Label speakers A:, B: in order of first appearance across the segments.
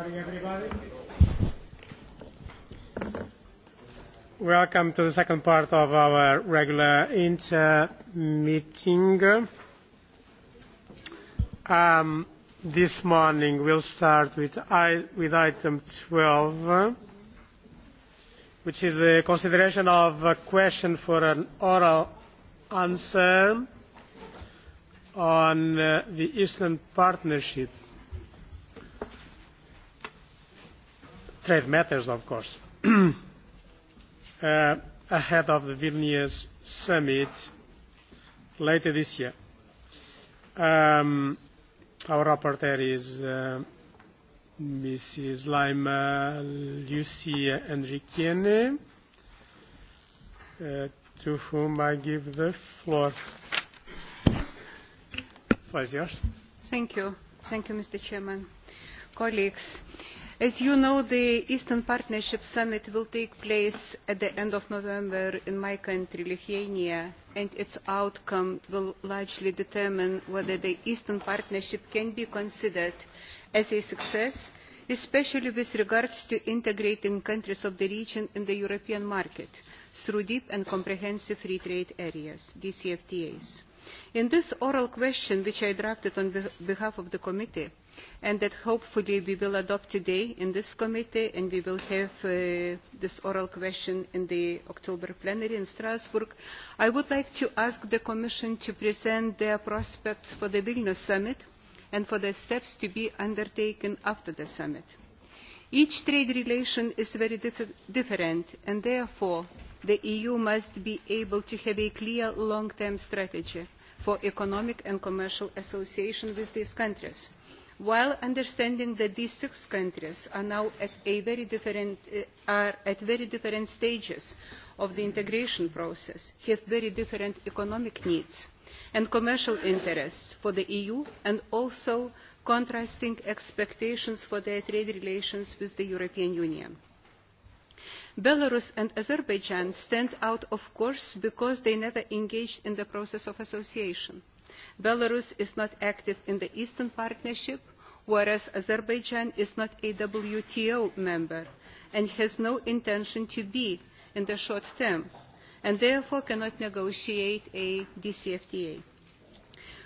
A: morning, everybody. Welcome to the second part of our regular inter meeting. Um, this morning we'll start with, I, with item 12, which is the consideration of a question for an oral answer on uh, the Eastern Partnership trade matters of course uh, ahead of the vilnius summit later this year. Um, our rapporteur is uh, Mrs. Laima Lucia Enriquiene, uh, to whom I give the floor. Floor is yours.
B: Thank you. Thank you, Mr. Chairman. Colleagues, uh, as you know the eastern partnership summit will take place at the end of november in my country lithuania and its outcome will largely determine whether the eastern partnership can be considered as a success especially with regard to integrating countries of the region in the european market through deep and comprehensive free trade areas dcftas in this oral question which i drafted on behalf of the committee and that hopefully we will adopt today in this committee and we will have uh, this oral question in the october plenary in strasbourg i would like to ask the commission to present their prospects for the vilnius summit and for the steps to be undertaken after the summit. each trade relation is very dif different and therefore the eu must be able to have a clear long term strategy for economic and commercial association with these countries. while understanding that these six countries are now at, very different, eh, are at very different stages of the integration process have very different economic needs and commercial interests for the eu and also contrasting expectations for their trade relations with the european union belarus and azerbaijan stand out of course because they never engaged in the process of association. belarus is not active in the eastern partnership whereas azerbaijan is not a wto member and has no intention to be in the short term and therefore cannot negotiate a dcfta.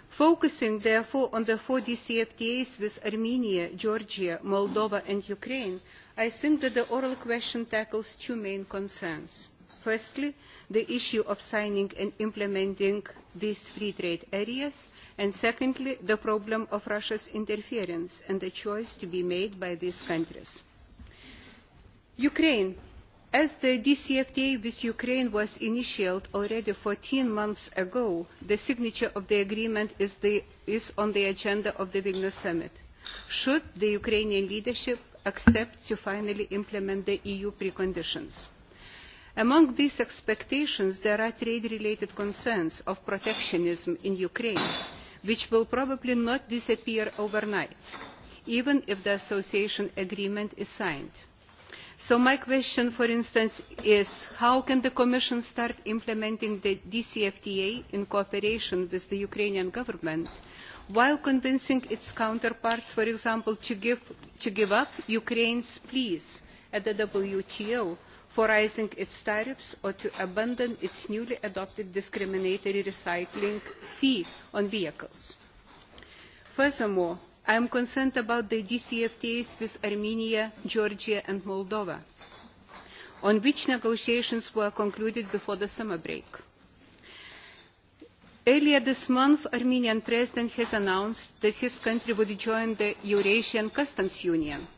B: focusing therefore on the four dcftas with armenia georgia moldova and ukraine i think that the oral question tackles two main concerns firstly the issue of signing and implementing these free trade areas and secondly the problem of russia's interference and the choice to be made by these countries. ukraine as the dcfta with ukraine was initialled already fourteen months ago the signature of the agreement is, the, is on the agenda of the vilnius summit. should the ukrainian leadership accept to finally implement the eu preconditions. among these expectations there are trade related concerns of protectionism in ukraine which will probably not disappear overnight even if the association agreement is signed. so my question for instance is how can the commission start implementing the dcfta in cooperation with the ukrainian government while convincing its counterparts for example to give, up ukraine's pleas at the wto for raising its tariffs or to abandon its newly adopted discriminatory recycling fee on vehicles. furthermore i am concerned about the dcftas with armenia georgia and moldova on which negotiations were concluded before the summer break. Earlier this month, Armenian President has announced that his country would join the Eurasian Customs Union,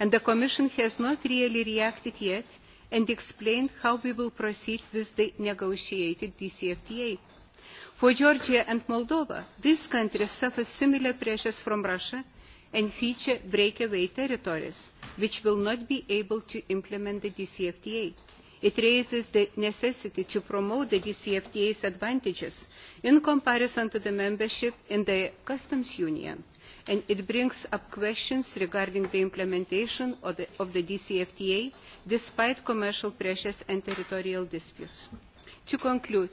B: and the Commission has not really reacted yet and explained how we will proceed with the negotiated DCFTA. For Georgia and Moldova, these countries suffer similar pressures from Russia and feature breakaway territories, which will not be able to implement the DCFTA it raises the necessity to promote the dcfta's advantages in comparison to the membership in the customs union and it brings up questions regarding the implementation of the, dcfta despite commercial pressures and territorial disputes. to conclude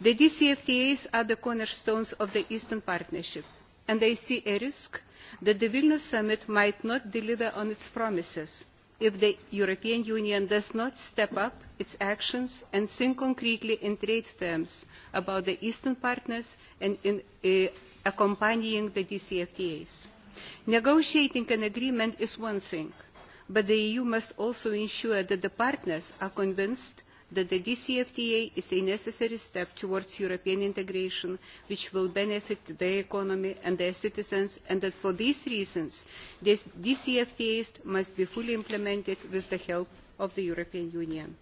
B: the dcftas are the cornerstones of the eastern partnership and i see a risk that the vilnius summit might not deliver on its promises if the european union does not step up its actions and think concretely in trade terms about the eastern partners and in eh, accompanying the dcftas. negotiating an agreement is one thing but the eu must also ensure that the partners are convinced that the DCFTA is a necessary step towards European integration, which will benefit the economy and their citizens, and that for these reasons, this DCFTAs must be fully implemented with the help of the European Union.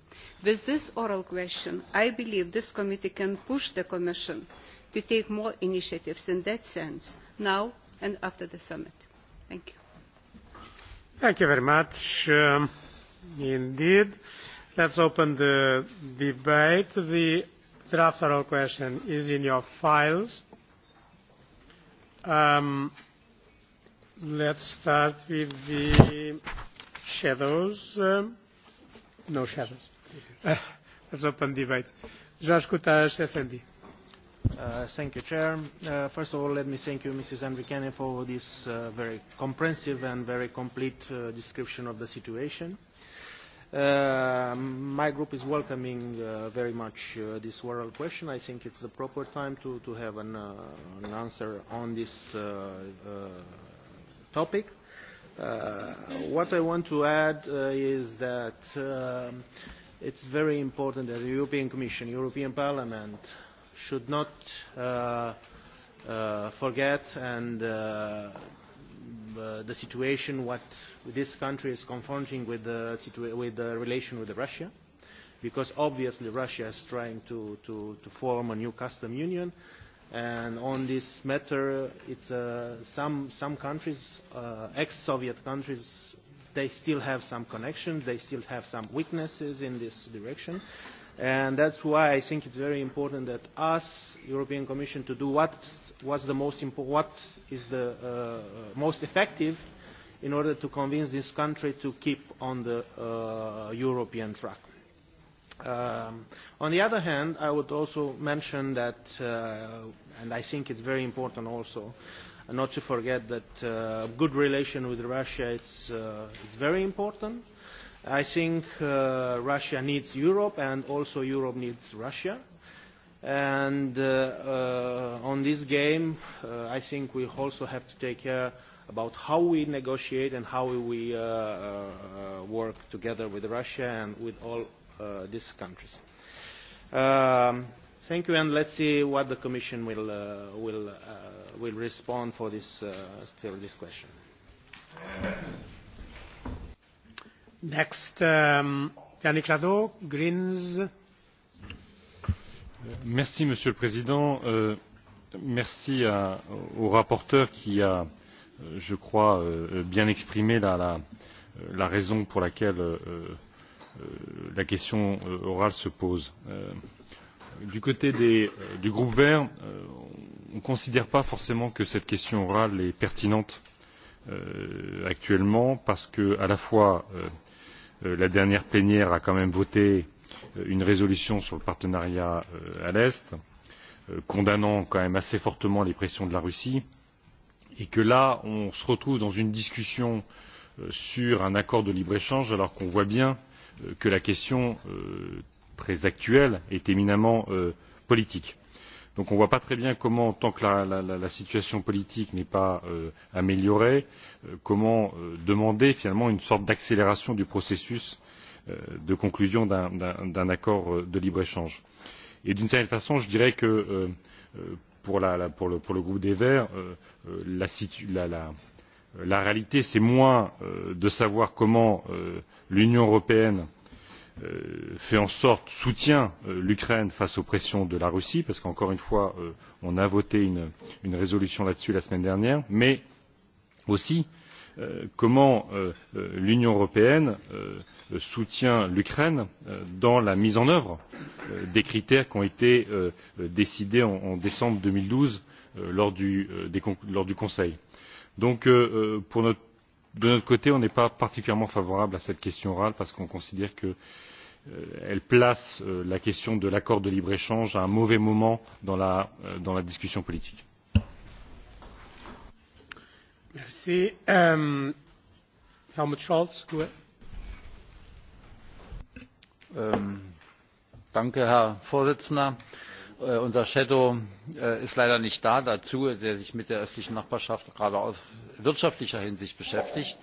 B: With this oral question, I believe this committee can push the Commission to take more initiatives in that sense, now and after the summit. Thank you.
A: Thank you very much. Um, indeed. Let's open the debate. The draft oral question is in your files. Um, let's start with the shadows. Um, no shadows. Uh, let's open debate. Josh Kutash, SND. Uh, thank you, Chair.
C: Uh, first of all, let me thank you, Mrs. Andrikene, for this uh, very comprehensive and very complete uh, description of the situation Uh, my group is welcoming uh, very much uh, this oral question. I think it's the proper time to, to have an, uh, an answer on this uh, uh, topic. Uh, what I want to add uh, is that uh, it's very important that the European Commission, European Parliament should not uh, uh, forget and uh, Uh, the situation, what this country is confronting with the, with the relation with Russia, because obviously Russia is trying to, to, to form a new custom union, and on this matter, it's, uh, some, some countries, uh, ex-Soviet countries, they still have some connections, they still have some weaknesses in this direction, and that's why I think it's very important that us, European Commission, to do what's, what's the most what is the uh, uh, most effective in order to convince this country to keep on the uh, European track. Um, on the other hand, I would also mention that, uh, and I think it's very important also, not to forget that uh, good relation with Russia is uh, very important. I think uh, Russia needs Europe and also Europe needs Russia. And uh, uh, on this game, uh, I think we also have to take care about how we negotiate and how we uh, uh, uh work together with Russia and with all uh, these countries. Um, Thank you, and let's see what the Commission will, uh, will, uh, will respond for this, uh, for this question.
A: Next, um, Lado, Greens.
D: Merci, monsieur le président euh, merci à, au rapporteur qui a euh, je crois euh, bien exprimé la, la, la raison pour laquelle euh, euh la question euh, orale se pose. du côté des, du groupe vert on ne considère pas forcément que cette question orale est pertinente actuellement parce que à la fois Euh, la dernière plénière a quand même voté euh, une résolution sur le partenariat euh, à l'est condamnant quand même assez fortement les pressions de la russie et que là on se retrouve dans une discussion sur un accord de libre échange alors qu'on voit bien que la question très actuelle est éminemment politique on ne voit pas très bien comment tant que la, situation politique n'est pas euh, améliorée euh, comment euh, demander finalement une sorte d'accélération du processus de conclusion d'un accord de libre échange. et d'une certaine façon je dirais que pour le groupe des verts la réalité c'est moins de savoir comment l'union européenne Euh, fait en sorte soutient euh, l'ukraine face aux pressions de la russie parce qu'encore une fois euh, on a voté une, résolution là dessus la semaine dernière mais aussi comment l'union européenne soutient l'ukraine dans la mise en œuvre des critères qui ont été décidés en, en décembre deux mille douze lors du conseil. donc pour notre de notre côté nous ne sommes pas particulièrement favorables à cette question orale parce que nous euh, considérons qu'elle place euh, la question de l'accord de libre échange à un mauvais moment dans la, euh, discussion politique.
A: Ähm,
E: Herr Äh, unser schattenberichterstatter äh, ist leider nicht da dazu der sich mit der östlichen nachbarschaft gerade aus wirtschaftlicher hinsicht beschäftigt.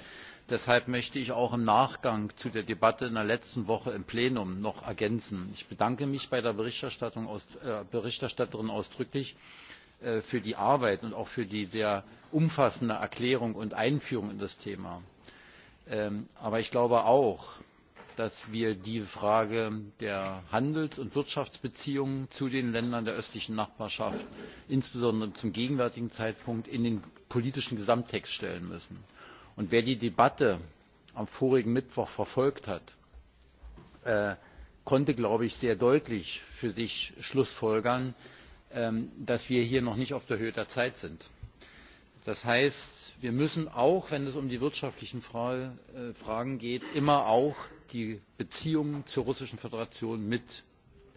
E: deshalb möchte ich auch im nachgang zu der debatte in der letzten woche im plenum noch ergänzen ich bedanke mich bei der äh, berichterstatterin ausdrücklich für die arbeit und auch für die sehr umfassende erklärung und einführung in das thema. Ähm, aber ich glaube auch dass wir die frage der handels und wirtschaftsbeziehungen zu den ländern der östlichen nachbarschaft insbesondere zum gegenwärtigen zeitpunkt in den politischen gesamttext stellen müssen. wer die debatte am vorigen mittwoch verfolgt hat äh, konnte sehr deutlich für sich schlussfolgern ähm, dass wir hier noch nicht auf der höhe der zeit sind. das heißt wir müssen auch wenn es um die wirtschaftlichen äh, fragen geht immer auch die beziehungen zur russischen föderation mit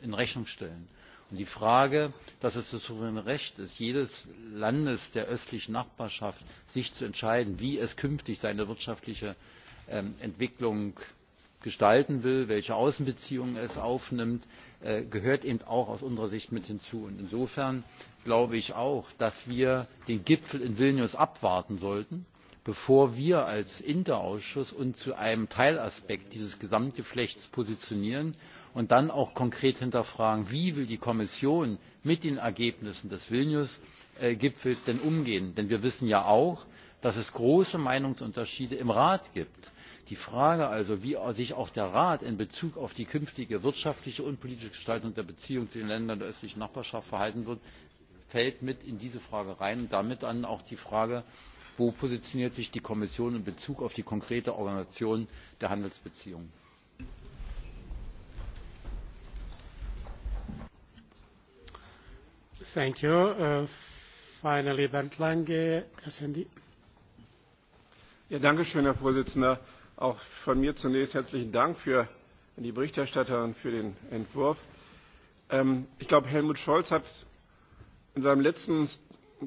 E: in rechnung stellen. und die frage dass es das souveräne recht jedes landes der östlichen nachbarschaft ist sich zu entscheiden wie es künftig seine wirtschaftliche ähm, entwicklung gestalten will welche außenbeziehungen es aufnimmt äh, gehört eben auch aus unserer sicht mit hinzu. insofern glaube ich auch dass wir den gipfel in vilnius abwarten sollten bevor wir als inta ausschuss uns zu einem teilaspekt dieses gesamtgeflechts positionieren und dann auch konkret hinterfragen wie will die kommission mit den ergebnissen des vilnius äh, gipfels denn umgehen? denn wir wissen ja auch dass es große meinungsunterschiede im rat gibt. die frage also wie sich auch der rat in bezug auf die künftige wirtschaftliche und politische gestaltung der beziehungen zu den ländern der östlichen nachbarschaft verhalten wird fällt mit in diese frage hinein und damit dann auch die frage wo positioniert sich die kommission in bezug auf die konkrete organisation der handelsbeziehungen?
A: Uh, herr
F: präsident! auch von mir zunächst herzlichen dank an die berichterstatterin für den entwurf. Ähm, ich glaube helmut scholz hat in seinem letzten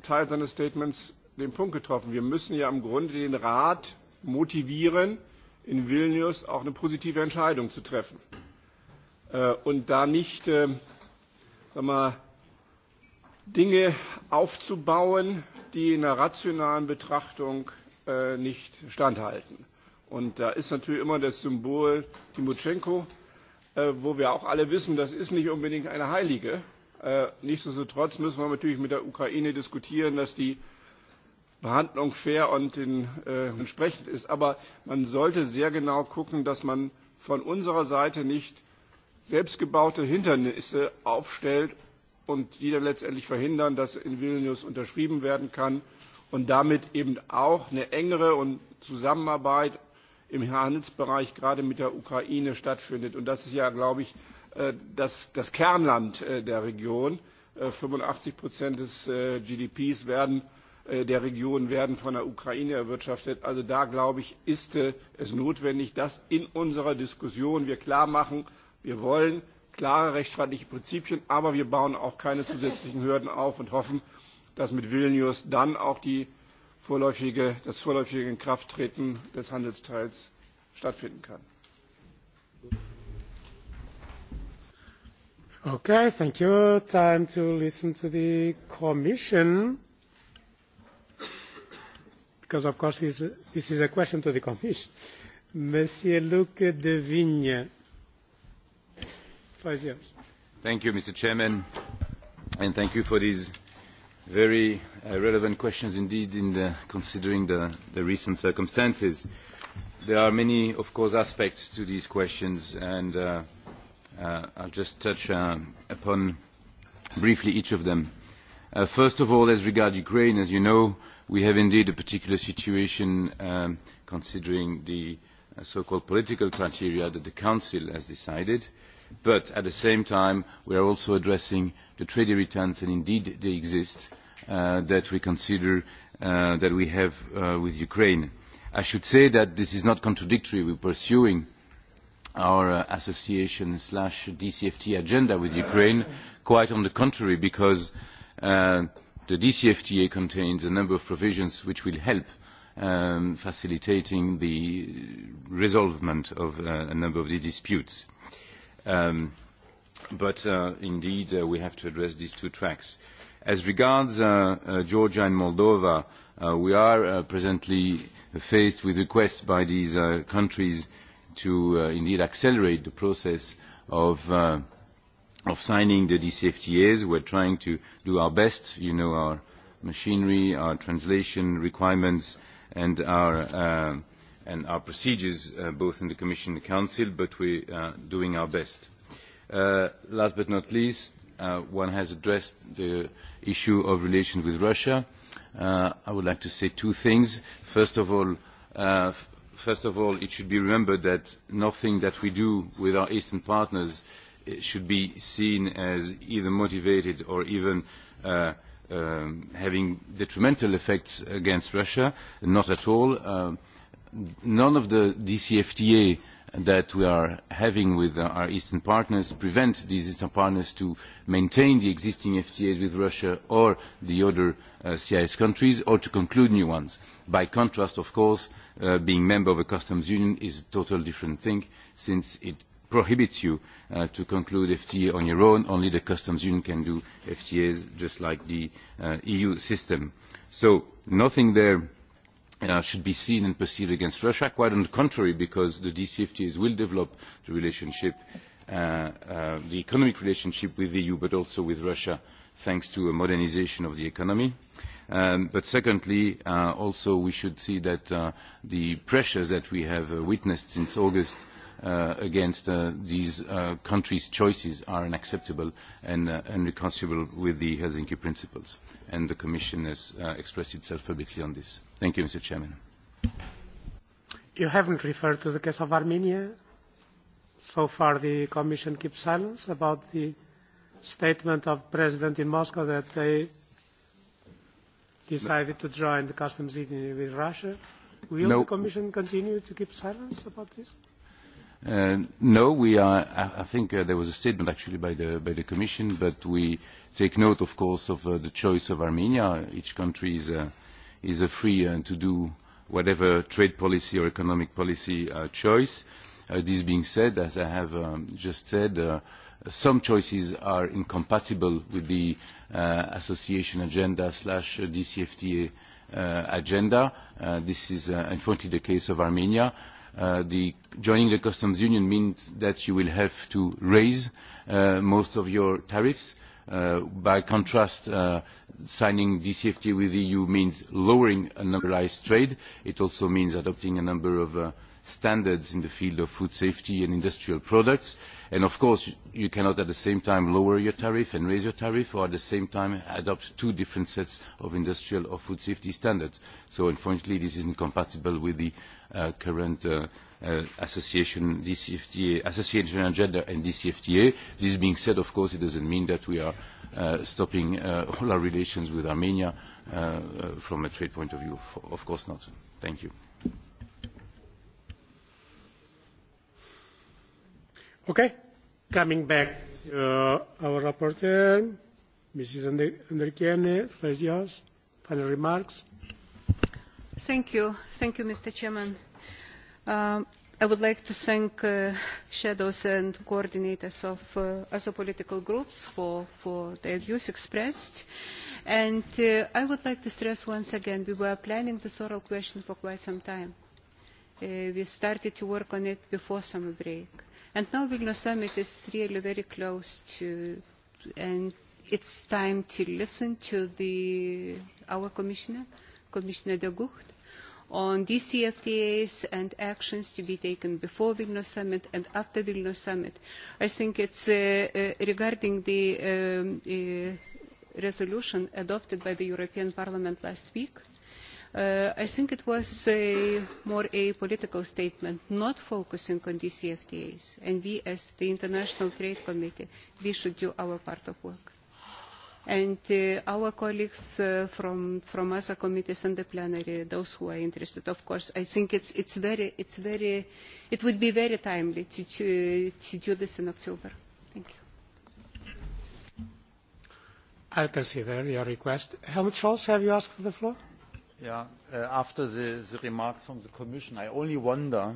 F: teil seines statements den Punkt getroffen. Wir müssen ja im Grunde den Rat motivieren, in Vilnius auch eine positive Entscheidung zu treffen. Äh, und da nicht, äh, sag mal, Dinge aufzubauen, die in der rationalen Betrachtung äh, nicht standhalten. Und da ist natürlich immer das Symbol Timoschenko, wo wir auch alle wissen, das ist nicht unbedingt eine Heilige. nichtsdestotrotz müssen wir natürlich mit der Ukraine diskutieren, dass die Behandlung fair und in, äh, entsprechend ist. Aber man sollte sehr genau gucken, dass man von unserer Seite nicht selbstgebaute Hindernisse aufstellt und die dann letztendlich verhindern, dass in Vilnius unterschrieben werden kann und damit eben auch eine engere und Zusammenarbeit im Handelsbereich gerade mit der Ukraine stattfindet. Und das ist ja, glaube ich, äh, das, das Kernland äh, der Region. 85 äh, Prozent des GDPs werden Äh, der Region werden von der Ukraine erwirtschaftet. Also da, glaube ich, ist äh, es notwendig, dass in unserer Diskussion wir klar machen, wir wollen klare rechtsstaatliche Prinzipien, aber wir bauen auch keine zusätzlichen Hürden auf und hoffen, dass mit Vilnius dann auch die vorläufige, das vorläufige Inkrafttreten des Handelsteils stattfinden kann.
A: Okay, thank you. Time to listen to the Commission because of course this, this is a question to the Commission. Monsieur Luc de Vigne. Five years.
G: Thank you, Mr. Chairman, and thank you for these very uh, relevant questions indeed in the, considering the, the recent circumstances. There are many, of course, aspects to these questions, and uh, uh, I'll just touch uh, upon briefly each of them. Uh, first of all, as regards Ukraine, as you know, we have indeed a particular situation um, considering the uh, so called political criteria that the council has decided but at the same time we are also addressing the treaty returns and indeed they exist uh, that we consider uh, that we have uh, with ukraine. i should say that this is not contradictory we are pursuing our uh, association dcft agenda with ukraine quite on the contrary because uh, the DCFTA contains a number of provisions which will help um, facilitating the resolvement of uh, a number of the disputes. Um, but uh, indeed, uh, we have to address these two tracks. As regards uh, uh, Georgia and Moldova, uh, we are uh, presently faced with requests by these uh, countries to uh, indeed accelerate the process of uh, of signing the DCFTAs. we are trying to do our best. You know our machinery, our translation requirements, and our, uh, and our procedures, uh, both in the Commission and the Council, but we are uh, doing our best. Uh, last but not least, uh, one has addressed the issue of relations with Russia. Uh, I would like to say two things. First of all, uh, first of all, it should be remembered that nothing that we do with our eastern partners uh, should be seen as either motivated or even uh, um, having detrimental effects against Russia, not at all. Uh, none of the DCFTA that we are having with our eastern partners prevent these eastern partners to maintain the existing ftas with russia or the other uh, cis countries or to conclude new ones. by contrast of course uh, being member of a customs union is a totally different thing since it prohibits you Uh, to conclude ftas on your own. Only the customs union can do FTAs just like the uh, EU system. So nothing there uh, should be seen and perceived against russia quite on the contrary because the dcftas will develop the relationship the economic relationship with the eu but also with russia thanks to a modernisation of the economy. Um, but secondly also we should see that the pressures that we have witnessed since august uh, against uh, these uh, countries' choices are unacceptable and uh, irreconcilable with the Helsinki principles. And the Commission has uh, expressed itself publicly on this. Thank you, Mr. Chairman.
A: You haven't referred to the case of Armenia. So far, the Commission keeps silence about the statement of President in Moscow that they decided to join the customs union with Russia. Will no. the Commission continue to keep silence about this?
G: Uh, no, we are, I think uh, there was a statement actually by the, by the Commission, but we take note, of course, of uh, the choice of Armenia. Each country is, is free to do whatever trade policy or economic policy choice. this being said, as I have um, just said, some choices are incompatible with the association agenda slash DCFTA agenda. this is unfortunately the case of Armenia Uh, the joining the customs union means that you will have to raise uh, most of your tariffs. Uh, by contrast, uh, signing DCFT with the EU means lowering a of trade. It also means adopting a number of uh, standards in the field of food safety and industrial products and of course you cannot at the same time lower your tariff and raise your tariff or at the same time adopt two different sets of industrial or food safety standards so unfortunately this is incompatible with the uh, current uh, uh, association DCFTA, association agenda and DCFTA. This being said, of course, it doesn't mean that we are uh, stopping uh, all our relations with Armenia uh, uh, from a trade point of view. Of course not. Thank you.
A: Okay. Coming back to uh, our rapporteur, Mrs. Andrikien, first final remarks.
B: Thank you. Thank you, Mr. Chairman. Uh, I would like to thank uh, shadows and coordinators of uh, other political groups for, for their views expressed. And uh, I would like to stress once again, we were planning this oral question for quite some time. Uh, we started to work on it before summer break And now Vilnius Summit is really very close to, and it's time to listen to the, our Commissioner, Commissioner de Gucht, on DCFTAs and actions to be taken before Vilnius Summit and after Vilnius Summit. I think it's uh, uh, regarding the um, uh, resolution adopted by the European Parliament last week Uh, I think it was a, more a political statement, not focusing on DCFTAs. And we, as the International Trade Committee, we should do our part of work. And uh, our colleagues uh, from, from other committees and the plenary, those who are interested, of course, I think it's, it's very, it's very, it would be very timely to, to, to do this in October. Thank
A: you. I'll consider your request. Helmut Scholz, have you asked for the floor?
E: Yeah, uh, after the, the remarks from the Commission, I only wonder,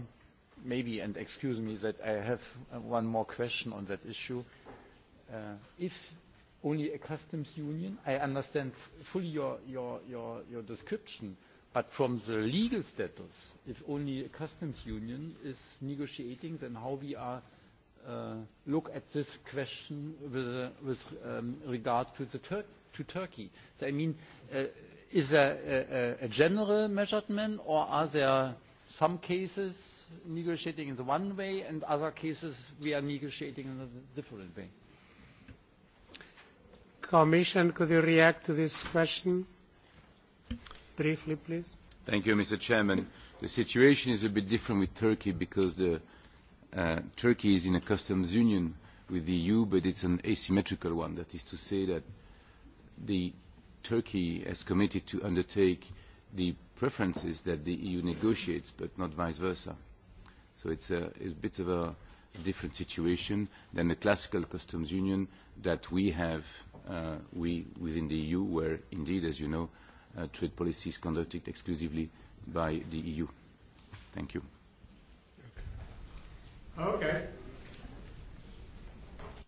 E: maybe, and excuse me that I have uh, one more question on that issue. Uh, if only a customs union, I understand fully your, your, your, your description, but from the legal status, if only a customs union is negotiating, then how we are uh, look at this question with, uh, with um, regard to, the to Turkey. So I mean, uh, is there a, a, a general measurement or are there some cases negotiating in the one way and other cases we are negotiating in a different way?
A: Commission, could you react to this question briefly, please?
G: Thank you, Mr. Chairman. The situation is a bit different with Turkey because the, uh, Turkey is in a customs union with the EU, but it's an asymmetrical one. That is to say that the Turkey has committed to undertake the preferences that the EU negotiates, but not vice versa. So it's a, it's a bit of a different situation than the classical customs union that we have uh, we within the EU, where indeed, as you know, uh, trade policy is conducted exclusively by the EU. Thank you.
A: Okay.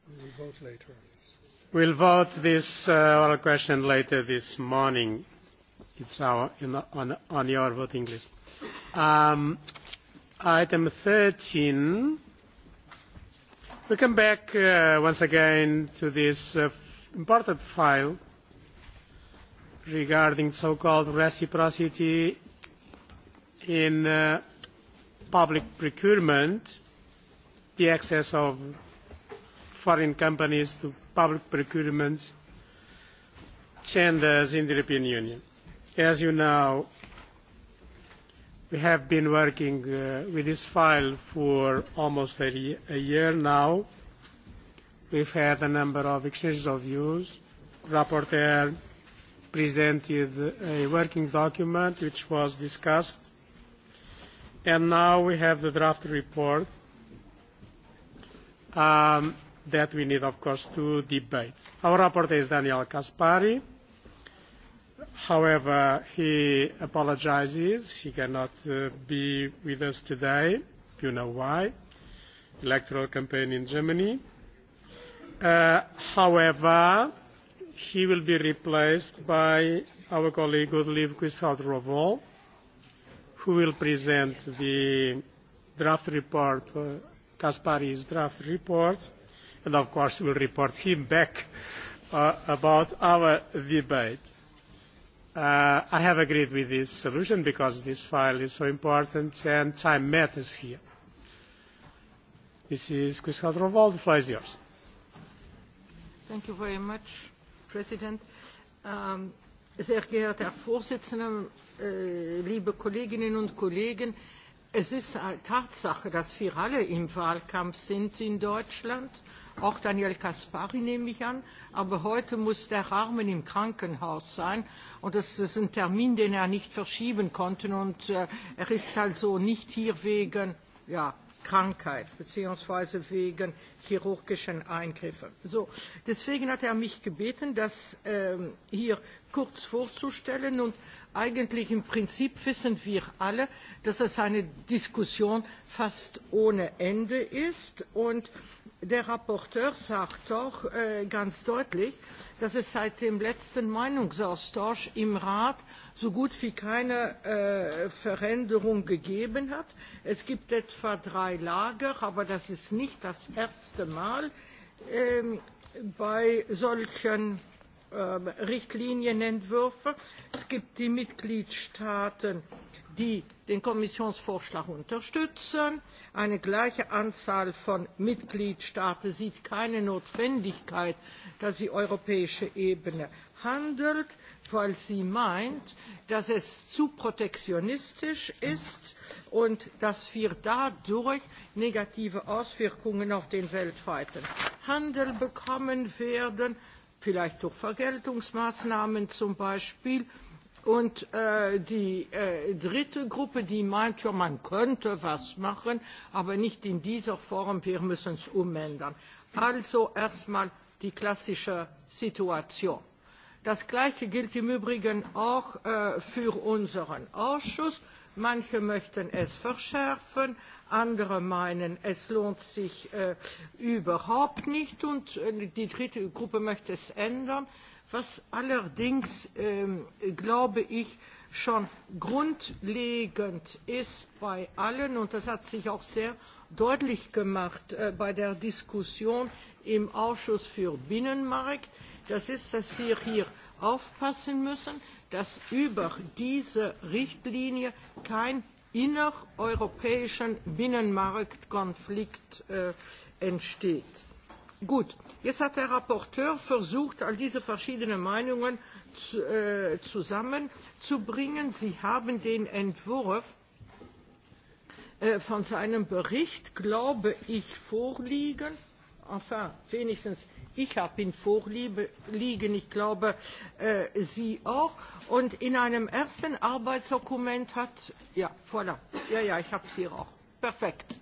A: We will vote later on this we will vote this uh, oral question later this morning. it is on, on your voting list. Um, item 13. we come back uh, once again to this uh, important file regarding so-called reciprocity in uh, public procurement, the access of foreign companies to public procurement standards in the European Union. As you know, we have been working uh, with this file for almost a, a year now. We've had a number of exchanges of views. Rapporteur presented a working document which was discussed. And now we have the draft report. Um, that we need, of course, to debate. Our rapporteur is Daniel Caspari. However, he apologizes. He cannot uh, be with us today. You know why. Electoral campaign in Germany. Uh, however, he will be replaced by our colleague Gottlieb quissaud who will present the draft report, uh, Kaspari's draft report, and of course will report him back uh, about our debate. Uh, I have agreed with this solution because this file is so important and time matters here. Mrs. Quiscadroval, the floor is yours.
H: Thank you very much, President. Um, sehr geehrter Herr Vorsitzender, äh, liebe Kolleginnen und Kollegen, es ist Tatsache, dass wir alle im Wahlkampf sind in Deutschland. Äh, auch Daniel Kaspari nehme ich an. Aber heute muss der Rahmen im Krankenhaus sein und das ist ein Termin, den er nicht verschieben konnte und äh, er ist also nicht hier wegen, ja, Krankheit bzw. wegen chirurgischen Eingriffen. So, deswegen hat er mich gebeten, das ähm, hier kurz vorzustellen. Und eigentlich im Prinzip wissen wir alle, dass es eine Diskussion fast ohne Ende ist. Und der Rapporteur sagt doch äh, ganz deutlich, dass es seit dem letzten Meinungsaustausch im Rat so gut wie keine äh, Veränderung gegeben hat. Es gibt etwa drei Lager, aber das ist nicht das erste Mal ähm, bei solchen ähm, Richtlinienentwürfen. Es gibt die Mitgliedstaaten, die den Kommissionsvorschlag unterstützen. Eine gleiche Anzahl von Mitgliedstaaten sieht keine Notwendigkeit, dass die europäische Ebene handelt weil sie meint dass es zu protektionistisch ist und dass wir dadurch negative auswirkungen auf den weltweiten handel bekommen werden vielleicht durch vergeltungsmaßnahmen zum beispiel. Und äh, die äh, dritte Gruppe, die meint, ja, man könnte was machen, aber nicht in dieser Form, wir müssen es umändern. Also erstmal die klassische Situation das gleiche gilt im übrigen auch äh, für unseren ausschuss. manche möchten es verschärfen andere meinen es lohnt sich äh, überhaupt nicht und äh, die dritte gruppe möchte es ändern was allerdings ähm, glaube ich schon grundlegend ist bei allen und das hat sich auch sehr deutlich gemacht bei der diskussion im ausschuss für binnenmarkt das ist dass wir hier aufpassen müssen dass über diese richtlinie kein innereuropäischer binnenmarktkonflikt äh, entsteht. Gut, jetzt hat der Rapporteur versucht, all diese verschiedenen Meinungen zu, äh, zusammenzubringen. Sie haben den Entwurf äh, von seinem Bericht, glaube ich, vorliegen. Enfin, wenigstens ich habe ihn vorliegen ich glaube äh, sie auch und in einem ersten arbeitsdokument hat ja voilà ja ja ich habe es hier auch perfekt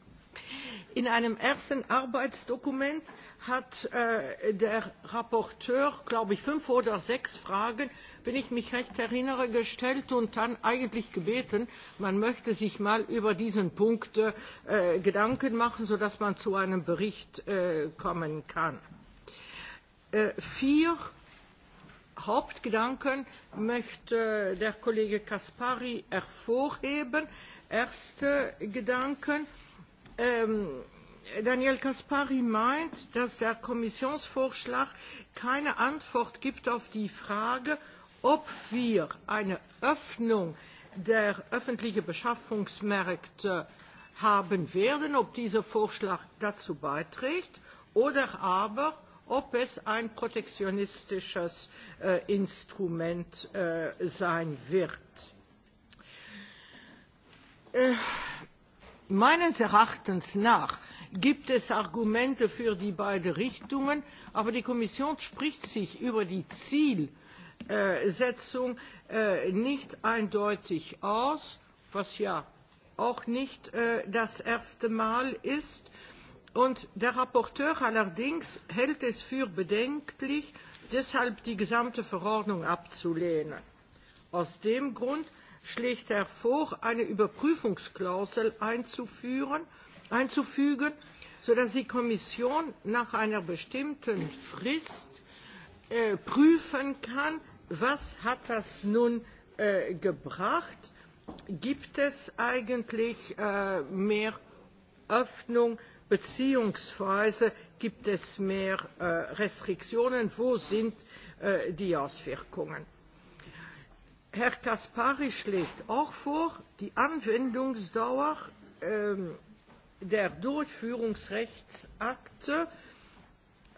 H: in einem ersten arbeitsdokument hat äh, der berichterstatter glaube ich, fünf oder sechs Fragen, wenn ich mich recht erinnere, gestellt und dann eigentlich gebeten, man möchte sich mal über diesen Punkt äh, Gedanken machen, sodass man zu einem Bericht kommen kann. Eh, vier hauptgedanken möchte äh, der kollege Kaspari hervorheben. erster gedanke ähm, daniel Kaspari meint dass der kommissionsvorschlag keine antwort gibt auf die frage ob wir eine öffnung der öffentlichen beschaffungsmärkte haben werden ob dieser vorschlag dazu beiträgt oder aber ob es ein protektionistisches äh, Instrument äh, sein wird. Äh, meines Erachtens gibt es Argumente für die beiden Richtungen, aber die Kommission spricht sich über die Zielsetzung nicht eindeutig aus, was ja auch nicht das erste Mal ist. Und der Rapporteur allerdings hält es für bedenklich, deshalb die gesamte Verordnung abzulehnen. Aus dem Grund schlägt er vor, eine Überprüfungsklausel einzuführen, einzufügen, sodass die Kommission nach einer bestimmten Frist äh, prüfen kann, was hat das nun äh, gebracht, gibt es eigentlich äh, mehr Öffnung Beziehungsweise gibt es mehr äh, Restriktionen? Wo sind äh, die Auswirkungen? Herr Kaspari schlägt auch vor, die Anwendungsdauer ähm, der Durchführungsrechtsakte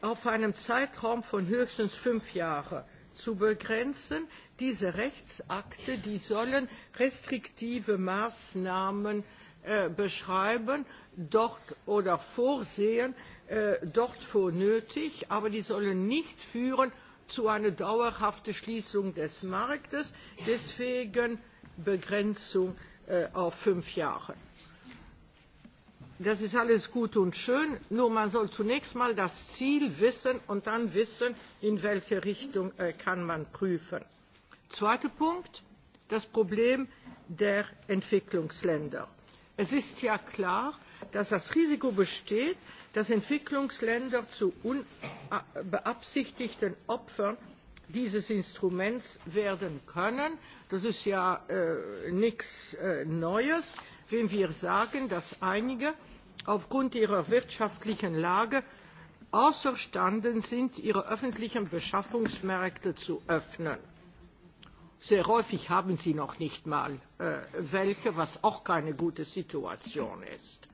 H: auf einem Zeitraum von höchstens fünf Jahren zu begrenzen. Diese Rechtsakte die sollen restriktive Maßnahmen äh, beschreiben, dort oder vorsehen äh, dort für nötig aber die sollen nicht führen zu einer dauerhaften schließung des marktes deswegen begrenzung äh, auf fünf jahre. das ist alles gut und schön nur man soll zunächst einmal das ziel wissen und dann wissen in welche richtung äh, kann man prüfen. zweiter punkt das problem der entwicklungsländer es ist ja klar dass das risiko besteht dass entwicklungsländer zu unbeabsichtigten opfern dieses instruments werden können. das ist ja äh, nichts äh, neues wenn wir sagen dass einige aufgrund ihrer wirtschaftlichen lage außerstande sind ihre öffentlichen beschaffungsmärkte zu öffnen. sehr häufig haben sie noch nicht mal äh, welche was auch keine gute situation ist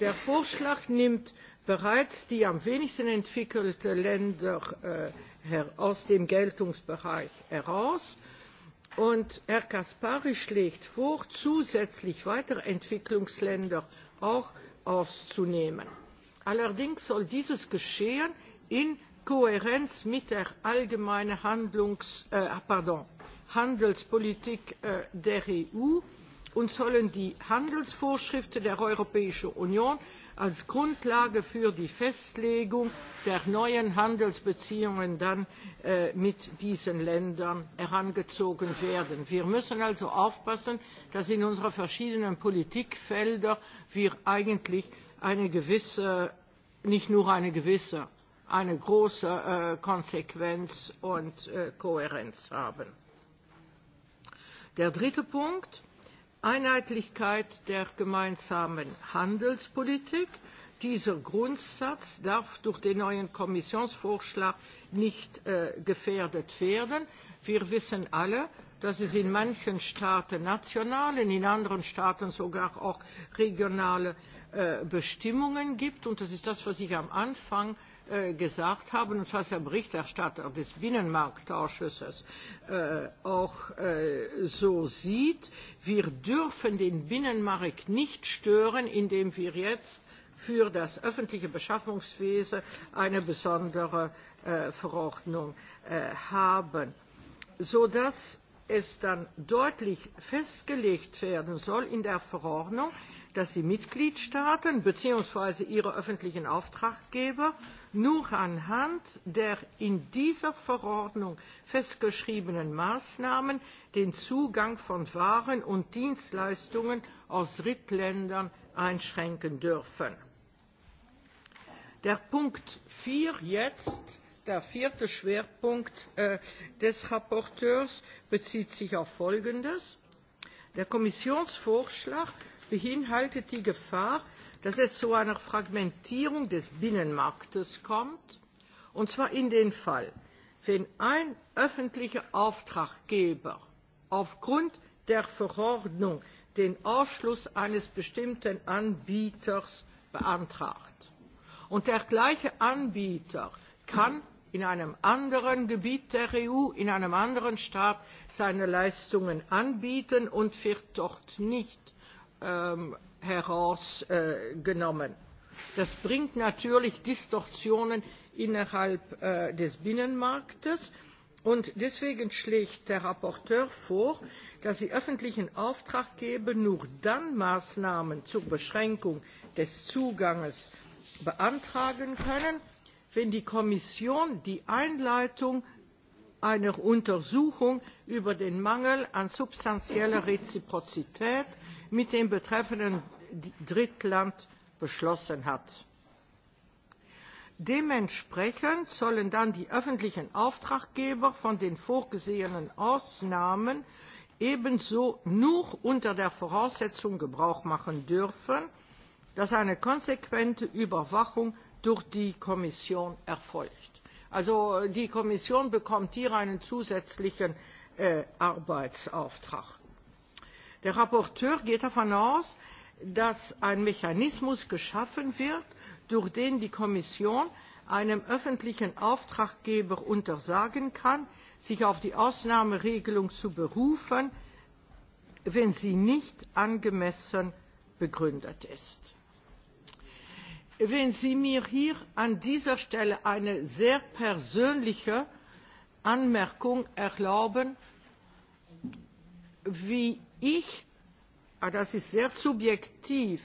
H: der vorschlag nimmt bereits die am wenigsten entwickelten länder äh, aus dem geltungsbereich heraus und herr caspary schlägt vor zusätzlich weitere entwicklungsländer auch auszunehmen. allerdings soll dies geschehen in kohärenz mit der allgemeinen äh, handelspolitik äh, der eu und sollen die handelsvorschriften der europäischen union als grundlage für die festlegung der neuen handelsbeziehungen äh, mit diesen ländern herangezogen werden. wir müssen also aufpassen dass wir in unseren verschiedenen politikfeldern eigentlich eine gewisse nicht nur eine gewisse eine große äh, konsequenz und äh, kohärenz haben. der dritte punkt Einheitlichkeit der gemeinsamen Handelspolitik. Dieser Grundsatz darf durch den neuen Kommissionsvorschlag nicht äh, gefährdet werden. Wir wissen alle, dass es in manchen Staaten nationale, in anderen Staaten sogar auch regionale äh, Bestimmungen gibt. Und das ist das, was ich am Anfang Äh, gesagt haben und was der Berichterstatter des Binnenmarktausschusses äh, auch äh, so sieht. Wir dürfen den Binnenmarkt nicht stören, indem wir jetzt für das öffentliche Beschaffungswesen eine besondere Verordnung haben, sodass es dann deutlich festgelegt werden soll in der Verordnung, dass die Mitgliedstaaten bzw. ihre öffentlichen Auftraggeber nur anhand der in dieser Verordnung festgeschriebenen Maßnahmen den Zugang von Waren und Dienstleistungen aus Drittländern einschränken dürfen. Der Punkt 4 jetzt der vierte schwerpunkt äh, des berichterstatters bezieht sich auf folgendes der kommissionsvorschlag beinhaltet die Gefahr, dass es zu einer Fragmentierung des Binnenmarktes kommt, und zwar in dem Fall, wenn ein öffentlicher Auftraggeber aufgrund der Verordnung den Ausschluss eines bestimmten Anbieters beantragt. Und der gleiche Anbieter kann in einem anderen Gebiet der EU, in einem anderen Staat seine Leistungen anbieten und wird dort nicht Ähm, herausgenommen. Äh, das bringt natürlich Distorsionen innerhalb äh, des Binnenmarktes. Und deswegen schlägt der berichterstatter vor, dass die öffentlichen Auftraggeber nur dann Maßnahmen zur Beschränkung des Zuganges beantragen können, wenn die Kommission die Einleitung einer Untersuchung über den Mangel an substanzieller Reziprozität mit dem betreffenden drittland beschlossen hat. dementsprechend sollen dann die öffentlichen auftraggeber von den vorgesehenen ausnahmen ebenso nur unter der voraussetzung gebrauch machen dürfen dass eine konsequente überwachung durch die kommission erfolgt. also die kommission bekommt hier einen zusätzlichen äh, arbeitsauftrag der berichterstatter geht davon aus dass ein mechanismus geschaffen wird durch den die kommission einem öffentlichen auftraggeber untersagen kann sich auf die ausnahmeregelung zu berufen wenn sie nicht angemessen begründet ist. wenn sie mir hier an dieser stelle eine sehr persönliche anmerkung erlauben wie ich aber ah, das ist sehr subjektiv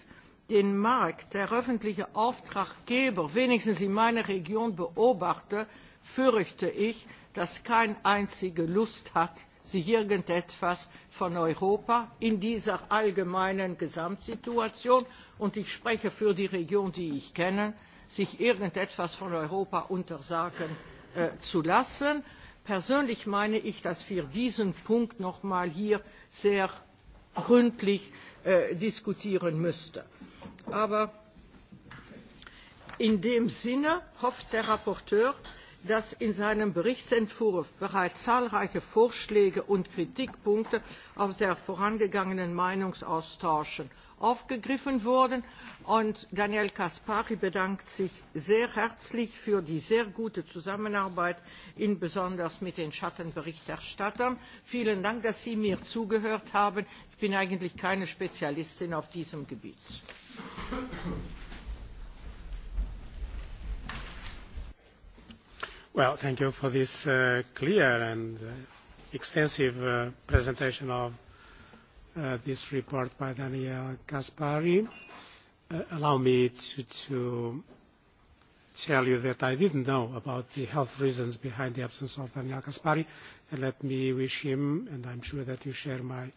H: den markt der öffentlichen auftraggeber wenigstens in meiner region beobachte fürchte ich dass kein einziger lust hat sich irgendetwas von europa in dieser allgemeinen gesamtsituation und ich spreche für die region die ich kenne sich irgendetwas von europa untersagen äh, zu lassen persönlich meine ich dass wir diesen punkt noch einmal hier sehr gründlich äh, diskutieren müssten. aber in dem sinne hofft der berichterstatter dass in seinem berichtsentwurf bereits zahlreiche vorschläge und kritikpunkte aus den vorangegangenen meinungsaustauschen aufgegriffen wurden. Und Daniel Caspary bedankt sich sehr herzlich für die sehr gute Zusammenarbeit, insbesondere mit den Schattenberichterstattern. Vielen Dank, dass Sie mir zugehört haben. Ich bin eigentlich keine Spezialistin auf diesem Gebiet.
A: Well, thank you for this uh, clear and uh, extensive uh, presentation of Uh, this report by Daniel Caspary. Uh, allow me to, to tell you that I didn't know about the health reasons behind the absence of Daniel Caspary, and let me wish him, and I'm sure that you share my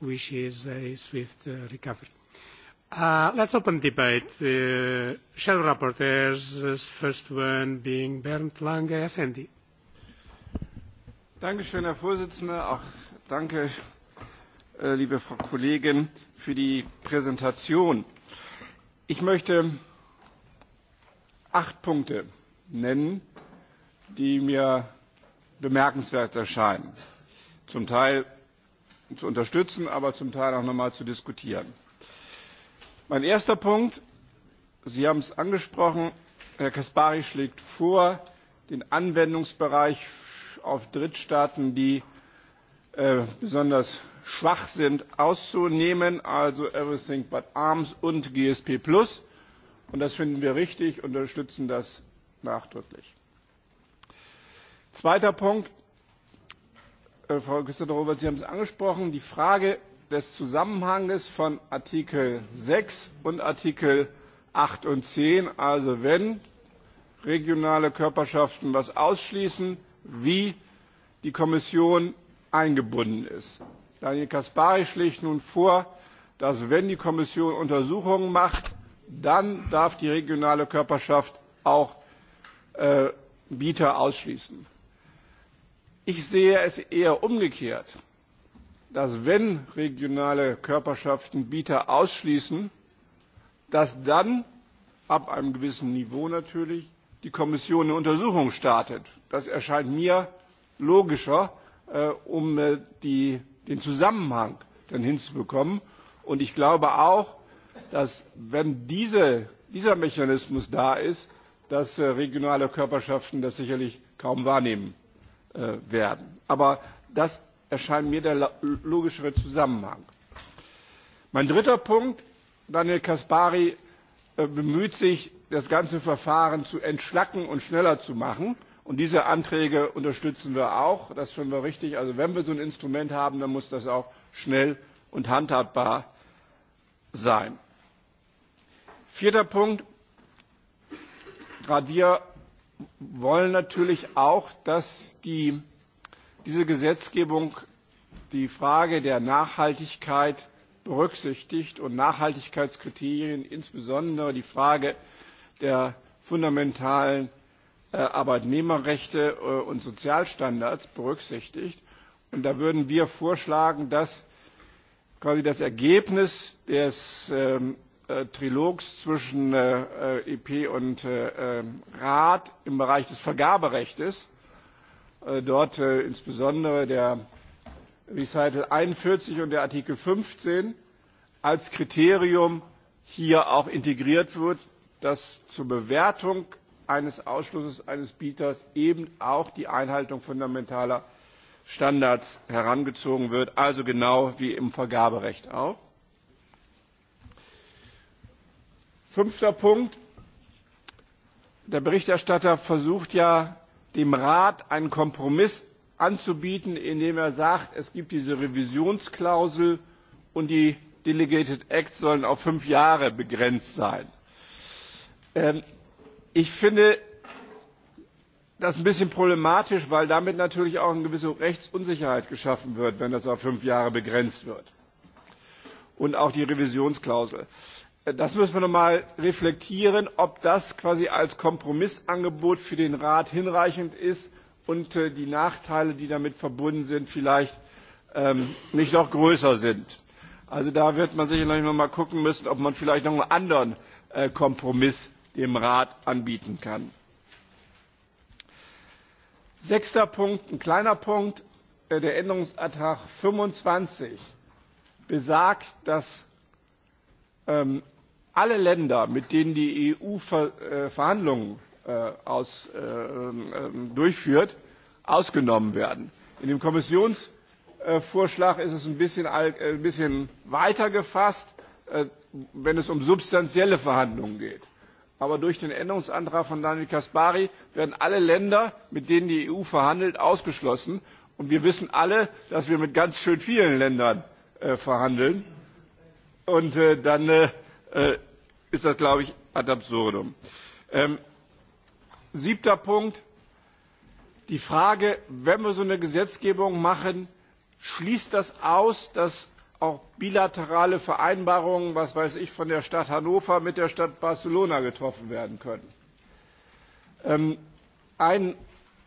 A: wishes, a swift uh, recovery. Uh, let's open debate. The uh, shadow rapporteurs, first one being Bernd Lange, SND.
F: Dankeschön, Herr Vorsitzender. Auch danke Äh, liebe Frau Kollegin, für die Präsentation. Ich möchte acht Punkte nennen, die mir bemerkenswert erscheinen. Zum Teil zu unterstützen, aber zum Teil auch einmal zu diskutieren. Mein erster Punkt, Sie haben es angesprochen, Herr caspary schlägt vor, den Anwendungsbereich auf Drittstaaten, die äh, besonders schwach sind, auszunehmen, also Everything but Arms und GSP Plus. Und das finden wir richtig und unterstützen das nachdrücklich. Zweiter Punkt, äh, Frau Küster-Robert, Sie haben es angesprochen, die Frage des Zusammenhanges von Artikel 6 und Artikel 8 und 10, also wenn regionale Körperschaften was ausschließen, wie die Kommission eingebunden ist. Daniel caspary schlägt nun vor, dass wenn die Kommission Untersuchungen macht, dann darf die regionale Körperschaft auch äh, Bieter ausschließen. Ich sehe es eher umgekehrt, dass wenn regionale Körperschaften Bieter ausschließen, dass dann ab einem gewissen Niveau natürlich die Kommission eine Untersuchung startet. Das erscheint mir logischer, äh, um äh, die den Zusammenhang dann hinzubekommen. Und ich glaube auch, dass wenn diese, dieser Mechanismus da ist, dass äh, regionale Körperschaften das sicherlich kaum wahrnehmen äh, werden. Aber das erscheint mir der logischere Zusammenhang. Mein dritter Punkt, Daniel Kaspari äh, bemüht sich, das ganze Verfahren zu entschlacken und schneller zu machen. Und diese Anträge unterstützen wir auch. Das finden wir richtig. Also wenn wir so ein Instrument haben, dann muss das auch schnell und handhabbar sein. Vierter Punkt. Gerade wir wollen natürlich auch, dass die, diese Gesetzgebung die Frage der Nachhaltigkeit berücksichtigt und Nachhaltigkeitskriterien, insbesondere die Frage der fundamentalen Äh, Arbeitnehmerrechte äh, und Sozialstandards berücksichtigt. Und da würden wir vorschlagen, dass quasi das Ergebnis des ähm, äh, Trilogs zwischen EP und Rat im Bereich des vergaberechts dort insbesondere der Recital einundvierzig und der Artikel fünfzehn als Kriterium hier auch integriert wird, das zur Bewertung eines Ausschlusses eines Bieters eben auch die Einhaltung fundamentaler Standards herangezogen wird, also genau wie im Vergaberecht auch. Fünfter Punkt. Der Berichterstatter versucht ja, dem Rat einen Kompromiss anzubieten, indem er sagt, es gibt diese Revisionsklausel und die Delegated Acts sollen auf fünf Jahre begrenzt sein. Ähm, Ich finde das ein bisschen problematisch, weil damit natürlich auch eine gewisse Rechtsunsicherheit geschaffen wird, wenn das auf fünf Jahre begrenzt wird. Und auch die Revisionsklausel. Das müssen wir noch einmal reflektieren, ob das quasi als Kompromissangebot für den Rat hinreichend ist und äh, die Nachteile, die damit verbunden sind, vielleicht ähm, nicht noch größer sind. Also da wird man sicherlich noch einmal gucken müssen, ob man vielleicht noch einen anderen äh, Kompromiss dem Rat anbieten kann. Sechster Punkt, ein kleiner Punkt, äh, der Änderungsantrag 25 besagt, dass ähm, alle Länder, mit denen die EU Ver, äh, Verhandlungen äh, aus, äh, äh, durchführt, ausgenommen werden. In dem Kommissionsvorschlag äh, ist es ein bisschen, äh, ein bisschen weiter gefasst, wenn es um substanzielle Verhandlungen geht aber durch den änderungsantrag von daniel caspary werden alle länder mit denen die eu verhandelt ausgeschlossen und wir wissen alle dass wir mit ganz schön vielen ländern äh, verhandeln und äh, dann äh, äh, ist das glaube ich ad absurdum. Ähm, siebter punkt die frage wenn wir so eine gesetzgebung machen schließt das aus dass auch bilaterale Vereinbarungen, was weiß ich, von der Stadt Hannover mit der Stadt Barcelona getroffen werden können. Ähm, ein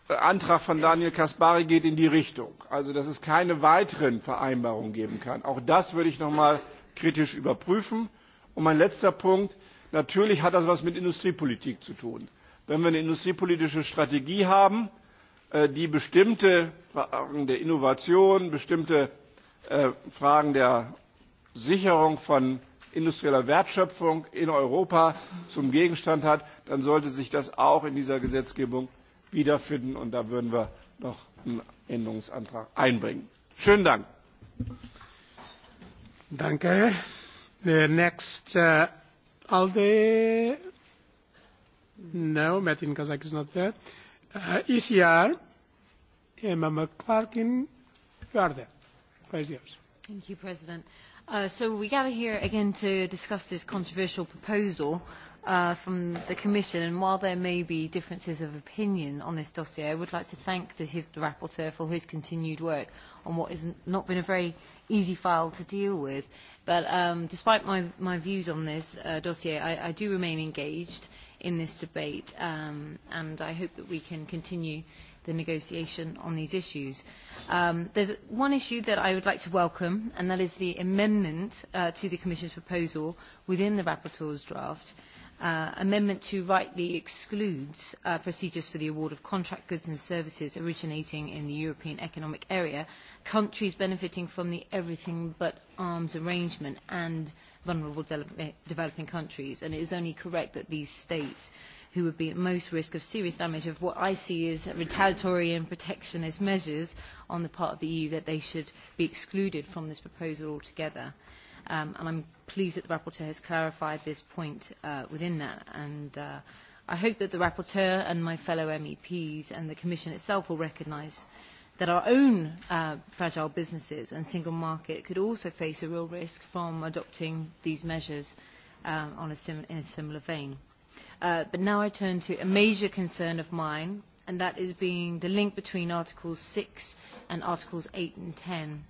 F: Antrag von Daniel Kaspari geht in die Richtung, also dass es keine weiteren Vereinbarungen geben kann. Auch das würde ich noch mal kritisch überprüfen. Und mein letzter Punkt, natürlich hat das was mit Industriepolitik zu tun. Wenn wir eine industriepolitische Strategie haben, äh, die bestimmte Fragen der Innovation, bestimmte Äh, Fragen der Sicherung von industrieller Wertschöpfung in Europa zum Gegenstand hat, dann sollte sich das auch in dieser Gesetzgebung wiederfinden. Und da würden wir noch einen Änderungsantrag einbringen. Schönen Dank.
A: Danke. The next uh, Alde. No, Metin Kazak is not there. Uh, ECR, Emma McClarkin, you are there floor
I: Thank you, President. Uh, so we gather here again to discuss this controversial proposal uh, from the Commission. And while there may be differences of opinion on this dossier, I would like to thank the, his, the rapporteur for his continued work on what has not been a very easy file to deal with. But um, despite my, my views on this uh, dossier, I, I do remain engaged in this debate, um, and I hope that we can continue the negotiation on these issues. Um, there's one issue that I would like to welcome, and that is the amendment uh, to the Commission's proposal within the rapporteur's draft. Uh, amendment 2 rightly excludes uh, procedures for the award of contract goods and services originating in the European Economic Area, countries benefiting from the everything but arms arrangement and vulnerable de developing countries. And it is only correct that these states who would be at most risk of serious damage of what I see as retaliatory and protectionist measures on the part of the EU that they should be excluded from this proposal altogether. Um, and I'm pleased that the rapporteur has clarified this point uh, within that. And uh, I hope that the rapporteur and my fellow MEPs and the Commission itself will recognise that our own uh, fragile businesses and single market could also face a real risk from adopting these measures um, on a sim in a similar vein. Uh, but now I turn to a major concern of mine, and that is being the link between Articles 6 and Articles 8 and 10.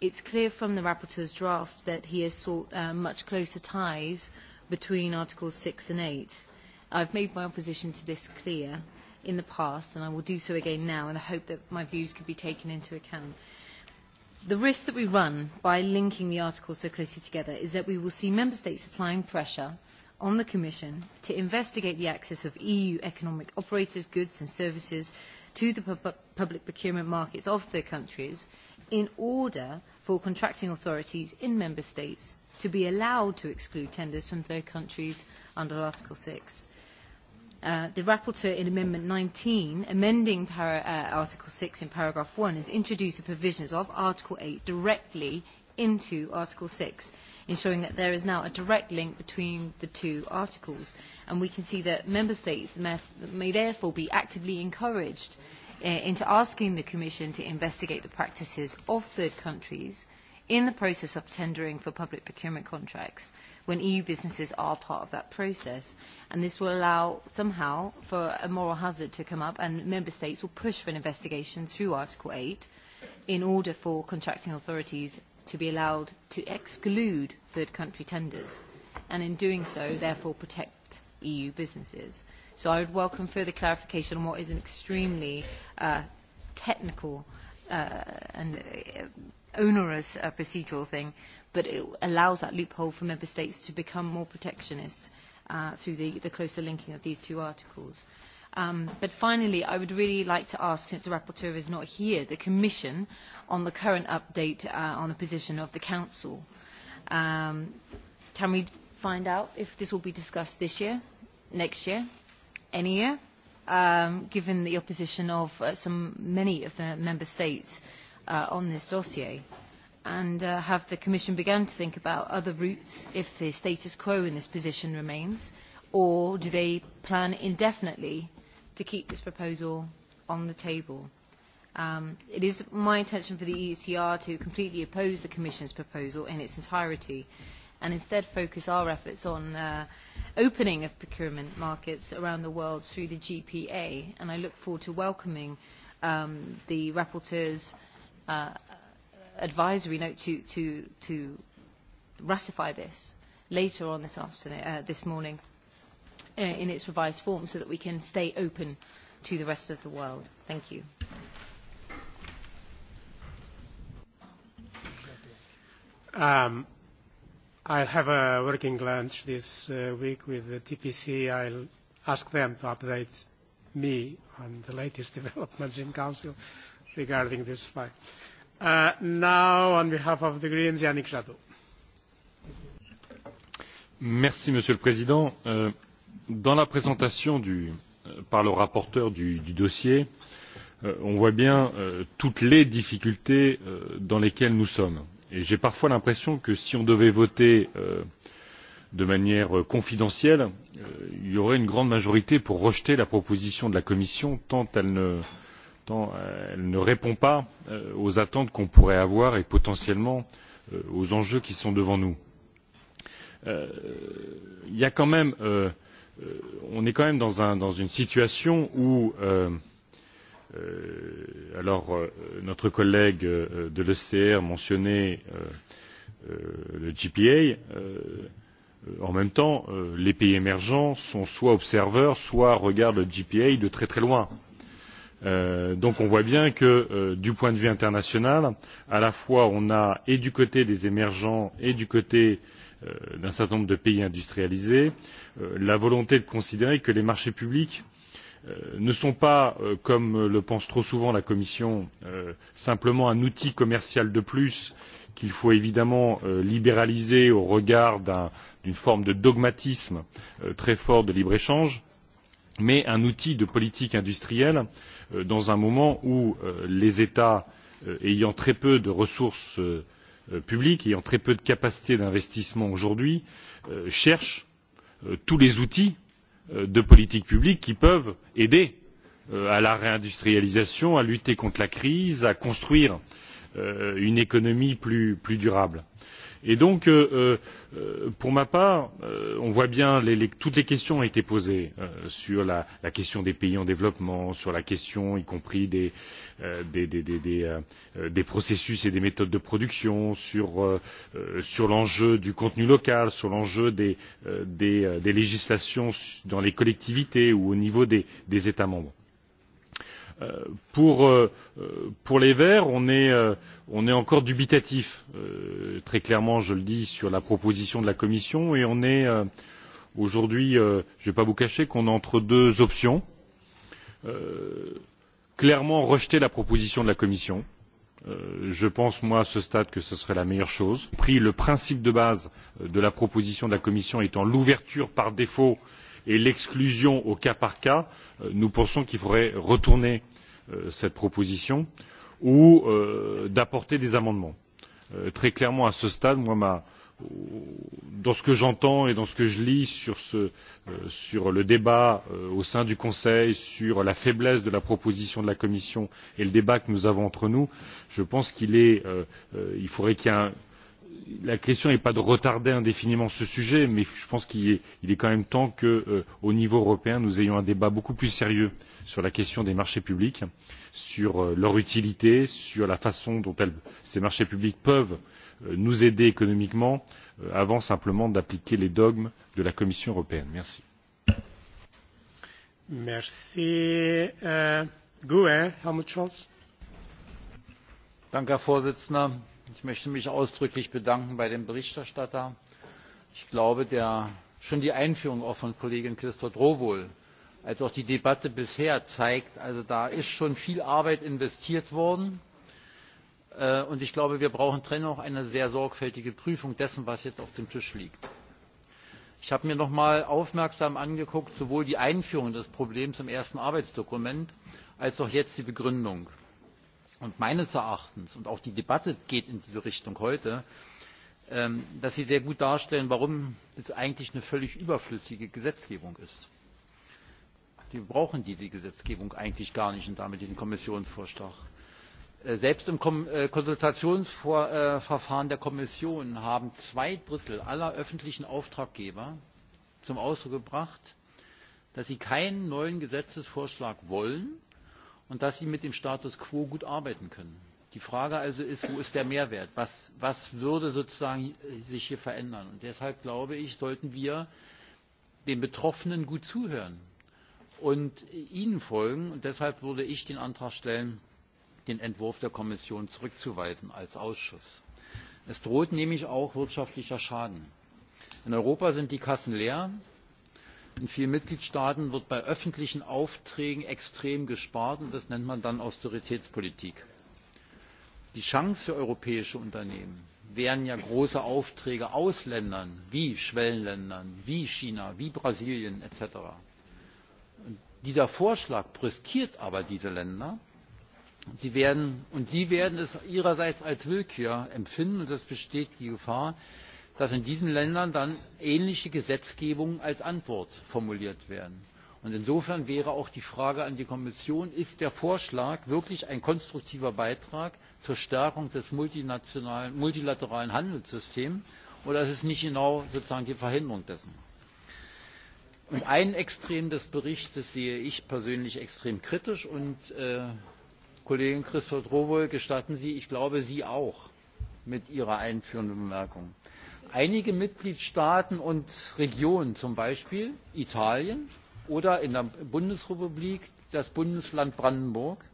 I: It's clear from the rapporteur's draft that he has sought uh, much closer ties between Articles 6 and 8. I've made my opposition to this clear in the past, and I will do so again now in the hope that my views can be taken into account. The risk that we run by linking the articles so closely together is that we will see member states applying pressure on the Commission to investigate the access of EU economic operators, goods and services to the pub public procurement markets of their countries in order for contracting authorities in Member States to be allowed to exclude tenders from third countries under Article 6. Uh, the rapporteur in Amendment 19, amending para, uh, Article 6 in paragraph 1, has introduced the provisions of Article 8 directly into Article 6 ensuring that there is now a direct link between the two articles. And we can see that member states may, therefore be actively encouraged uh, into asking the Commission to investigate the practices of third countries in the process of tendering for public procurement contracts when EU businesses are part of that process. And this will allow somehow for a moral hazard to come up and member states will push for an investigation through Article 8 in order for contracting authorities to be allowed to exclude third country tenders and in doing so therefore protect EU businesses. So I would welcome further clarification on what is an extremely uh, technical uh, and uh, onerous uh, procedural thing, but it allows that loophole for member states to become more protectionist uh, through the, the closer linking of these two articles. Um, but finally, I would really like to ask, since the rapporteur is not here, the Commission on the current update uh, on the position of the Council. Um, can we find out if this will be discussed this year, next year, any year, um, given the opposition of uh, some, many of the Member States uh, on this dossier? And uh, have the Commission begun to think about other routes if the status quo in this position remains? Or do they plan indefinitely to keep this proposal on the table. Um, it is my intention for the ECR to completely oppose the Commission's proposal in its entirety and instead focus our efforts on uh, opening of procurement markets around the world through the GPA. And I look forward to welcoming um, the rapporteur's uh, advisory note to, to, to ratify this later on this, afternoon, uh, this morning. Uh, in its revised form so that we can stay open to the rest of the world. Thank you.
A: Um, I have a working lunch this uh, week with the TPC. I'll ask them to update me on the latest developments in Council regarding this fight. Uh, now, on behalf of the Greens, Yannick Jadot.
D: Merci, Monsieur le Président. Euh, dans la présentation euh, par le rapporteur du, dossier euh, on voit bien euh, toutes les difficultés dans lesquelles nous sommes et j'ai parfois l'impression que si on devait voter de manière confidentielle il y aurait une grande majorité pour rejeter la proposition de la commission tant elle ne, tant elle ne répond pas aux attentes qu'on pourrait avoir et potentiellement aux enjeux qui sont devant nous. il y a quand même Euh, on est quand même dans, un, dans une situation où euh, euh, alors euh, notre collègue euh, de l'ECR mentionnait euh, euh, le GPA euh, euh, en même temps euh, les pays émergents sont soit observeurs soit regardent le GPA de très très loin. Euh, Donc on voit bien que euh, du point de vue international, à la fois on a et du côté des émergents et du côté euh, Euh, d'un certain nombre de pays industrialisés euh, la volonté de considérer que les marchés publics euh, ne sont pas comme le pense trop souvent la commission simplement un outil commercial de plus qu'il faut évidemment libéraliser au regard d'une forme de dogmatisme très fort de libre échange mais un outil de politique industrielle dans un moment où les états ayant très peu de ressources Euh, publics ayant très peu de capacité d'investissement aujourd'hui euh, cherchent euh, tous les outils de politique publique qui peuvent aider à la réindustrialisation à lutter contre la crise à construire une économie plus, plus durable et donc euh, euh, pour ma part euh, on voit bien les, les, toutes les questions ont été posées euh, sur la, la question des pays en développement sur la question y compris des, euh, des, des, des des, euh, euh, des euh, processus et des méthodes de production sur, euh, euh, sur l'enjeu du contenu local sur l'enjeu des euh, euh, des, des législations dans les collectivités ou au niveau des, des états membres Euh, pour, euh, euh, pour les verts on est, on est encore dubitatif très clairement je le dis sur la proposition de la commission et on est aujourd'hui je ne vais pas vous cacher qu'on est entre deux options clairement rejeter la proposition de la commission je pense moi à ce stade que ce serait la meilleure chose pris le principe de base de la proposition de la commission étant l'ouverture par défaut euh, et l'exclusion au cas par cas euh, nous pensons qu'il faudrait retourner euh, cette proposition ou euh, apporter des amendements. très clairement à ce stade dans ce que j'entends et dans ce que je lis sur, le débat au sein du conseil sur la faiblesse de la proposition de la commission et le débat que nous avons entre nous je pense qu'il faudrait qu'il y ait la question n'est pas de retarder indéfiniment ce sujet mais je pense qu'il est, quand même temps qu'au euh, niveau européen nous ayons un débat beaucoup plus sérieux sur la question des marchés publics sur euh, leur utilité sur la façon dont ces marchés publics peuvent euh, nous aider économiquement avant simplement d'appliquer les dogmes de la commission européenne. merci.
A: merci euh, Gue, Helmut Scholz. Danke, herr präsident! ich möchte mich
E: ausdrücklich bedanken bei dem berichterstatter. ich glaube schon die einführung von kollegin quisthoudt als auch die debatte bisher zeigt also da ist schon viel arbeit investiert worden äh, und ich glaube wir brauchen dennoch eine sehr sorgfältige prüfung dessen was jetzt auf dem tisch liegt. ich habe mir noch einmal aufmerksam angeguckt sowohl die einführung des problems im ersten arbeitsdokument als auch jetzt die begründung und meines erachtens und auch die debatte geht in diese richtung heute ähm, dass sie sehr gut darstellen warum es eigentlich eine völlig überflüssige gesetzgebung ist. wir brauchen diese gesetzgebung eigentlich gar nicht und damit den kommissionsvorschlag. Äh, selbst im äh, konsultationsverfahren der kommission haben zwei drittel aller öffentlichen auftraggeber zum ausdruck gebracht dass sie keinen neuen gesetzesvorschlag wollen und dass sie mit dem status quo gut arbeiten können. die frage also ist wo ist der mehrwert? was, was würde sozusagen sich hier verändern? Und deshalb glaube ich sollten wir den betroffenen gut zuhören und ihnen folgen. Und deshalb würde ich den antrag stellen den entwurf der kommission zurückzuweisen als ausschuss. es droht nämlich auch wirtschaftlicher schaden. in europa sind die kassen leer in vielen mitgliedstaaten wird bei öffentlichen aufträgen extrem gespart und das nennt man dann austeritätspolitik. die chance für europäische unternehmen wären ja große aufträge aus ländern wie schwellenländern wie china wie brasilien etc. dieser vorschlag brüskiert aber diese länder und sie werden es ihrerseits als willkür empfinden und es besteht die gefahr dass in diesen ländern dann ähnliche gesetzgebungen als antwort formuliert werden. insofern wäre auch die frage an die kommission ist der vorschlag wirklich ein konstruktiver beitrag zur stärkung des multilateralen handelssystems oder ist es nicht genau sozusagen die verhinderung dessen? ein extrem des berichts sehe ich persönlich extrem kritisch und äh, kollegin quisthoudt rowohl gestatten sie ich glaube sie auch mit ihrer einführenden bemerkung einige mitgliedstaaten und regionen zum beispiel italien oder in der bundesrepublik das bundesland brandenburg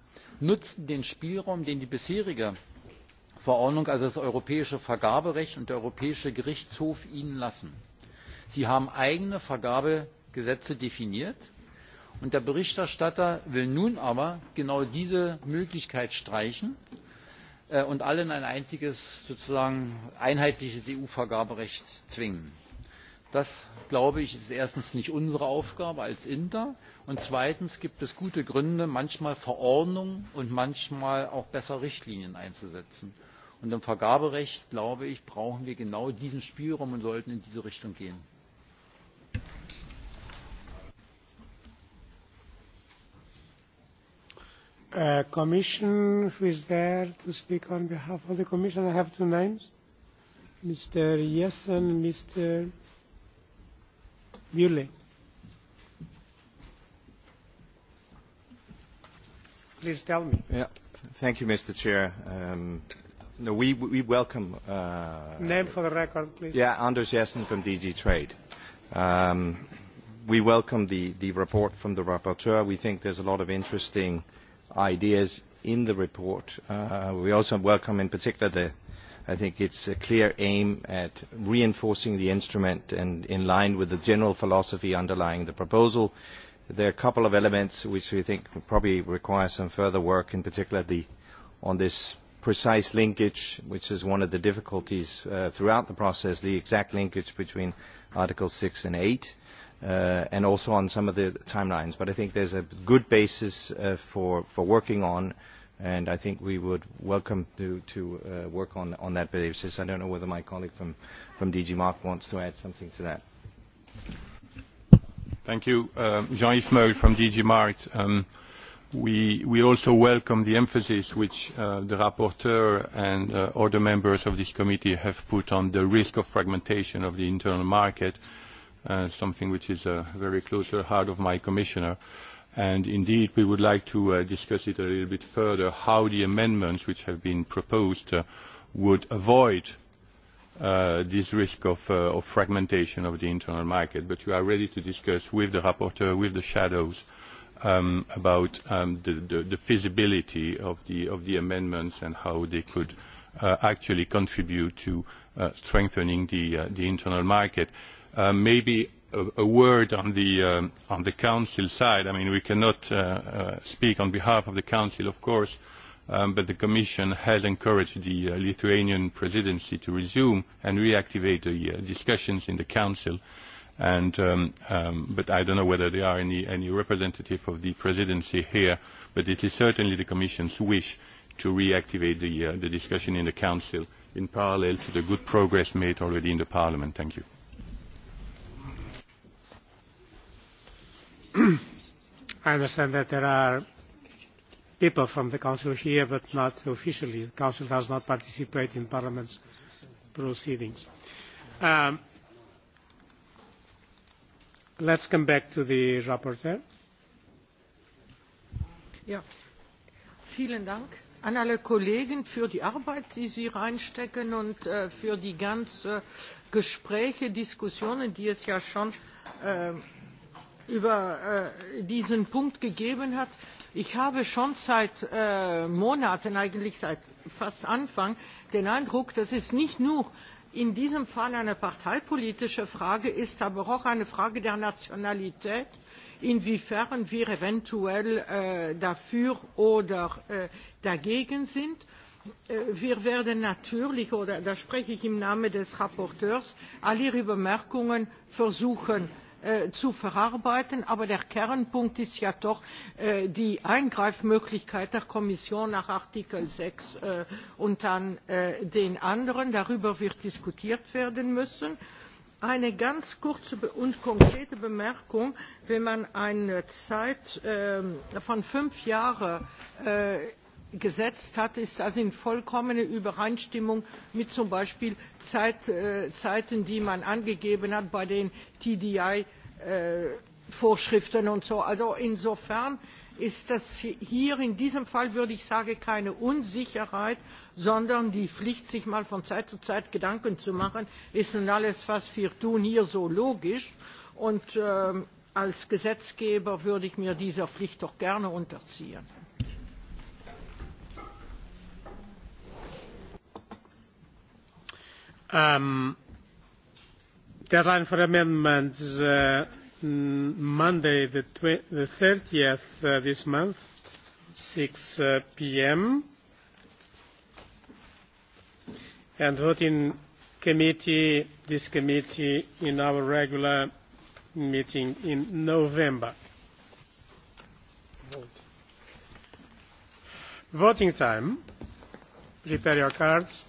E: nutzten den spielraum den die bisherige verordnung also das europäische vergaberecht und der europäische gerichtshof ihnen lassen. sie haben eigene vergabegesetze definiert und der berichterstatter will nun aber genau diese möglichkeit streichen Äh, und alle in ein einziges sozusagen einheitliches eu vergaberecht zwingen. das ist erstens nicht unsere aufgabe als inta und zweitens gibt es gute gründe manchmal verordnungen und manchmal auch besser richtlinien einzusetzen. und im vergaberecht brauchen wir genau diesen spielraum und sollten in diese richtung gehen.
A: Uh, Commission, who is there to speak on behalf of the Commission? I have two names, Mr. Yes and Mr. Muley. Please tell me.
C: Yeah. Thank you, Mr. Chair. Um, no, we, we welcome... Uh, Name for the record, please. Yeah, Anders Jessen from DG Trade. Um, we welcome the, the report from the rapporteur. We think there's a lot of interesting uh, ideas in the report. Uh, we also welcome in particular the, I think it's a clear aim at reinforcing the instrument and in line with the general philosophy underlying the proposal. There are a couple of elements which we think probably require some further work, in particular the, on this precise linkage, which is one of the difficulties uh, throughout the process, the exact linkage between Article 6 and 8 uh, and also on some of the timelines. But I think there's a good basis uh, for, for working on, and I think we would welcome to, to uh, work on, on that basis. I
J: don't know whether my colleague from, from DG Mark wants to add something to that. Thank you. Uh, Jean-Yves Meul from DG Markt. Um, we, we also welcome the emphasis which uh, the rapporteur and uh, other members of this committee have put on the risk of fragmentation of the internal market. Uh, and something which is uh, very close to the heart of my commissioner. And indeed, we would like to uh, discuss it a little bit further, how the amendments which have been proposed uh, would avoid uh, this risk of, uh, of fragmentation of the internal market. But you are ready to discuss with the rapporteur, with the shadows, um, about um, the, the, the feasibility of the, of the amendments and how they could uh, actually contribute to uh, strengthening the, uh, the internal market. Uh, Uh, maybe a, word uh, on the, council side. I mean, we cannot uh, speak on behalf of the council, of course, um, but the commission has encouraged the Lithuanian presidency to resume and reactivate the discussions in the council. Um, um, but I don't know whether there are any, representatives representative of the presidency here, but it is certainly the commission's wish to reactivate the, the discussion in the council in parallel to the good progress made already in parliament. Thank you.
A: I understand that there are people from the Council here, but not officially. The Council does not participate in Parliament's proceedings. Um, us come back to the rapporteur.
H: Ja, vielen Dank an alle Kollegen für die Arbeit, die sie reinstecken und äh, für die ganzen Gespräche, Diskussionen, die es ja schon äh, über äh, diesen punkt gegeben hat ich habe schon seit äh, monaten eigentlich seit fast anfang den eindruck dass es nicht nur in diesem fall eine parteipolitische frage ist aber auch eine frage der nationalität inwiefern wir eventuell äh, dafür oder äh, dagegen sind äh, wir werden natürlich oder da spreche ich im namen des berichterstatters alle ihre bemerkungen versuchen Äh, zu verarbeiten aber der kernpunkt ist ja doch äh, die eingreifmöglichkeit der kommission nach artikel sechs äh, und dann den anderen darüber wird diskutiert werden müssen. eine ganz kurze und konkrete bemerkung wenn man eine zeit ähm, von fünf jahren gesetzt hat ist das in vollkommener übereinstimmung mit zum beispiel äh, zeiten die man angegeben hat bei den tdi äh, vorschriften und so. also insofern ist das hier in diesem fall würde ich sagen keine unsicherheit sondern die pflicht sich mal von zeit zu zeit gedanken zu machen ist nun alles was wir tun hier so logisch und ähm, als gesetzgeber würde ich mir dieser pflicht doch gerne unterziehen.
A: Um, deadline for amendments uh, Monday, the, the 30th uh, this month, 6 uh, p.m. And voting committee, this committee, in our regular meeting in November. Voting time. Prepare your cards.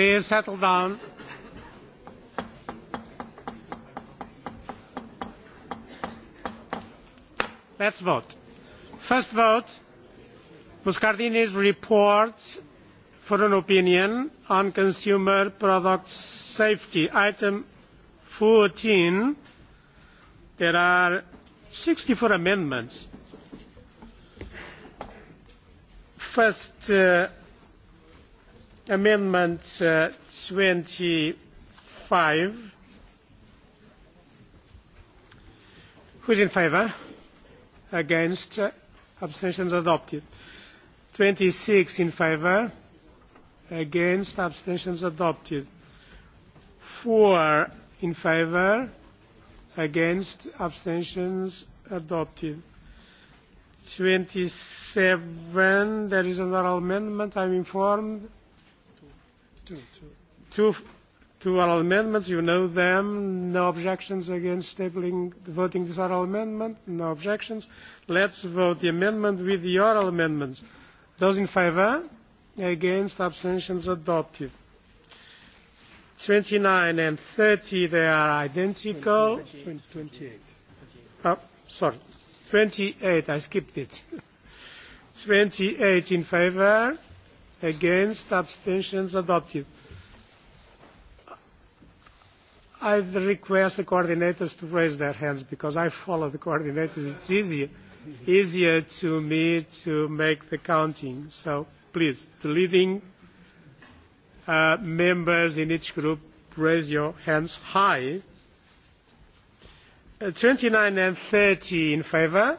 A: Please settle down. Let's vote. First vote, Muscardini's report for an opinion on consumer product safety. Item 14. There are 64 amendments. First, uh, amendment uh, twenty five who is in favour against abstentions adopted twenty six in favour against abstentions adopted four in favour against abstentions adopted twenty seven there is another amendment i am informed Two, oral amendments, you know them. No objections against tabling, voting this oral amendment? No objections. Let's vote the amendment with the oral amendments. Those in favour? Against? Abstentions adopted. 29 and 30, they are identical. 20, 28. Oh, sorry. 28, I skipped it. 28 in favour against abstentions adopted i request the coordinators to raise their hands because i follow the coordinators it's easier easier to me to make the counting so please the leading uh, members in each group raise your hands high uh, 29 and 30 in favour,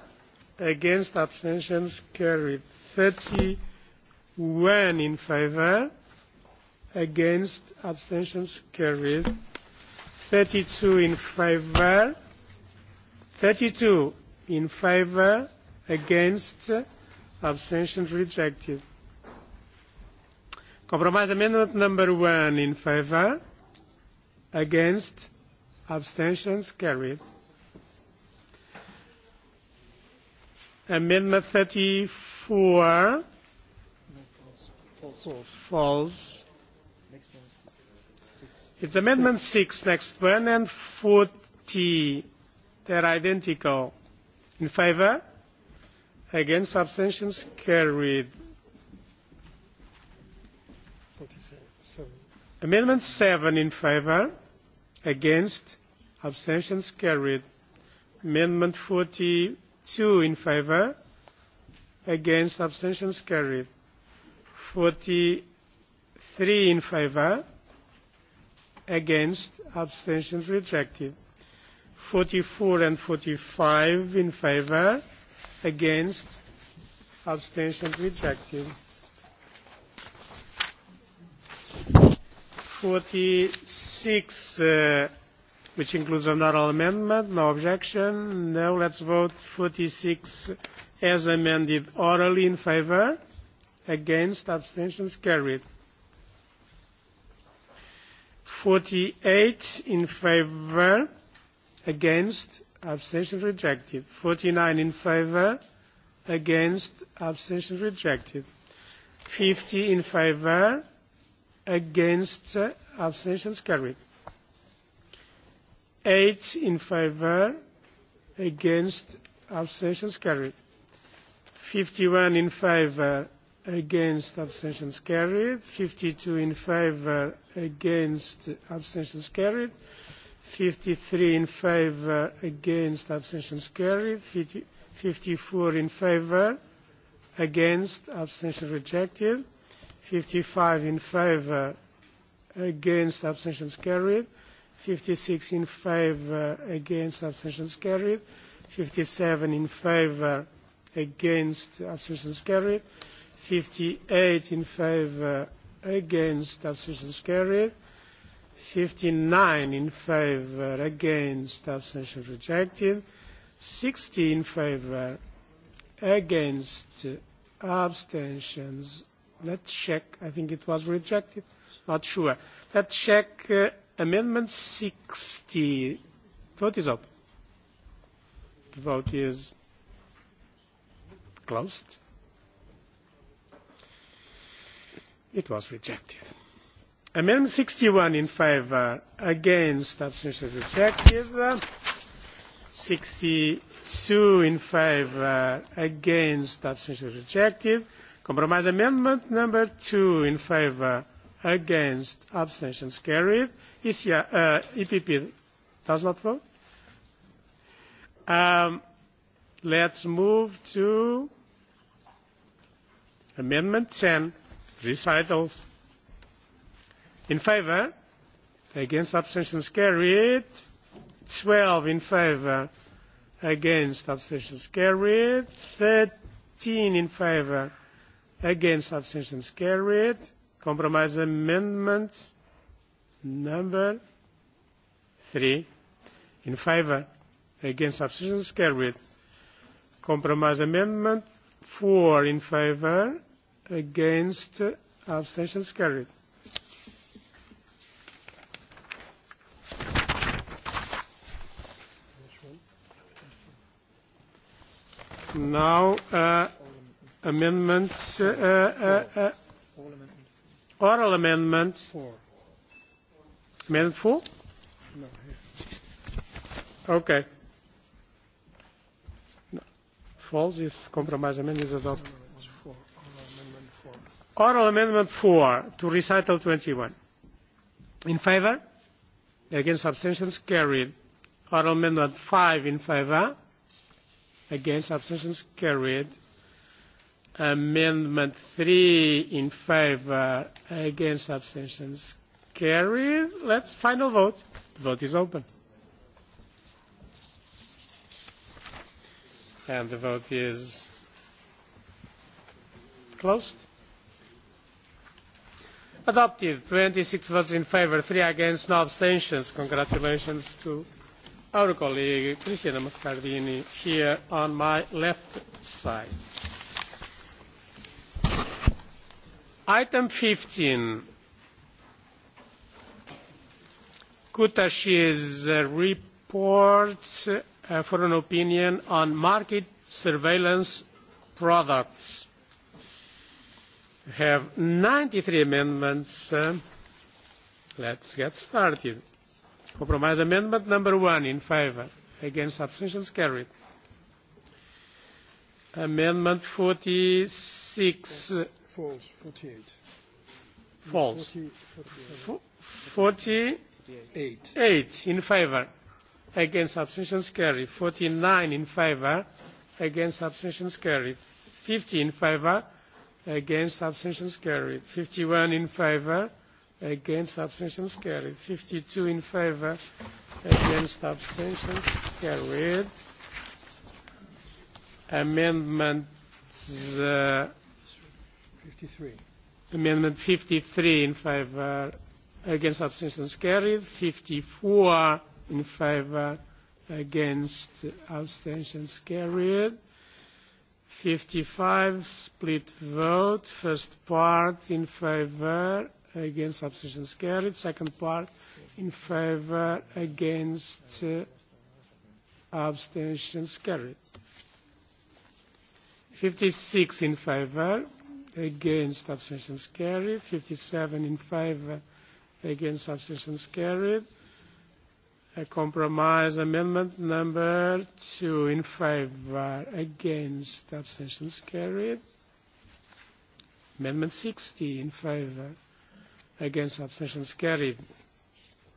A: against abstentions carried 30 when in favour against abstentions carried 32 in favour 32 in favour against abstentions rejected compromise amendment number 1 in favour against abstentions carried amendment 34 Oh, false. It's amendment 6, next one, and 40. They're identical. In favor? Against abstentions carried. Amendment 7 in favor? Against? Abstentions carried. Amendment 42 in favor? Against? Abstentions carried. 43 in favour against abstentions rejected 44 and 45 in favour against abstentions rejected 46 uh, which includes an oral amendment no objection no let's vote 46 as amended orally in favour against abstentions carried 48 in favour, against abstentions rejected 49 in favour, against abstentions rejected 50 in favour, against abstentions carried 8 in favour, against abstentions carried 51 in favour against abstentions carried 52 in favour; against abstentions carried 53 in favour; against abstentions carried 50, 54 in favour; against abstentions rejected 55 in favour; against abstentions carried 56 in favour; against abstentions carried 57 in favour; against abstentions carried 58 in favour against abstentions carried 59 in favour against abstention rejected 60 in favour against abstentions let's check i think it was rejected not sure let's check uh, amendment 60 vote is up the vote is closed it was rejected. Amendment 61 in favour, against abstentions rejected. 62 in favour, against abstentions rejected. Compromise amendment number 2 in favour, against abstentions carried. ECR, uh, EPP does not vote. Um, let's move to amendment 10 recitals in favour against abstentions carried 12 in favour against abstentions carried 13 in favour against abstentions carried compromise amendment number 3, in favour against abstentions carried compromise amendment 4, in favour against uh, abstentions carried now uh, amendments uh, uh, uh, oral amendments four. amendment four okay false if compromise amendment is adopted oral amendment 4 to recital 21. in favor, against abstentions carried oral amendment 5 in favor, against abstentions carried amendment 3 in favor, against abstentions carried let's final vote the vote is open and the vote is closed adopted twenty six votes in favour three against no abstentions. congratulations to our colleague Cristina muscardini here on my left side. item fifteen cuta's report uh, for an opinion on market surveillance products have 93 amendments. Uh, let's get started. Compromise amendment number one in favour. Against abstentions carried. Amendment 46. Uh, false, 48. False. 40, 48. 8 in favour. Against abstentions carried. 49 in favour. Against abstentions carried. 50 in favour against abstentions carried 51 in favour, against abstentions carried 52 in favour, against abstentions carried amendment uh, 53 amendment 53 in favour, against abstentions carried 54 in favour, against abstentions carried 55 split vote first part in favour, against abstentions carried second part in favour, against uh, abstentions carried 56 in favour, against abstentions carried 57 in favour, against abstentions carried a compromise amendment number two in favor, against, abstentions carried. Amendment 60 in favor, against, abstentions carried.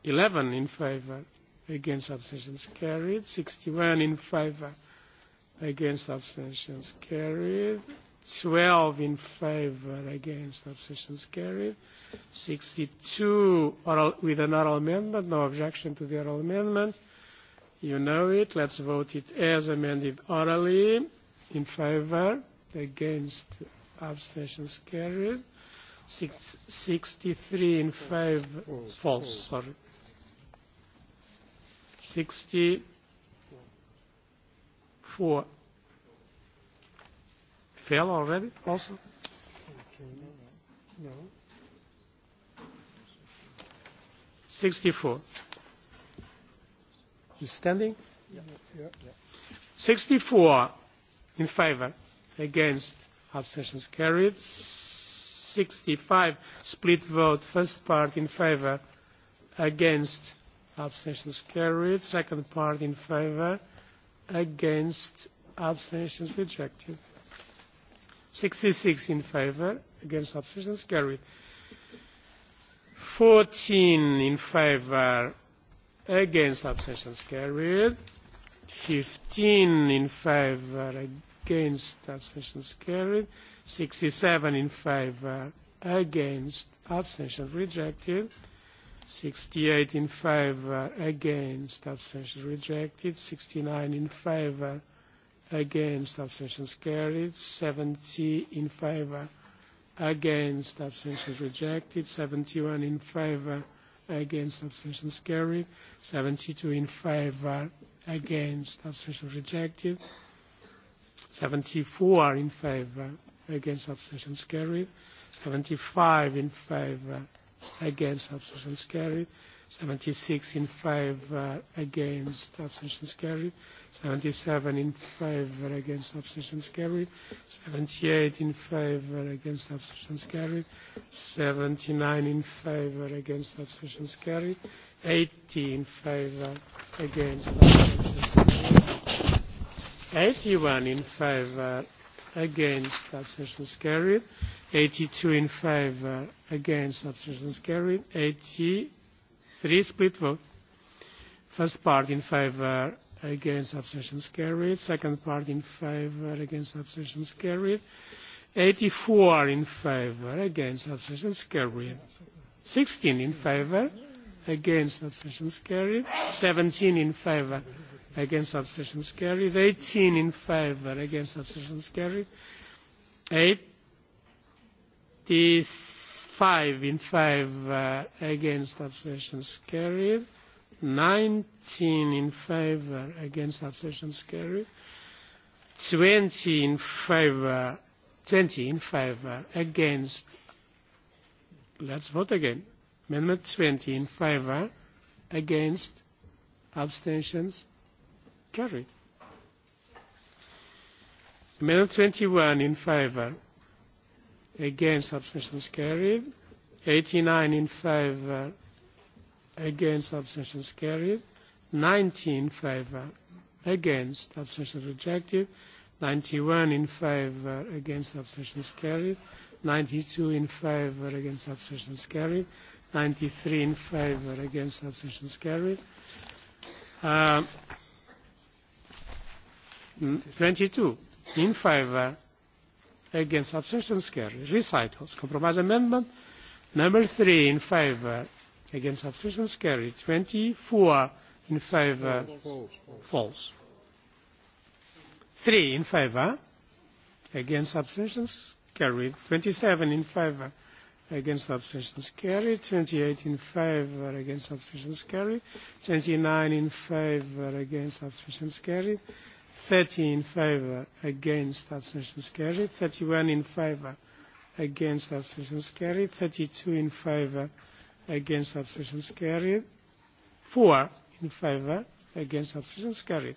A: 11 in favor, against, abstentions carried. 61 in favor, against, abstentions carried. 12 in favor, against abstentions carried. 62 oral, with an oral amendment, no objection to the oral amendment. You know it. Let's vote it as amended orally. In favor, against abstentions carried. Six, 63 in favor, false, false, sorry. 64 fail already also? No. 64. You standing? Yeah. Yeah. 64 in favor, against, abstentions carried. 65 split vote, first part in favor, against, abstentions carried. Second part in favor, against, abstentions rejected. 66 in favour against abstentions carried 14 in favour against abstentions carried 15 in favour against abstentions carried 67 in favour against abstentions rejected 68 in favour against abstentions rejected 69 in favour against abstentions carried 70 in favor against abstentions rejected 71 in favor against abstentions carried 72 in favor against abstentions rejected 74 in favor against abstentions carried 75 in favor against abstentions carried 76 in favour against abstentions carried 77 in favour against abstentions carried 78 in favour against abstentions carried 79 in favour against abstentions carried 80 in favour against abstentions carried 81 in favour against abstentions carried 82 in favour against abstentions carried 80 Three split vote. First part in favour against abstentions carried. Second part in favour against abstentions carried. 84 in favour against abstentions carried. 16 in favour against abstentions carried. 17 in favour against abstentions carried. 18 in favour against abstentions carried. 86 five in favor uh, against abstentions carried nineteen in favour uh, against abstentions carried twenty in favour, uh, twenty in favour against let's vote again amendment twenty in favour against abstentions carried amendment twenty-one in favour against abstentions carried 89 in favor against abstentions carried 19 in favor against abstentions rejected 91 in favor against abstentions carried 92 in favor against abstentions carried 93 in favor against abstentions carried uh, 22 in favor against abstentions carried. recitals compromise amendment number three in favour against abstentions carried. twenty four in favour false. three in favour against abstentions carried. twenty seven in favour against abstentions carried. twenty eight in favour against abstentions carried. twenty nine in favour against abstentions carried. thirty in favour against abstentions carried 31 in favor against abstentions carried 32 in favor against abstentions carried 4 in favor against abstentions carried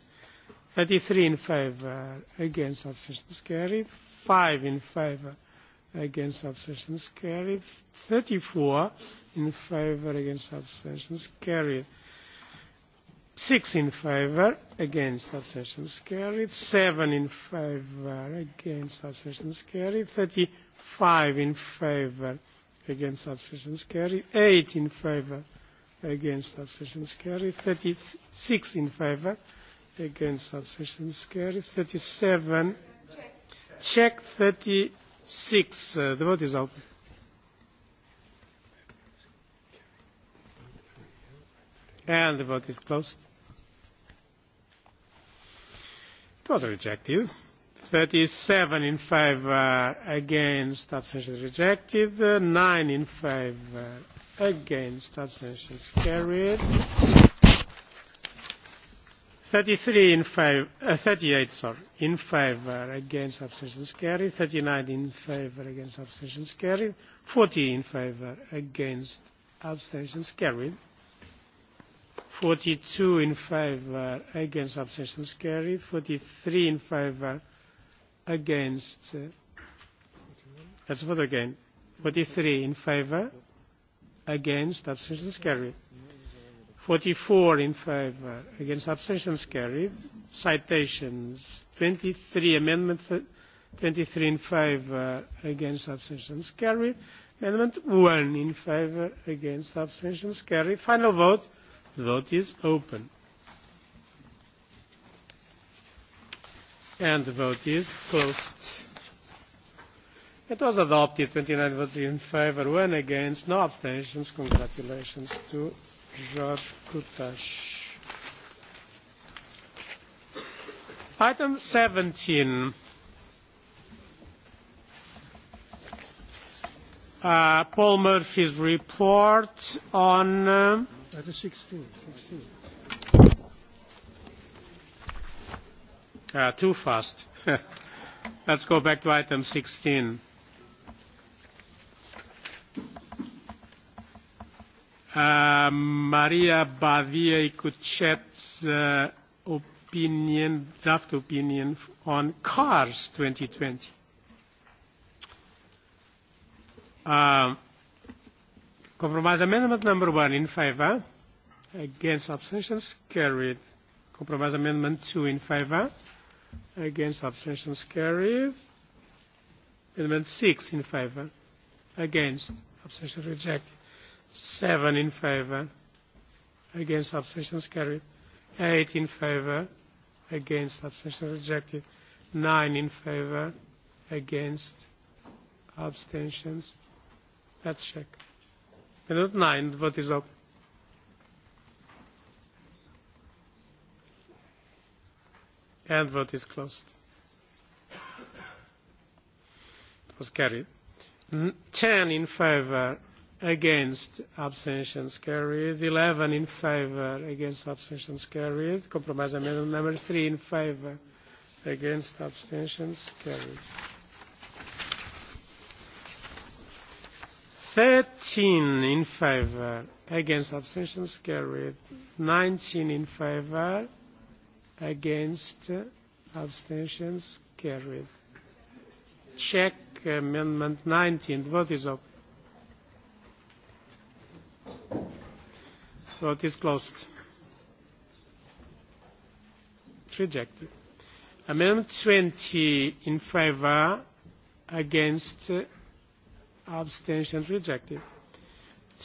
A: 33 in favor against abstentions carried 5 in favor against abstentions carried 34 in favor against abstentions carried six in favour against abstentions carried seven in favour against abstentions carried thirty five in favour against abstentions carried eight in favour against abstentions carried thirty six in favour against abstentions carried thirty seven check thirty six uh, the vote is open and the vote is closed It was rejected. 37 in favour, uh, against, abstentions rejected. 9 uh, in favour, uh, against, abstentions carried. 33 in favour, uh, 38 sorry, in favour, against, abstentions carried. 39 in favour, against, abstentions carried. 40 in favour, against, abstentions carried. 42 in favour against abstentions carried 43 in favour against uh, let's vote again 43 in favour against abstentions carried 44 in favour against abstentions carried citations 23 amendment 23 in favour against abstentions carried amendment 1 in favour against abstentions carried final vote vote is open. And the vote is closed. It was adopted, 29 votes in favor, one against, no abstentions. Congratulations to George Kutash. Item 17. Uh, Paul Murphy's report on uh, 16. 16. Uh, too fast. Let's go back to item 16. Uh, ah, Maria Bavia Ikuchet's uh, opinion, draft opinion on cars 2020. uh, Compromise amendment number one in favour. Against abstentions carried. Compromise amendment two in favour. Against abstentions carried. Amendment six in favour. Against abstentions rejected. Seven in favour. Against abstentions carried. Eight in favour. Against abstentions rejected. Nine in favour. Against abstentions. Let's check. Minute 9, the vote is open. And vote is closed. It was carried. Ten in favour, against abstentions carried. Eleven in favour, against abstentions carried. Compromise amendment number three in favour, against abstentions carried. 13 in favour against abstentions carried nineteen in favour against abstentions carried check amendment nineteen the vote is open vote is closed rejected amendment twenty in favour against abstentions rejected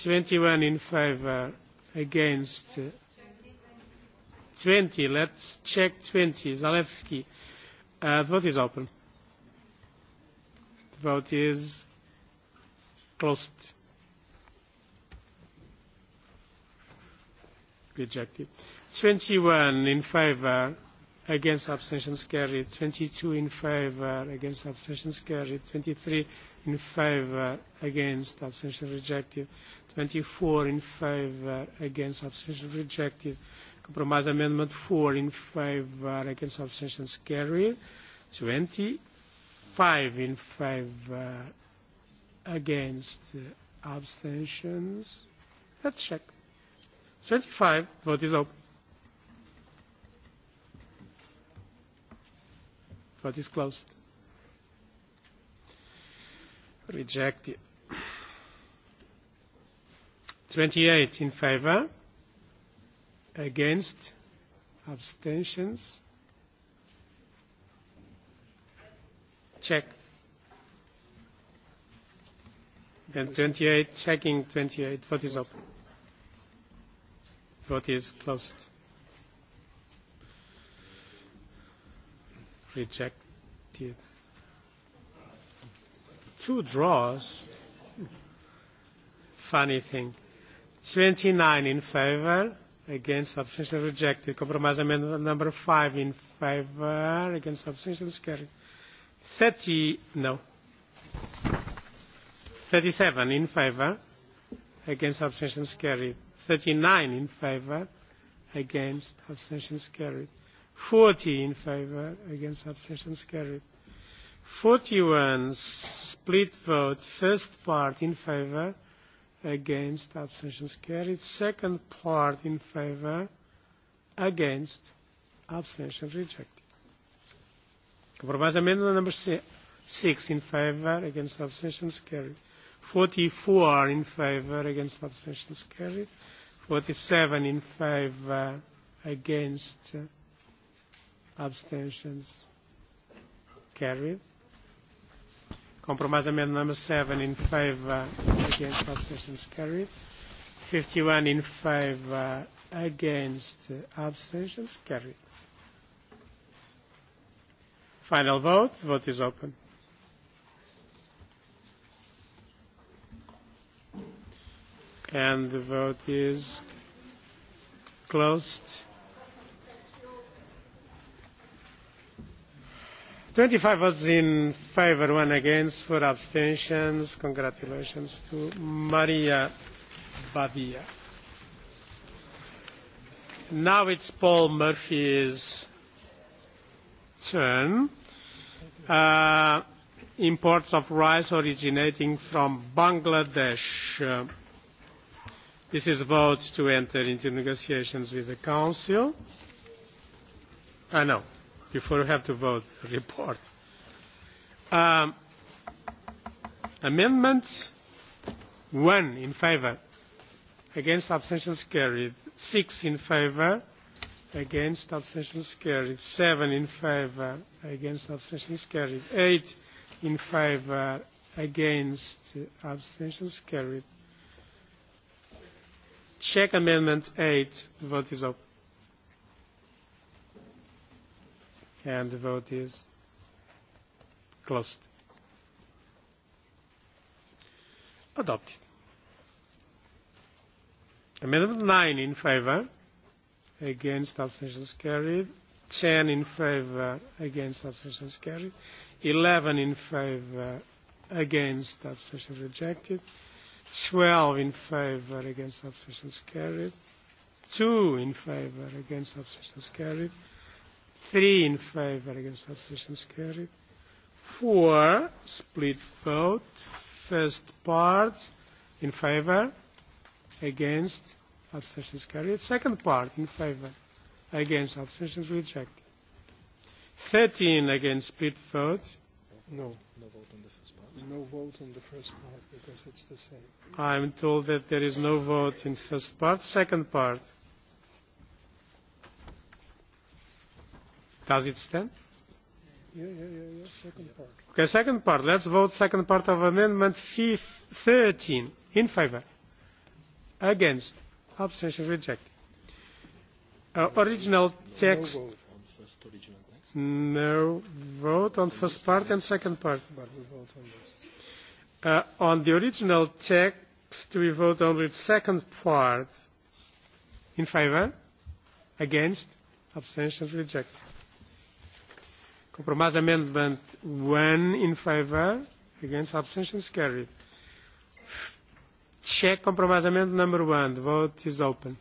A: 21 in favor against 20 uh, let's check 20 Zalewski uh, the vote is open the vote is closed rejected 21 in favor against abstentions carried 22 in favor against abstentions carried 23 in favor against abstention rejected 24 in favor against abstention rejected compromise amendment 4 in favor against abstentions carried 25 in favor against abstentions let's check 25 vote is open Vote is closed. Rejected. 28 in favor. Against. Abstentions. Check. And 28, checking 28. Vote is open. Vote is closed. rejected. Two draws. Funny thing. 29 in favor, against abstention rejected. Compromise amendment number 5 in favor, against abstention carried. 30, no. 37 in favor, against abstention carried. 39 in favor, against abstention carried. 40 in favour against abstentions carried 41 split vote first part in favour against abstentions carried second part in favour against abstention rejected compromise amendment number six in favour against abstentions carried 44 in favour against abstentions carried 47 in favour against uh, abstentions carried compromise amendment number 7 in favor against abstentions carried 51 in favor against abstentions carried final vote vote is open and the vote is closed twenty five votes in favour one against four abstentions. congratulations to maria Badia. Now it's Paul Murphy's turn. Uh, imports of rice originating from Bangladesh. this is a vote to enter into negotiations with the Council. I uh, know before we have to vote report. Um, amendments one in favour against abstentions carried six in favour against abstentions carried seven in favour against abstentions carried eight in favour against abstentions carried check amendment eight the vote is open and the vote is closed. Adopted. Amendment 9 in favor, against abstentions carried. 10 in favor, against abstentions carried. 11 in favor, against abstentions rejected. 12 in favor, against abstentions carried. 2 in favor, against abstentions carried. Three in favour against abstentions carried. Four split vote. First part in favour against abstentions carried. Second part in favour against abstentions rejected. 13 against split vote. No. No vote on the first part. No vote on the first part because it's the same. I'm told that there is no vote in first part. Second part. Does it stand? Okay, second part. Let's vote second part of amendment 13. In favour. Against. Abstention rejected. Uh, original text. No vote on first part and second part. on Uh, on the original text, we vote on the second part. In favour. Against. Abstention rejected Compromise amendment 1 in favour, against abstentions carried. Check compromise amendment number 1. The vote is open.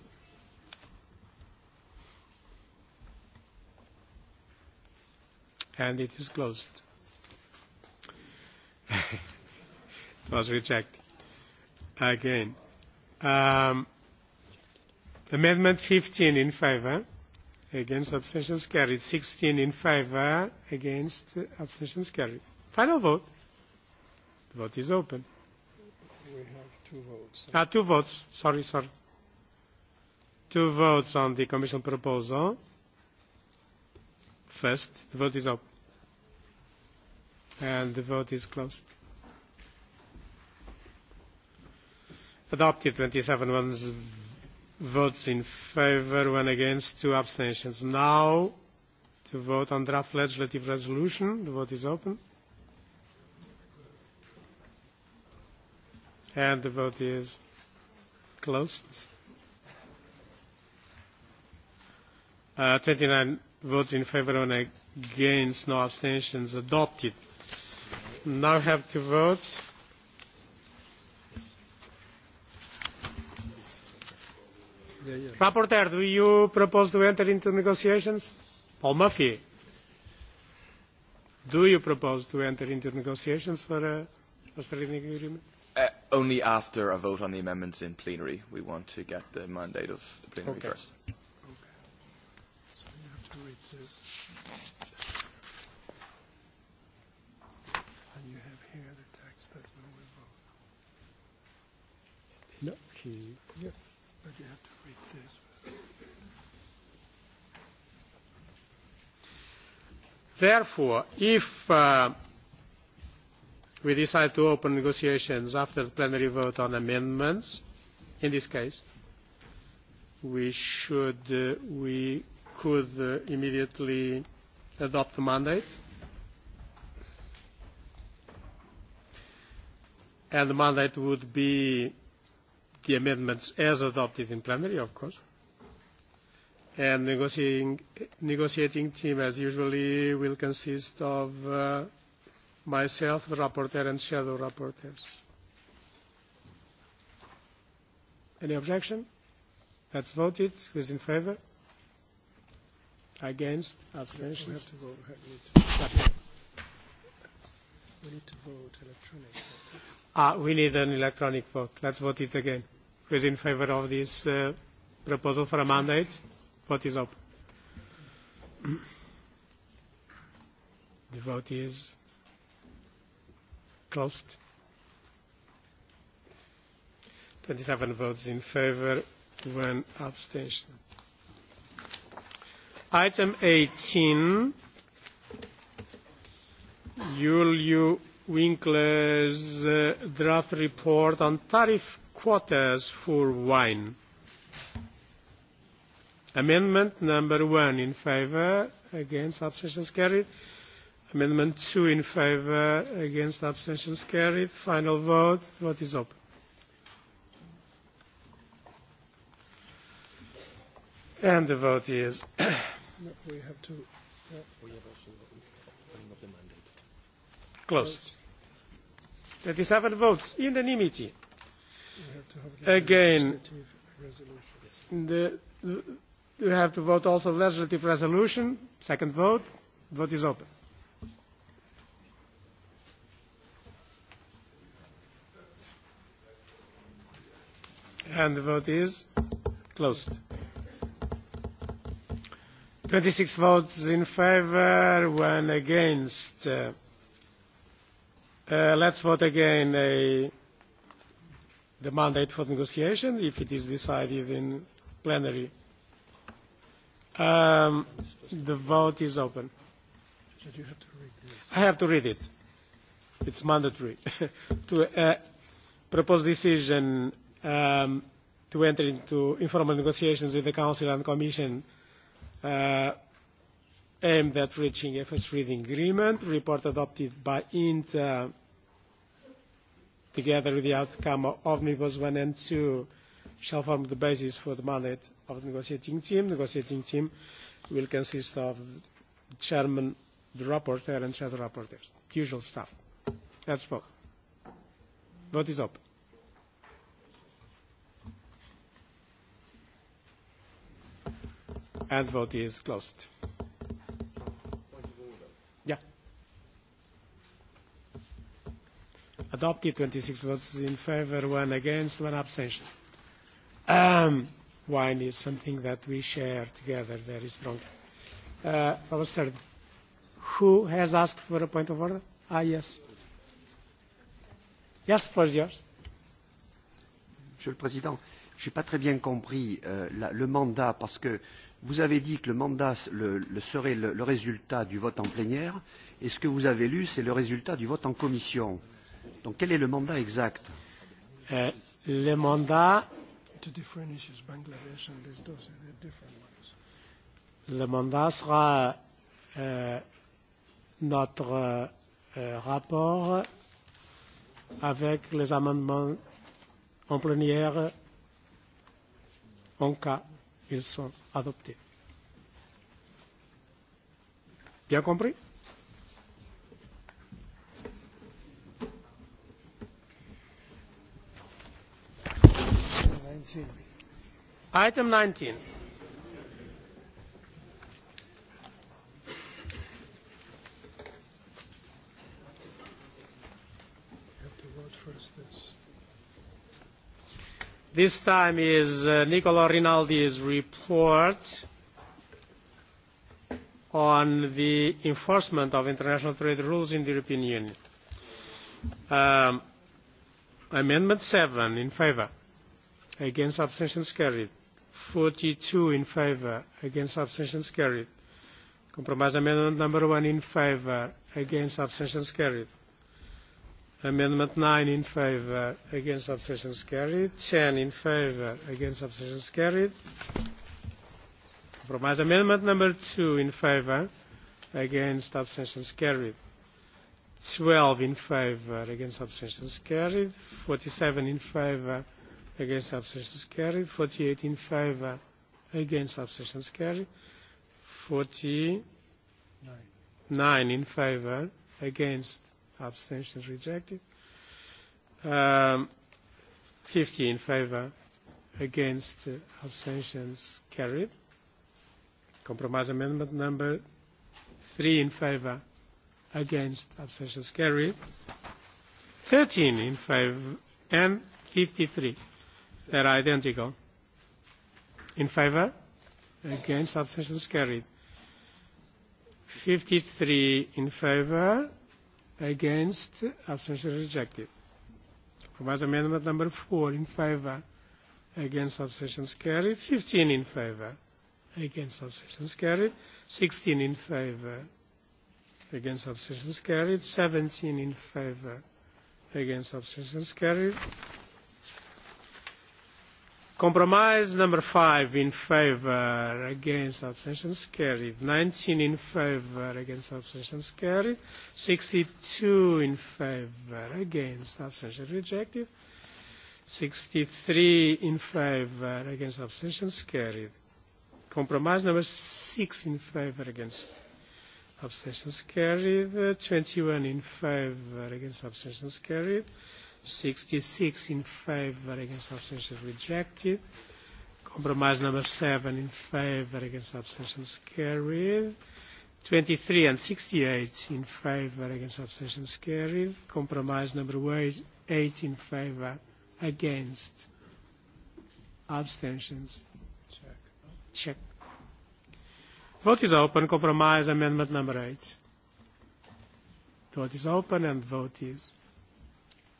A: And it is closed. it was rejected. Again. Um, amendment 15 in favour against abstentions carried 16 in favor against abstentions carried final vote the vote is open we have two votes ah two votes sorry sorry two votes on the commission proposal first the vote is open and the vote is closed adopted 27 ones votes in favour one against two abstentions. now to vote on draft legislative resolution. the vote is open. and the vote is closed. Uh, 29 votes in favour one against no abstentions adopted. now have to vote rapporteur do you propose to enter into negotiations? paul murphy do you propose to enter into negotiations for a Australian agreement?
J: Uh, only after a vote on the amendments in plenary. We want to get the mandate of the plenary okay. first. Okay.
A: Uh, no, he... Yeah. But you have to Therefore, if uh, we decide to open negotiations after the plenary vote on amendments, in this case, we should uh, we could uh, immediately adopt the mandate. And the mandate would be the amendments as adopted in plenary, of course. And negotiating, negotiating team, as usually, will consist of uh, myself, the rapporteur, and shadow rapporteurs. Any objection? Let's vote it. is in favour? Against? Abstentions? Yeah, We need to vote electronically. Ah, we need an electronic vote. Let's vote it again. Who is in favor of this uh, proposal for a mandate? Vote is open. The vote is closed. 27 votes in favor, one abstention. Item 18 Juliu Winkler's uh, draft report on tariff quotas for wine. Amendment number one in favour, against abstentions carried. Amendment two in favour, against abstentions carried. Final vote. Vote is open. And the vote is. we have
C: to. Yeah. We have also voting of the mandate
A: closed. 37 votes unanimity. again the, you have to vote also legislative resolution. second vote. vote is open. and the vote is closed. 26 votes in favour, one against. Uh, Uh, let's vote again a, the mandate for negotiation if it is decided in plenary. Um, the vote is open. you have to read this. I have to read it. It's mandatory. to uh, propose decision um, to enter into informal negotiations with the Council and Commission uh, aimed at reaching a first reading agreement. Report adopted by INTA together with the outcome of Omnibus 1 and 2, shall form the basis for the mandate of the negotiating team. The negotiating team will consist of the chairman, the rapporteur, and shadow rapporteurs. Usual stuff. That's all. Vote is open. And vote is closed. adopted 26 votes in favor one against one abstention um, wine is something that we share together very strongly uh, our third who has asked for a point of order ah yes yes for yours
D: Monsieur le Président, je n'ai pas très bien compris euh, la, le mandat parce que vous avez dit que le mandat le, le serait le, le résultat du vote en plénière et ce que vous avez
A: lu c'est le résultat du vote en commission. Euh, Donc quel est le mandat exact euh, Le mandat. Le mandat sera euh, notre euh, euh, rapport avec les amendements en plénière en cas ils sont adoptés. Bien compris item 19. this time is uh, Nicola Rinaldi's report on the enforcement of international trade rules in the European Union. Um, amendment 7 in favor against abstentions carried 42 in favor against abstentions carried compromise amendment number 1 in favor against abstentions carried amendment 9 in favor against abstentions carried 10 in favor against abstentions carried compromise amendment number 2 in favor against abstentions carried 12 in favor against abstentions carried 47 in favor against abstentions carried 48 in favor against abstentions carried 49 in favor against abstentions rejected um, 50 in favor against uh, abstentions carried compromise amendment number 3 in favor against abstentions carried 13 in favor and 53 They're identical. In favor? Against abstentions carried. 53 in favor, against abstentions rejected. Compromise amendment number 4 in favor, against abstentions carried. 15 in favor, against abstentions carried. 16 in favor, against abstentions carried. 17 in favor, against abstentions carried. Compromise number 5 in favour against abstentions carried. 19 in favour against abstentions carried. 62 in favour against abstentions rejected. 63 in favour against abstentions carried. Compromise number 6 in favour against abstentions carried. 21 in favour against abstentions carried. 66 in favor against abstentions rejected. Compromise number 7 in favor against abstentions carried. 23 and 68 in favor against abstentions carried. Compromise number 8 in favor against abstentions. Check. Check. Vote is open. Compromise amendment number 8. Vote is open and vote is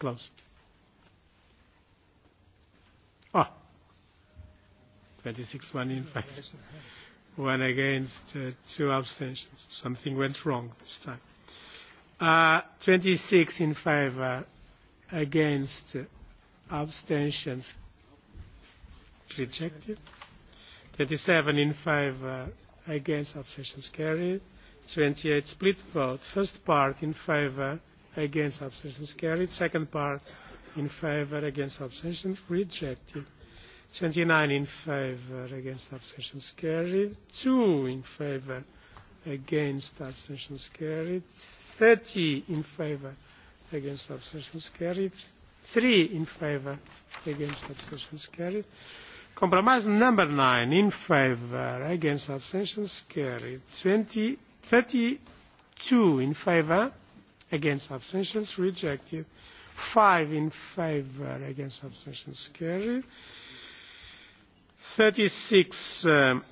A: Klaus. Ah. 26, one in five. One against, uh, two abstentions. Something went wrong this time. Uh, 26 in favor, against, uh, abstentions rejected. 27 in favor, against, abstentions carried. 28 split vote. First part in favor, against abstentions carried second part in favor against abstentions rejected 29 in favor against abstentions carried 2 in favor against abstentions carried 30 in favor against abstentions carried 3 in favor against abstentions carried compromise number 9 in favor against abstentions carried 20 32 in favor against abstentions rejected five in favour against abstentions carried thirty six um,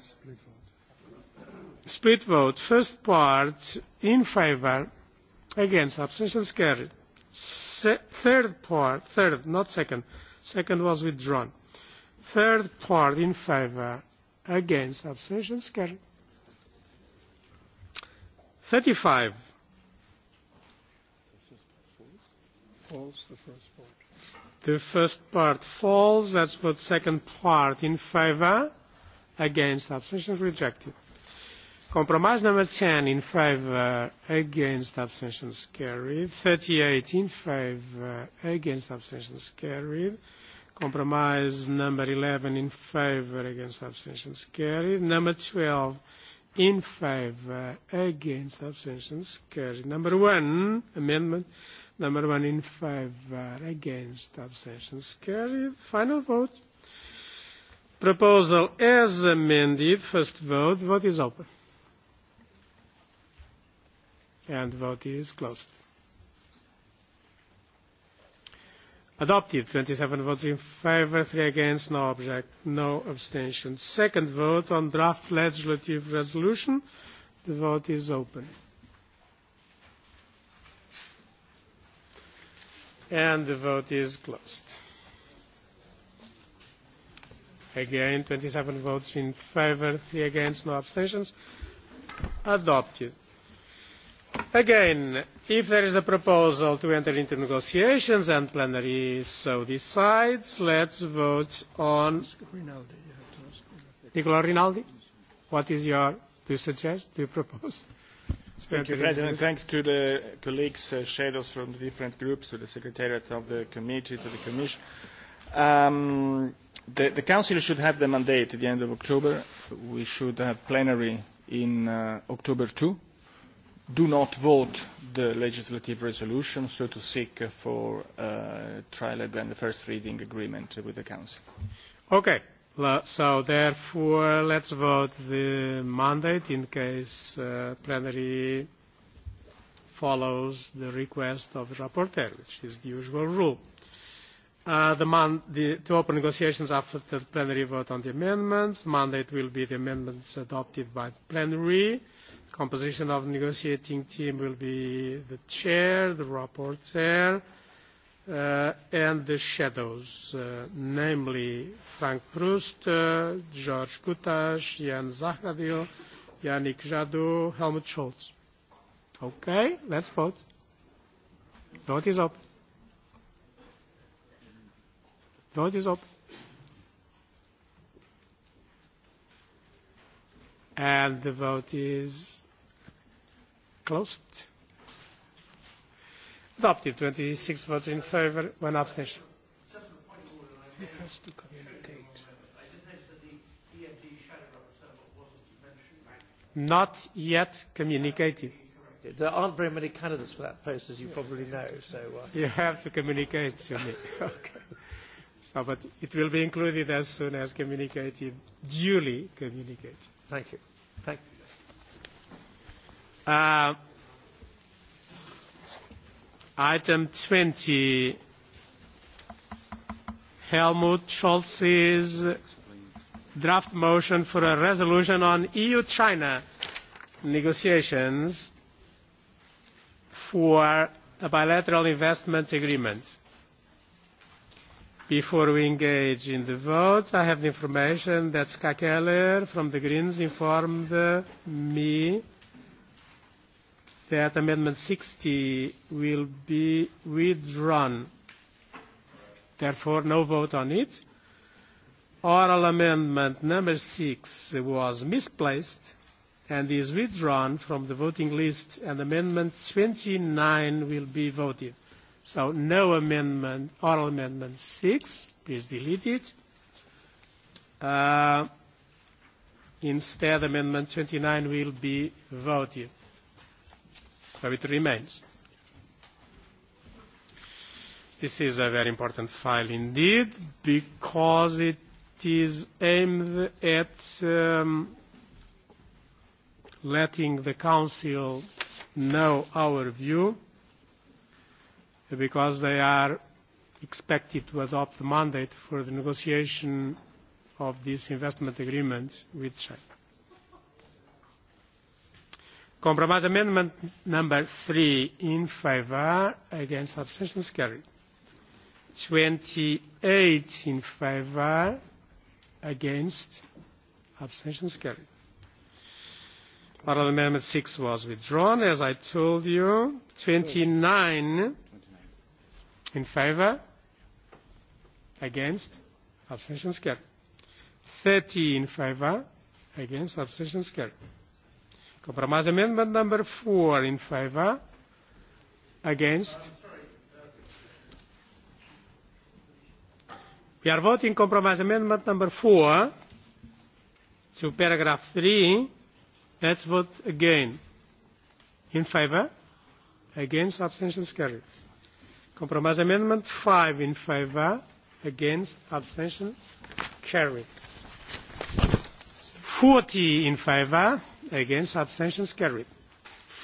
A: split vote first part in favour against abstentions carried Se third part third not second second was withdrawn third part in favour against abstentions carried thirty five
F: Falls, the first part.
A: The first part falls. That's what second part. In favor? Against. Abstentions rejected. Compromise number 10 in favor, against abstentions carried. 38 in favor, against abstentions carried. Compromise number 11 in favor, against abstentions carried. Number 12 in favor, against abstentions carried. Number 1, amendment Number one in favor, against, abstentions carried. Final vote. Proposal as amended. First vote. Vote is open. And vote is closed. Adopted. 27 votes in favor, 3 against, no object, no abstention. Second vote on draft legislative resolution. The vote is open. and the vote is closed. Again, 27 votes in favour, 3 against, no abstentions. Adopted. Again, if there is a proposal to enter into negotiations and plenary so decides, let's vote on... Nicola Rinaldi, what is your... do you suggest, do you propose? Mr President,
C: thanks to the colleagues, uh, shadows from the different groups, to the Secretariat of the Committee, to the Commission. Um, the, the Council should have the mandate at the end of October. We should have plenary in uh, October too. Do not vote the legislative resolution, so to seek for uh, trilogue and the first reading agreement
A: with the Council. Okay. So therefore, let's vote the mandate in case uh, plenary follows the request of the rapporteur, which is the usual rule. Uh, the man the, to open negotiations after the plenary vote on the amendments. Mandate will be the amendments adopted by plenary. Composition of negotiating team will be the chair, the rapporteur, uh, and the shadows, uh, namely Frank Proust, uh, George Kutash, Jan Zahradil, Yannick Jadot, Helmut Scholz. Okay, let's vote. Vote is up. Vote is up. And the vote is closed adopted. twenty six votes in favour one abstention. Not yet communicated. There aren't very many candidates for that post,
J: as you yeah. probably know. So uh... you
A: have to communicate to me. okay. So, but it will be included as soon as communicated, duly communicated. Thank you. Thank you. Uh, Item 20, Helmut Scholz's draft motion for a resolution on EU-China negotiations for a bilateral investment agreement. Before we engage in the votes, I have the information that Ska Keller from the Greens informed me that Amendment 60 will be withdrawn. Therefore, no vote on it. Oral Amendment number 6 was misplaced and is withdrawn from the voting list and Amendment 29 will be voted. So no amendment, oral amendment 6, please delete it. Uh, instead, amendment 29 will be voted. Where it remains. This is a very important file indeed because it is aimed at um, letting the Council know our view because they are expected to adopt the mandate for the negotiation of this investment agreement with China. Compromise amendment number three in favour, against abstentions carried. 28 in favour, against abstentions carried. Oral amendment 6 was withdrawn, as I told you. 29 in favour, against abstentions carried. 30 in favour, against abstentions carried. Compromise amendment number four in favour. Against. We are voting compromise amendment number four to paragraph three. Let's vote again. In favour? Against? Abstentions carried. Compromise amendment five in favour. Against? Abstention carried. 40 in favour against abstentions carried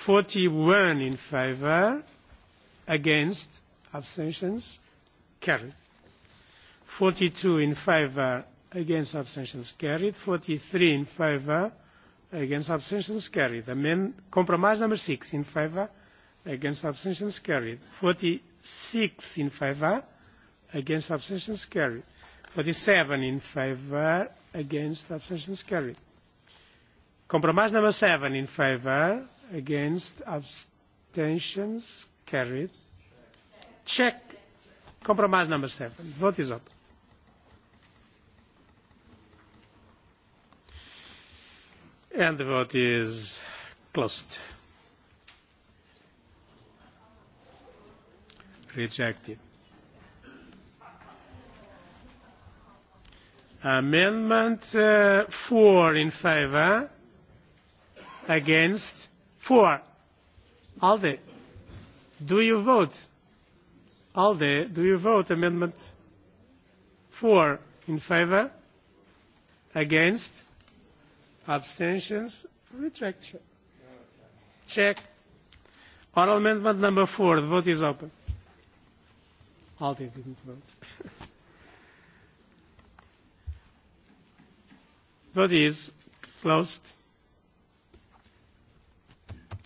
A: 41 in favor against abstentions carried 42 in favor against abstentions carried 43 in favor against abstentions carried amend compromise number 6 in favor against abstentions carried 46 in favor against abstentions carried 47 in favor against abstentions carried compromise number seven in favour against abstentions carried check compromise number seven vote is open and the vote is closed rejected amendment uh, four in favour against four, alde do you vote alde do you vote amendment four in favour against abstentions retraction check oral amendment number four the vote is open alde didn't vote vote is closed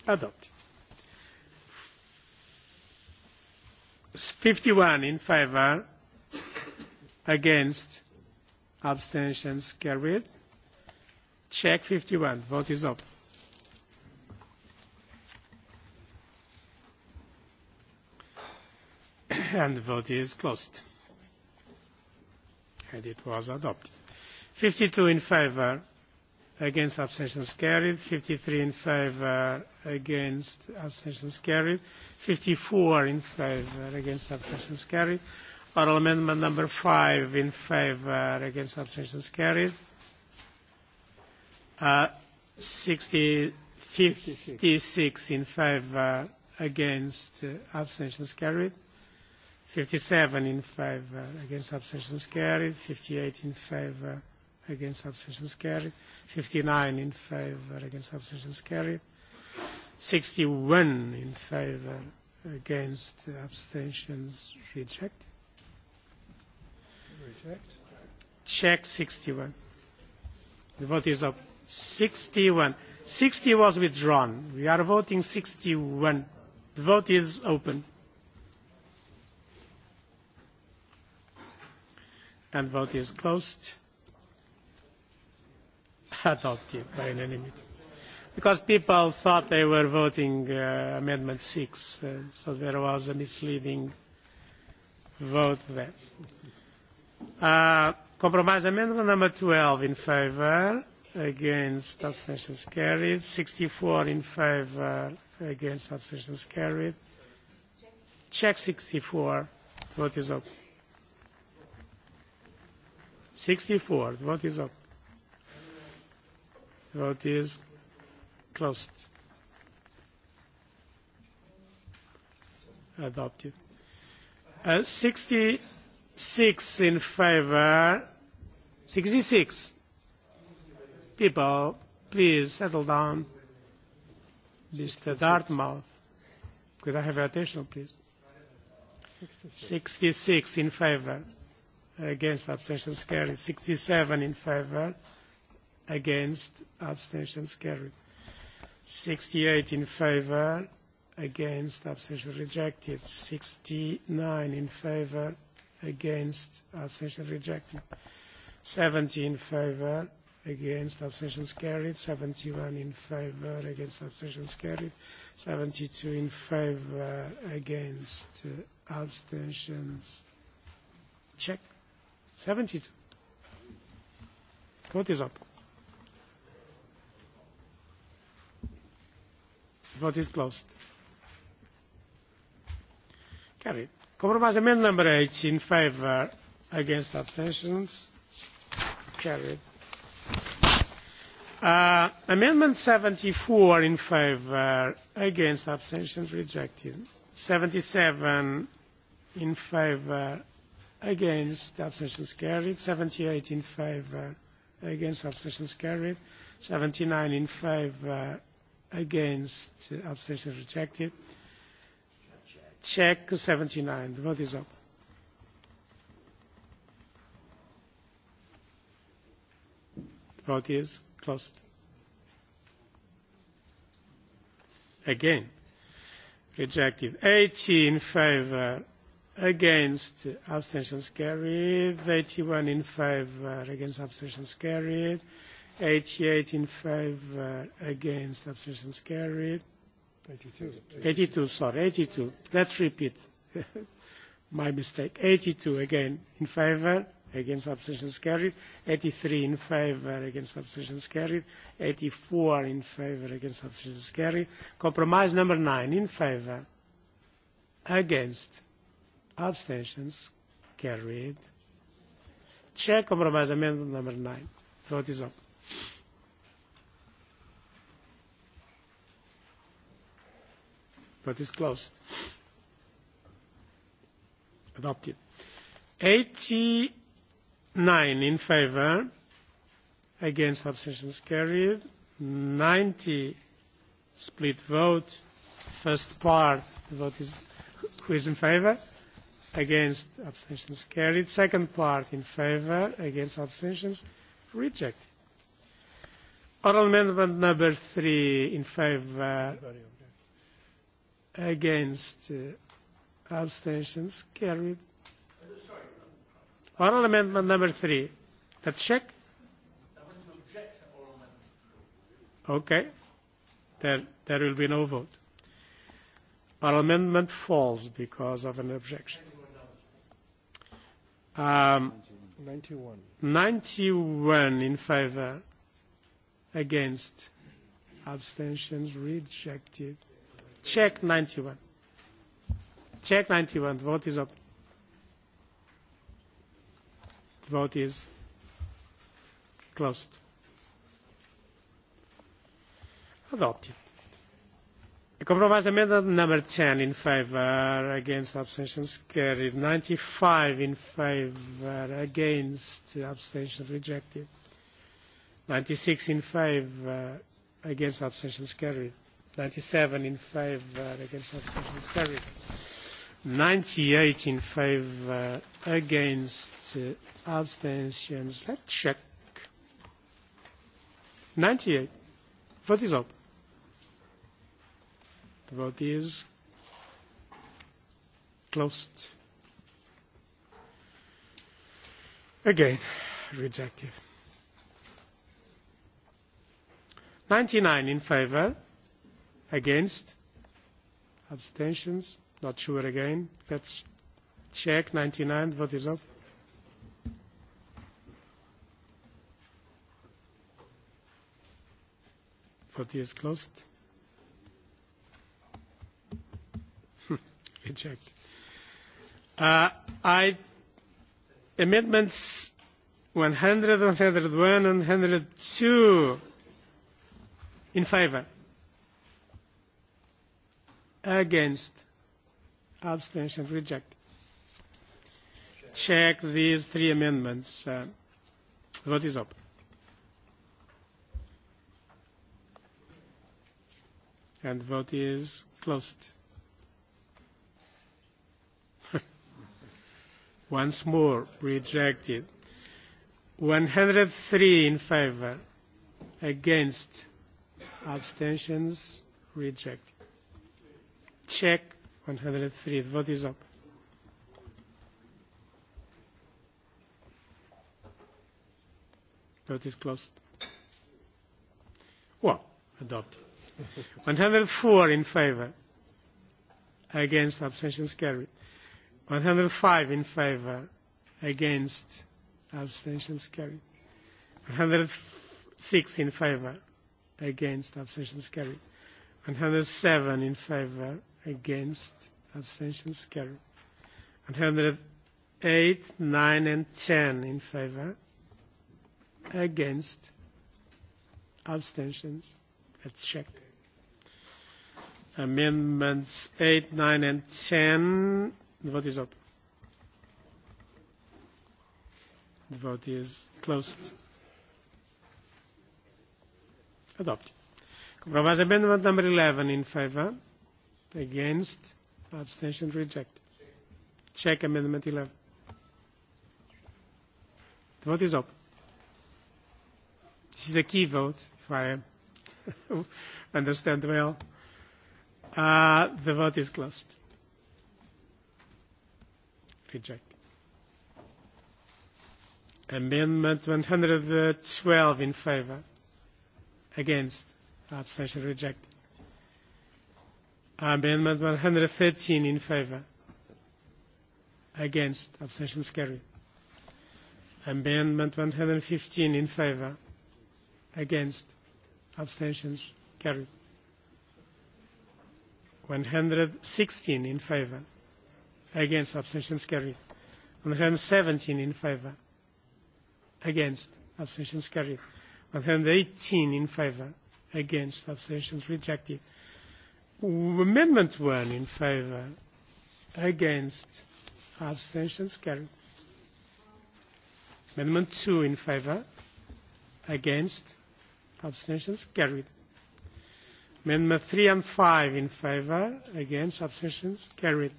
A: adopted. 51 in favour against abstentions carried check 51 vote is open and the vote is closed and it was adopted 52 in favour against abstentions carried 53 in favour against abstentions carried 54 in favour against abstentions carried oral amendment number 5 in favour against abstentions carried uh, 56 in favour against uh, abstentions carried 57 in favour against abstentions carried 58 in favour against abstentions carried. 59 in favour against abstentions carried. 61 in favour against abstentions rejected. Reject. Check 61. The vote is up. 61. 60 was withdrawn. We are voting 61. The vote is open. And vote is closed adopted by unanimity because people thought they were voting uh, amendment 6 uh, so there was a misleading vote there uh, compromise amendment number 12 in favor against abstentions carried 64 in favor against abstentions carried check 64 vote is open 64 vote is open Vote is closed. Adopted. Uh, 66 in favor. 66. People, please settle down. Mr. Dartmouth, could I have your attention, please? 66, 66 in favor. Against abstentions carried. 67 in favor against abstentions carried 68 in favour, against abstentions rejected 69 in favour, against abstentions rejected 70 in favour, against abstentions carried 71 in favour, against abstentions carried 72 in favour, against uh, abstentions check 72 vote is open Vote is closed. Carried. Compromise amendment number 8 in favour, against abstentions. Carried. Uh, amendment 74 in favour, against abstentions rejected. 77 in favour, against abstentions carried. 78 in favour, against abstentions carried. 79 in favour, against abstention rejected check 79 the vote is open the vote is closed again rejected 80 in favor against abstentions carried 81 in favor against abstentions carried 88 in favor, against, abstentions carried. 82. 82, sorry, 82. Let's repeat. My mistake. 82 again in favor, against abstentions carried. 83 in favor, against abstentions carried. 84 in favor, against abstentions carried. Compromise number 9 in favor, against, abstentions carried. Check compromise amendment number 9. Vote is open. Vote is closed. Adopted. 89 in favour. Against abstentions carried. 90 split vote. First part, the vote is who is in favour? Against abstentions carried. Second part in favour. Against abstentions rejected. Oral amendment number three in favour against uh, abstentions carried oral amendment number three That's check okay there there will be no vote oral amendment falls because of an objection um 91 91 in favor against abstentions rejected check 91 check 91 the vote is up. the vote is closed adopted a compromise amendment number 10 in favor against abstentions carried 95 in favor against abstentions rejected 96 in favor against abstentions carried 97 in favour against abstentions carried 98 in favour against abstentions let's check 98 vote is open the vote is closed again rejected 99 in favour against abstentions not sure again let's check 99 What is up vote is closed reject uh, I amendments 100 101 and 102 in favor against abstention rejected check these three amendments uh, vote is open and vote is closed once more rejected 103 in favor against abstentions rejected check 103. The vote is up. Vote is closed. Well, adopted. 104 in favour. Against abstentions carried. 105 in favour. Against abstentions carried. 106 in favour. Against abstentions carried. 107 in favour against abstentions carried 108 9 and 10 in favor against abstentions let's check amendments 8 9 and 10 the vote is up? the vote is closed adopted compromise amendment number 11 in favor against abstention reject. check amendment 11 the vote is open this is a key vote if i understand well uh, the vote is closed Reject. amendment 112 in favor against abstention reject. Amendment 113 in favour. Against. Abstentions carried. Amendment 115 in favour. Against. Abstentions carried. 116 in favour. Against. Abstentions carried. 117 in favour. Against. Abstentions carried. 118 in favour. Against. Abstentions rejected amendment one in favour against abstentions carried amendment two in favour against abstentions carried amendment three and five in favour against abstentions carried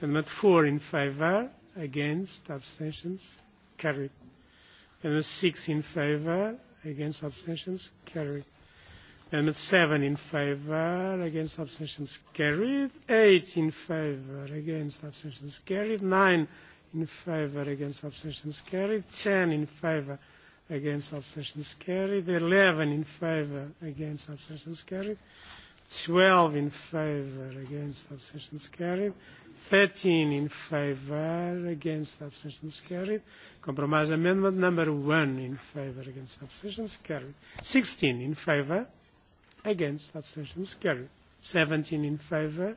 A: amendment four in favour against abstentions carried amendment six in favour against abstentions carried Amendment 7 in favour, against abstentions carried. 8 in favour, against abstentions carried. 9 in favour, against abstentions carried. 10 in favour, against abstentions carried. 11 in favour, against abstentions carried. 12 in favour, against abstentions carried. 13 in favour, against abstentions carried. Compromise amendment number 1 in favour, against abstentions carried. 16 in favour against abstentions carried 17 in favour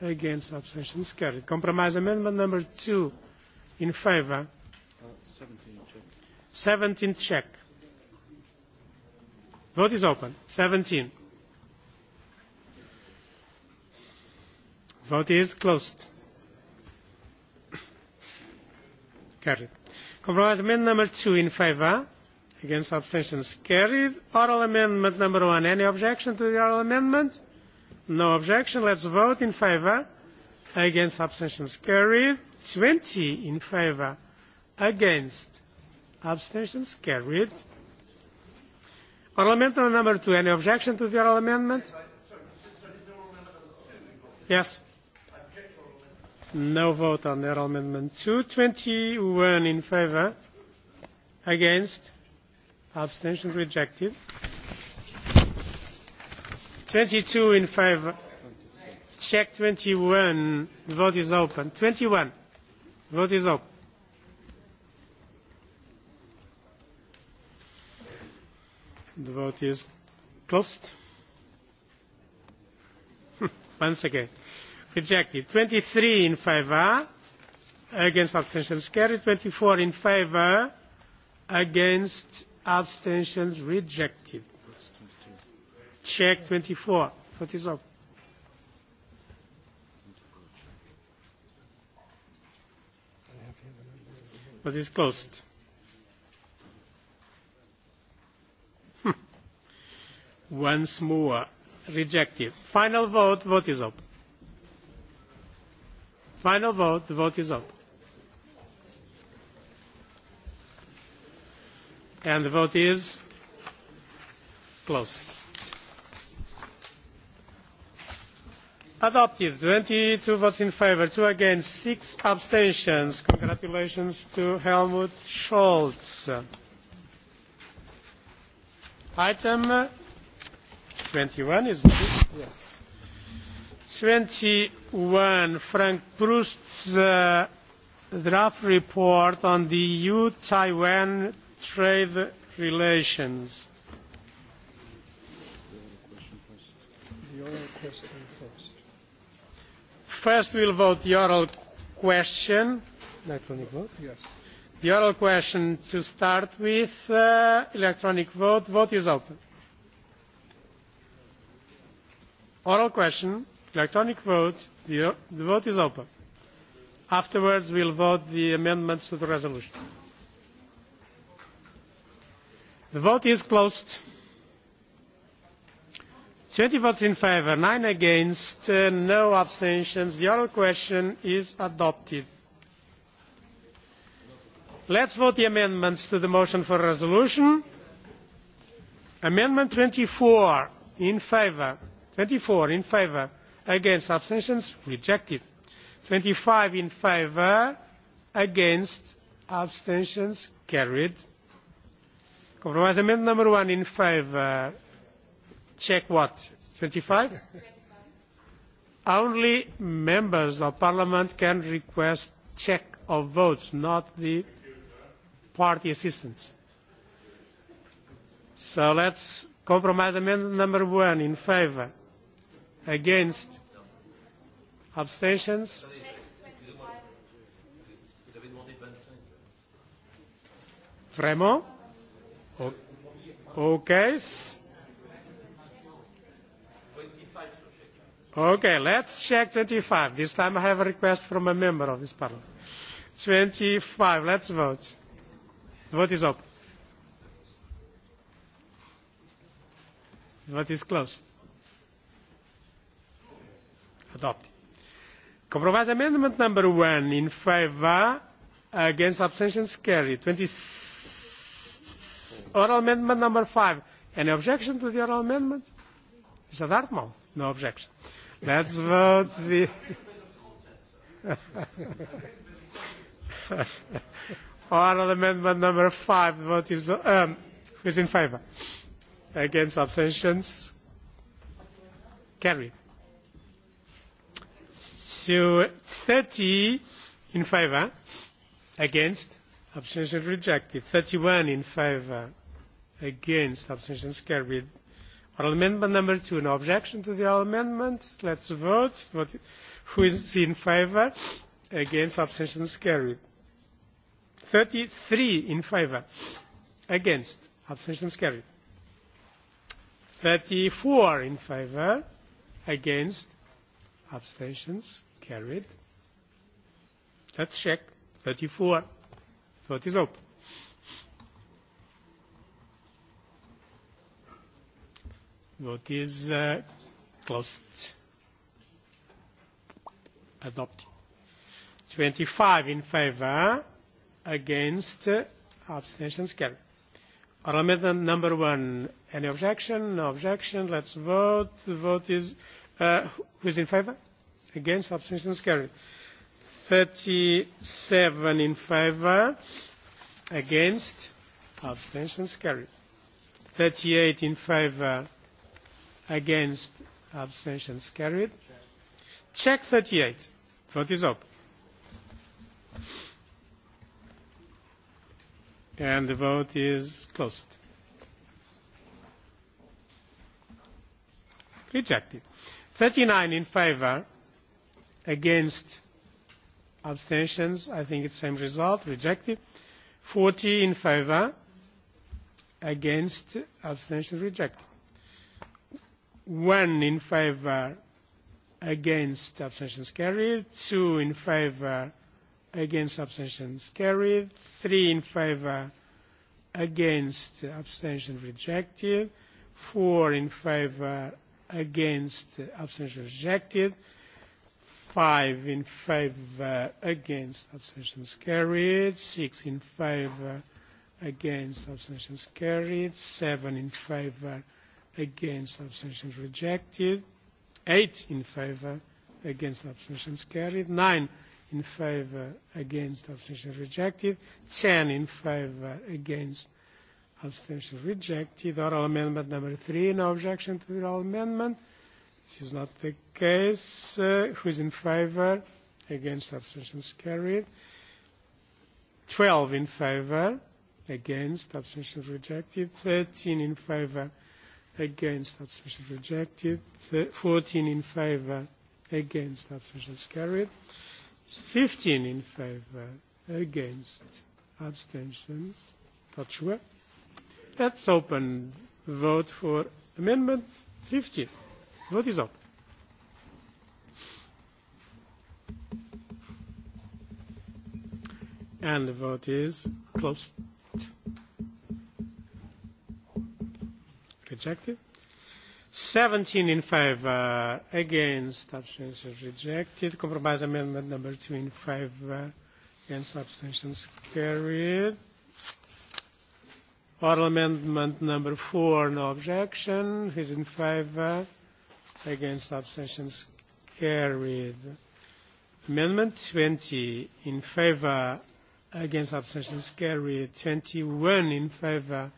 A: against abstentions carried compromise amendment number 2 in favour
C: uh, 17
A: check 17 check vote is open 17 vote is closed carried compromise amendment number 2 in favour against abstentions carried oral amendment number one any objection to the oral amendment no objection let's vote in favour against abstentions carried 20 in favour against abstentions carried oral amendment number two any objection to the oral amendment yes no vote on the oral amendment two twenty in favour against abstention rejected 22 in favor check 21 the vote is open 21 the vote is open the vote is closed once again rejected 23 in favor against abstention. Scary. 24 in favor against abstentions rejected check 24 what is up what is closed hmm. once more rejected final vote vote is up final vote the vote is up and the vote is closed. adopted 22 votes in favour two against six abstentions. congratulations to helmut scholz. item 21 is this? yes. 21. frank proust's uh, draft report on the eu taiwan trade relations. First. we'll vote the oral question. Electronic vote? Yes. The oral question to start with. Uh, electronic vote. Vote is open. Oral question. Electronic vote. The, the vote is open. Afterwards, we'll vote the amendments to the resolution the vote is closed twenty votes in favour nine against uh, no abstentions the oral question is adopted. let us vote the amendments to the motion for a resolution. amendment twenty four in favour twenty four in favour against abstentions rejected twenty five in favour against abstentions carried. Compromise amendment number one in favour. Check what? 25? Only members of parliament can request check of votes, not the party assistants. So let's compromise amendment number one in favour. Against? Abstentions? Vraiment Okay. Okay, let's check 25. This time I have a request from a member of this parliament. 25, let's vote. The vote is open. The vote is closed. Adopted. Compromise amendment number one in favor against abstentions carried. 26 Oral amendment number five. Any objection to the oral amendment? that one? No objection. Let's vote the... oral amendment number five. The vote is... Um, who's in favour? Against abstentions? Carry. So 30 in favour. Against? Abstention rejected. 31 in favour against abstentions carried oral amendment number two no objection to the amendments let's vote what, who is in favour against abstentions carried 33 in favour against abstentions carried 34 in favour against abstentions carried let's check 34 vote is open Vote is uh, closed. 25 in favour, against, uh, abstentions carried. Oral amendment number one. Any objection? No objection. Let's vote. The vote is uh, who is in favour? Against, abstentions carried. 37 in favour, against, abstentions carried. 38 in favour against abstentions carried check 38 vote is open and the vote is closed rejected 39 in favor against abstentions i think it's same result rejected 40 in favor against abstentions rejected one in favour against abstentions carried two in favour against abstentions carried three in favour against abstentions rejected four in favour against abstentions rejected five in favour against abstentions carried six in favour against abstentions carried seven in favour against abstentions rejected eight in favor against abstentions carried nine in favor against abstentions rejected ten in favor against abstentions rejected oral amendment number three, no objection to the oral amendment this is not the case uh, who is in favor against abstentions carried twelve in favor against abstentions rejected thirteen in favor against abstentions rejected 14 in favor against abstentions carried 15 in favor against abstentions not sure let's open vote for amendment 15 vote is open and the vote is closed rejected. 17 in favour, uh, against, abstentions rejected. Compromise amendment number 2 in favour, against, abstentions carried. Oral amendment number 4, no objection. Who's in favour? Against, abstentions carried. Amendment 20 in favour, against, abstentions carried. 21 in favour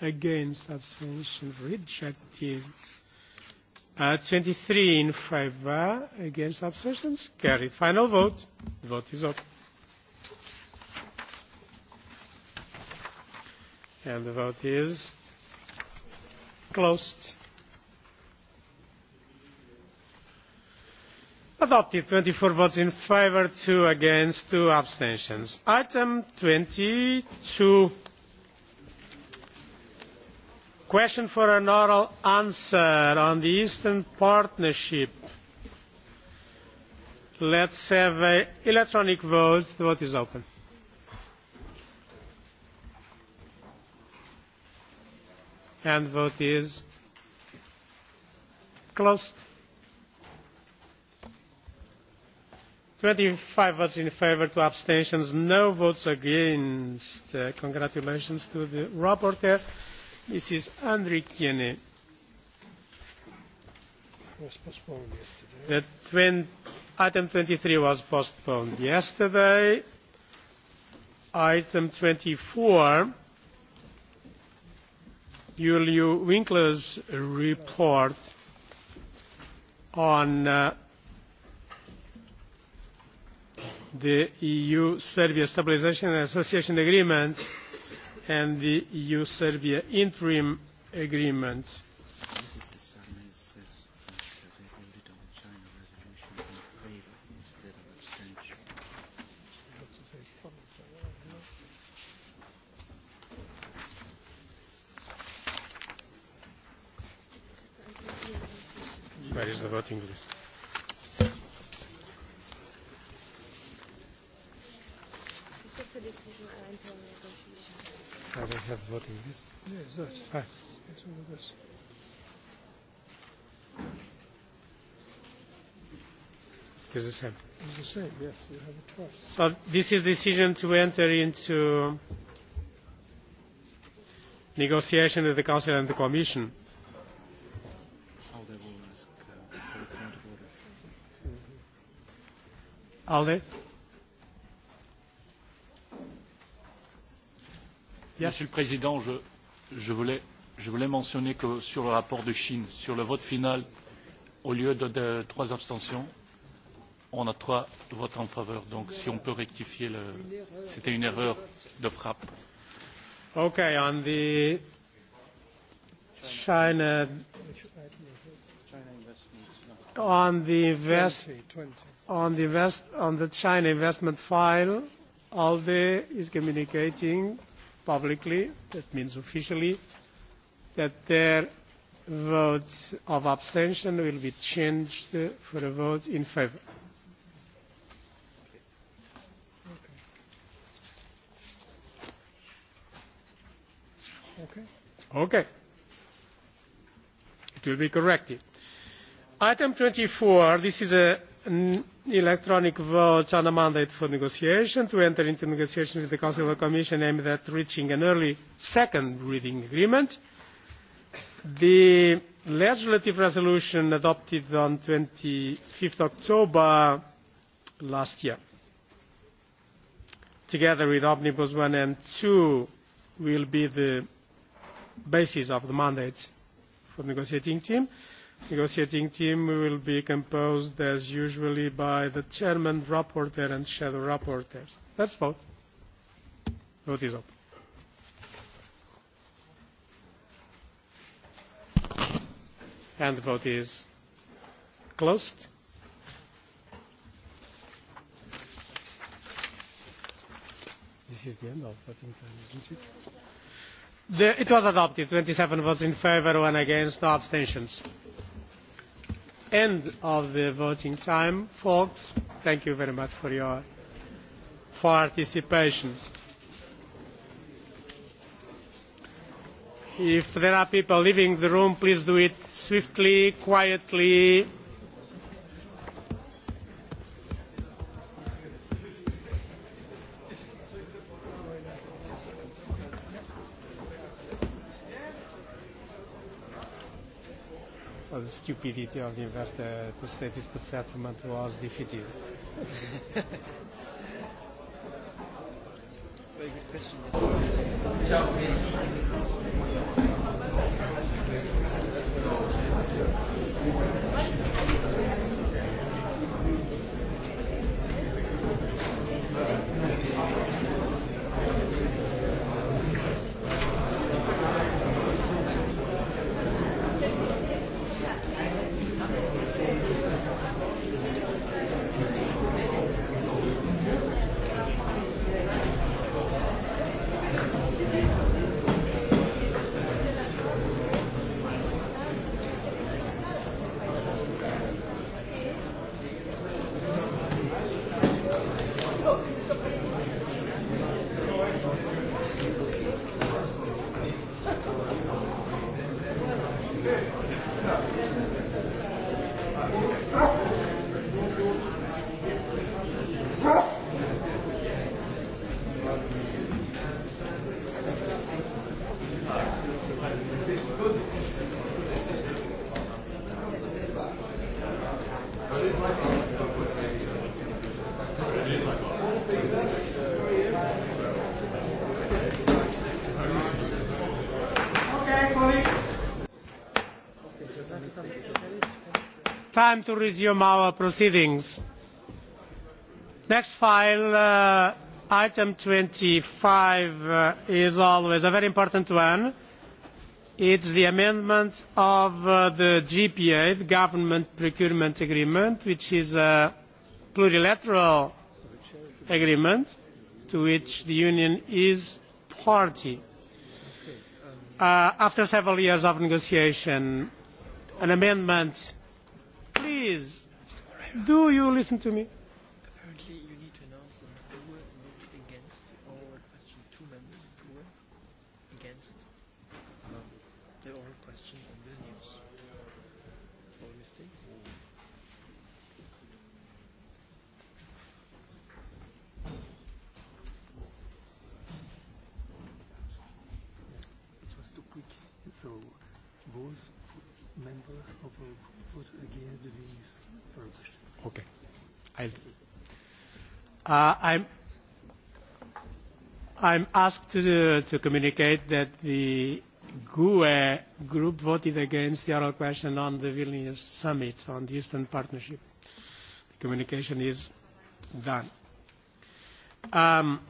A: against abstention rejected uh, 23 in favor against abstentions carried final vote the vote is open and the vote is closed adopted 24 votes in favour two against two abstentions. item 22 question for an oral answer on the eastern partnership let's have an electronic vote the vote is open and vote is closed 25 votes in favour, 2 abstentions, no votes against. Uh, congratulations to the rapporteur. Mrs. Andrikiene was
J: postponed
A: item 23 was postponed yesterday. Item 24, Julio Winkler's report on uh, the EU-Serbia Stabilization and Association Agreement and the EU-Serbia interim agreement this? It's the same. It's the same, yes. You have a choice. So this is decision to enter into negotiation with the Council and the Commission. Alde?
D: Yes. Monsieur le Président, je, je voulais je voulais mentionner que sur le rapport de chine sur le vote final au lieu de, trois abstentions on a trois votes en faveur donc si on peut rectifier le... c'était une erreur de frappe.
A: Okay, on the China,
C: on the invest,
A: on the invest, on the China investment file, ALDE is communicating publicly, that means officially, that their votes of abstention will be changed for a vote in favour. Okay. okay. It will be corrected. Item 24, this is an electronic vote on a mandate for negotiation to enter into negotiations with the Council and Commission aimed at reaching an early second reading agreement the legislative resolution adopted on twenty five october last year together with omnibus 1 and 2, will be the basis of the mandate for the negotiating team. the negotiating team will be composed as usually by the chairman, rapporteur and shadow rapporteurs. let's vote. vote is open. and the vote is closed. This is the end of voting time, isn't it? The, it was adopted. 27 votes in favour, one against, no abstentions. End of the voting time, folks. Thank you very much for your participation. if there are people leaving the room please do it swiftly quietly So the stupidity of the investor to say this settlement was defeated. Very good time to resume our proceedings. next file uh, item 25 uh, is always a very important one. it is the amendment of uh, the gpa the government procurement agreement which is a plurilateral agreement to which the union is party. Uh, after several years of negotiation an amendment please do you listen to me? member of vote against Okay. I'll do it. Uh, I'm, I'm asked to, to communicate that the GUE group voted against the oral question on the Vilnius summit on the Eastern Partnership. The communication is done. Um,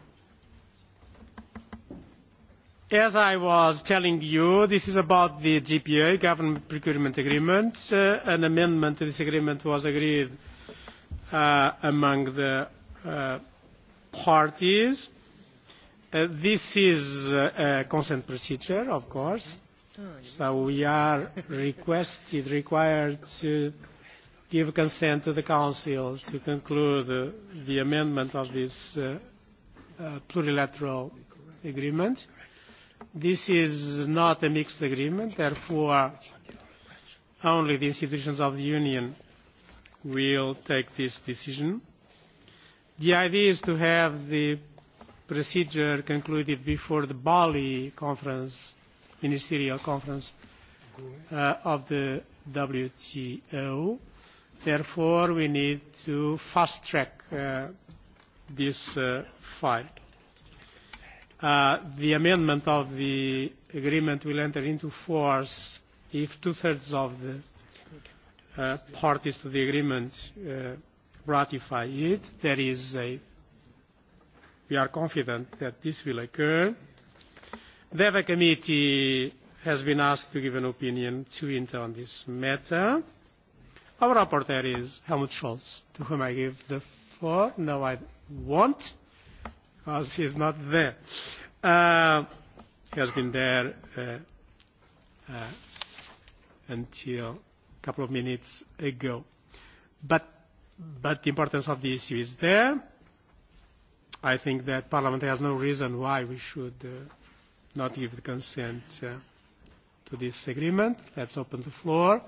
A: As I was telling you, this is about the GPA, Government Procurement Agreement. Uh, an amendment to this agreement was agreed uh, among the uh, parties. Uh, this is uh, a consent procedure, of course. So we are requested, required to give consent to the Council to conclude uh, the amendment of this uh, uh, plurilateral agreement This is not a mixed agreement, therefore only the institutions of the Union will take this decision. The idea is to have the procedure concluded before the Bali conference, ministerial conference uh, of the WTO. Therefore, we need to fast-track uh, this uh, file. Uh, the amendment of the agreement will enter into force if two-thirds of the uh, parties to the agreement uh, ratify it. There is a, we are confident that this will occur. The DEVA committee has been asked to give an opinion to Inter on this matter. Our rapporteur is Helmut Scholz, to whom I give the floor. No, I won't as he is not there. Uh, he has been there uh, uh, until a couple of minutes ago. But, but the importance of the issue is there. I think that Parliament has no reason why we should uh, not give the consent uh, to this agreement. Let's open the floor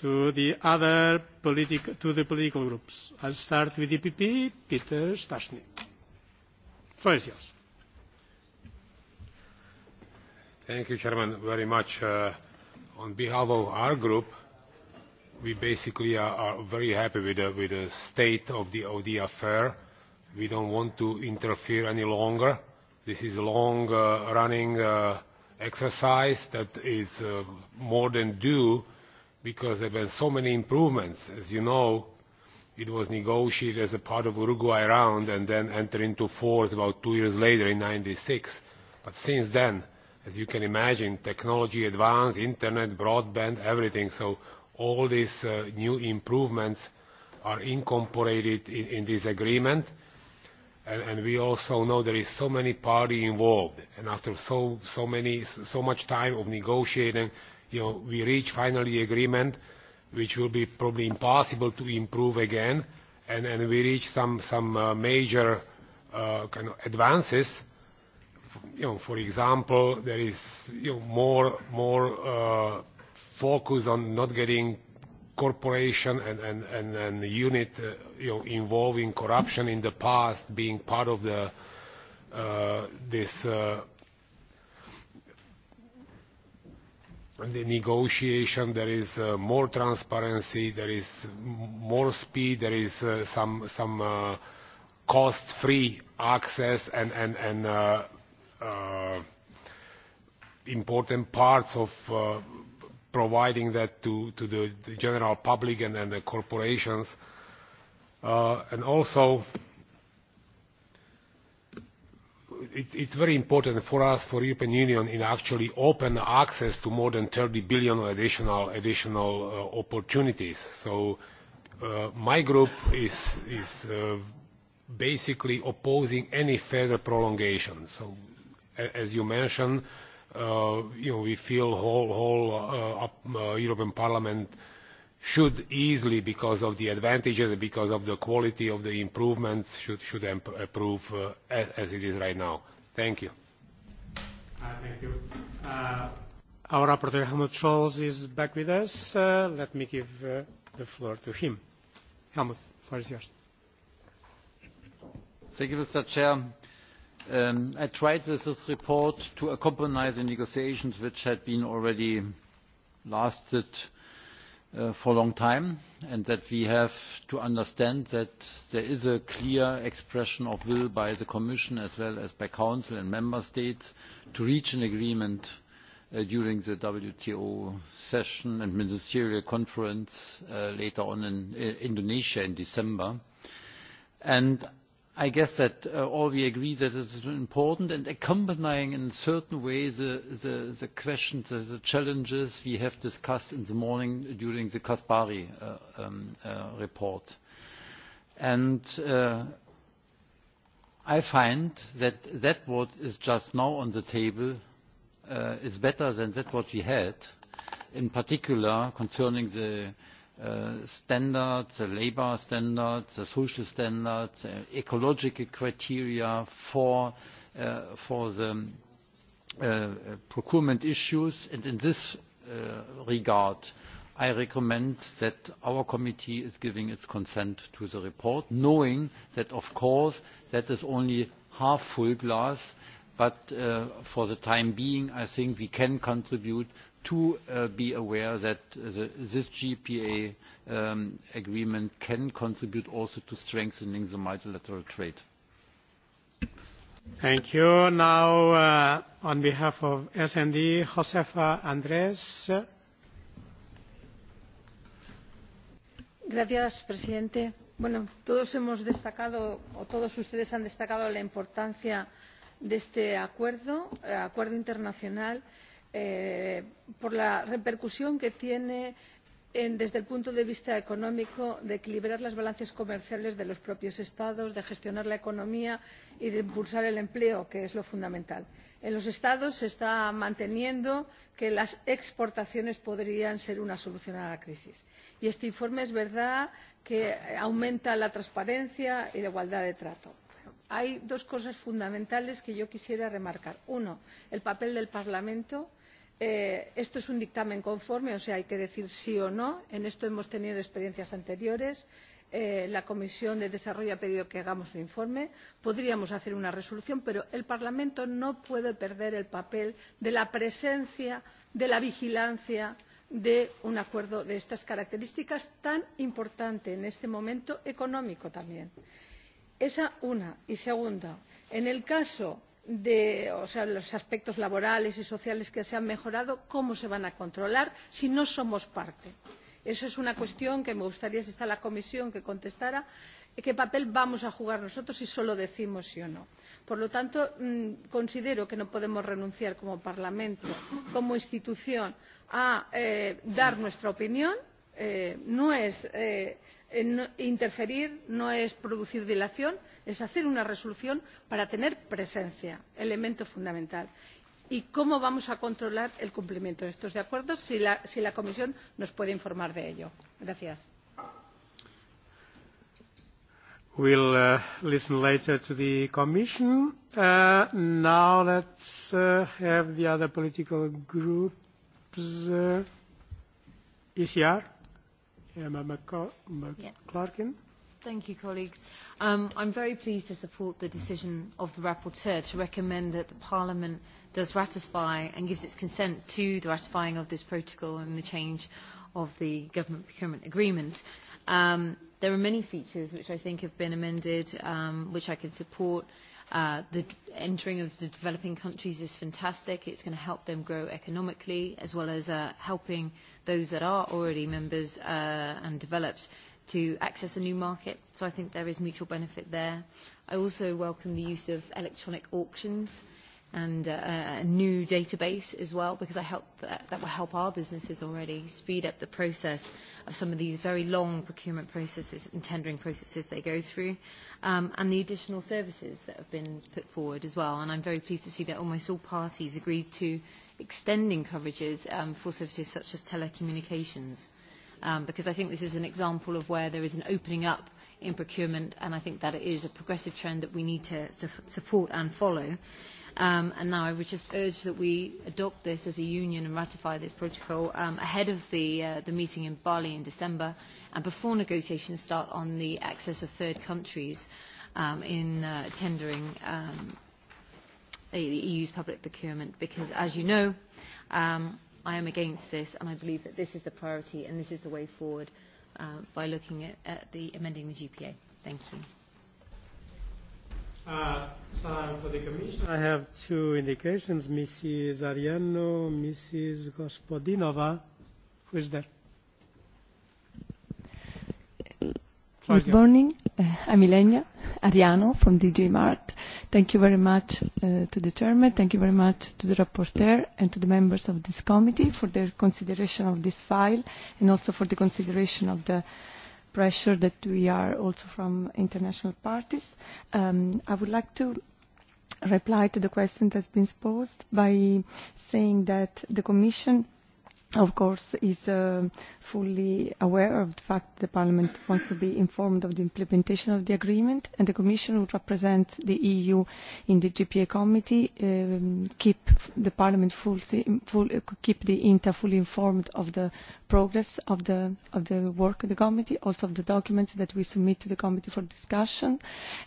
A: to the other political to the political groups. I'll start with EPP, Peter Stashny.
K: Thank you, Chairman, very much. Uh, on behalf of our group, we basically are, are very happy with the, with the state of the OD affair. We don't want to interfere any longer. This is a long-running uh, uh, exercise that is uh, more than due because there have been so many improvements. As you know, it was negotiated as a part of uruguay round and then entered into force about two years later in 96. but since then as you can imagine technology advanced internet broadband everything so all these uh, new improvements are incorporated in, in this agreement and, and we also know there is so many parties involved and after so so many so much time of negotiating you know we reach finally agreement which will be probably impossible to improve again, and, and we reach some, some uh, major uh, kind of advances. You know, for example, there is you know, more, more uh, focus on not getting corporation and, and, and, and unit uh, you know, involved in corruption in the past being part of the, uh, this uh, the negotiation there is uh, more transparency there is more speed there is uh, some some uh, cost free access and and and uh, uh, important parts of uh, providing that to to the, the general public and, and the corporations uh, and also uh, it's, is very important for us, for European Union, in actually open access to more than 30 billion additional, additional uh, opportunities. So uh, my group is, uh, basically opposing any further prolongation. So as you mentioned, you know, we feel whole, whole European Parliament should easily because of the advantages and because of the quality of the improvements should, should approve uh, as, as it is right now. Thank you.
A: Uh, thank you. Uh, our rapporteur Helmut Scholz is back with us. Uh, let me give uh, the floor to him. Helmut, floor is yours.
E: Thank you, Mr. Chair. Um, I tried with this report to accompany the negotiations which had been already lasted Uh, for a long time and that we have to understand that there is a clear expression of will by the commission as well as by council and member states to reach an agreement uh, during the wto session and ministerial conference uh, later on in indonesia in december. And i guess that uh, all we agree that it is important and accompanying in a certain way the, the, the questions, the, the challenges we have discussed in the morning during the Kaspari uh, um, uh, report. And uh, I find that that what is just now on the table uh, is better than that what we had, in particular concerning the Äh, standards the labour standards the social standards the äh, ecological criteria for, uh, for the uh, procurement issues and in this uh, regard i recommend that our committee is giving its consent to the report knowing that of course that is only half full glass but uh, for the time being i think we can contribute to uh, be aware that uh, the, this GPA um, agreement can contribute also to strengthening the multilateral trade.
A: Thank you. Now, uh, on behalf of SND, Josefa Andrés.
L: Gracias, presidente, bueno, todos hemos destacado, o todos ustedes han destacado la importancia de este acuerdo, acuerdo internacional, Eh, por la repercusión que tiene desde el punto de vista económico de equilibrar las balanzas comerciales de los propios estados de gestionar la economía y de impulsar el empleo que es lo fundamental. en los estados se está manteniendo que las exportaciones podrían ser una solución a la crisis y este informe es verdad que aumenta la transparencia y la igualdad de trato hay dos cosas fundamentales que yo quisiera remarcar. una el papel del parlamento que Eh, esto es un dictamen conforme o sea hay que decir sí o no en esto hemos tenido experiencias anteriores eh, la comisión de desarrollo ha pedido que hagamos un informe podríamos hacer una resolución pero el parlamento no puede perder el papel de la presencia de la vigilancia de un acuerdo de estas características tan importante en este momento económico también. esa es una. y segunda en el caso de los aspectos laborales y sociales que se han mejorado cómo se van a controlar si no somos parte? esa es una cuestión que me gustaría si está la comisión que contestara qué papel vamos a jugar nosotros si solo decimos sí o no. por lo tanto mm, considero que no podemos renunciar como parlamento como institución a eh, dar nuestra opinión eh, no es eh, interferir no es producir dilación es hacer una resolución para tener presencia elemento fundamental. y cómo vamos a controlar el cumplimiento de estos acuerdos si la, comisión nos puede informar de
A: ello?
I: Thank you, colleagues. Um, I'm very pleased to support the decision of the rapporteur to recommend that the Parliament does ratify and gives its consent to the ratifying of this protocol and the change of the government procurement agreement. Um, there are many features which I think have been amended, um, which I can support. Uh, the entering of the developing countries is fantastic. It's going to help them grow economically, as well as uh, helping those that are already members uh, and developed to access a new market. So I think there is mutual benefit there. I also welcome the use of electronic auctions and a, uh, a new database as well because I help that, uh, that will help our businesses already speed up the process of some of these very long procurement processes and tendering processes they go through um, and the additional services that have been put forward as well and I'm very pleased to see that almost all parties agreed to extending coverages um, for services such as telecommunications um, because I think this is an example of where there is an opening up in procurement, and I think that it is a progressive trend that we need to, to support and follow. Um, and now I would just urge that we adopt this as a union and ratify this protocol um, ahead of the, uh, the meeting in Bali in December and before negotiations start on the access of third countries um, in uh, tendering um, the EU's public procurement because, as you know, um, I am against this, and I believe that this is the priority and this is the way forward uh, by looking at, at the amending the GPA. Thank you.
A: Uh, time for the Commission, I have two indications: Mrs. Ariano, Mrs. Gospodinova. Who is there? Good
M: morning. Uh, I'm Ilenia Ariano from DG Mart. Thank you very much uh, to the chairman. Thank you very much to the rapporteur and to the members of this committee for their consideration of this file and also for the consideration of the pressure that we are also from international parties. Um, I would like to reply to the question that's been posed by saying that the Commission of course is uh, fully aware of the fact that parliament wants to be informed of the implementation of the agreement and the commission will represent the eu in the gpa committee um, keep the parliament full, full, keep the inta fully informed of the progress of the, of the work of the committee, also of the documents that we submit to the committee for discussion,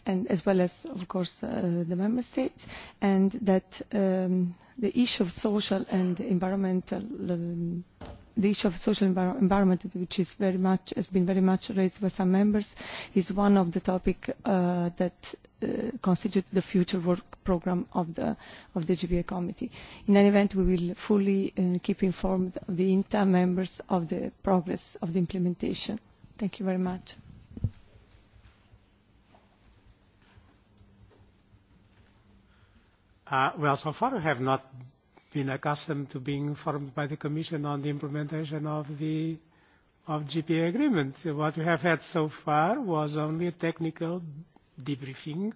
M: and as well as, of course, uh, the member states, and that um, the issue of social and environmental um, the issue of social envir environment, which is very much, has been very much raised by some members, is one of the topic uh, that uh, constitute the future work program of the, of the GBA committee. In any event, we will fully uh, keep informed of the INTA members of the progress of the implementation. Thank you very much.
A: Uh, well, so far we have not been accustomed to being informed by the Commission on the implementation of the of GPA agreement. What we have had so far was only a technical debriefing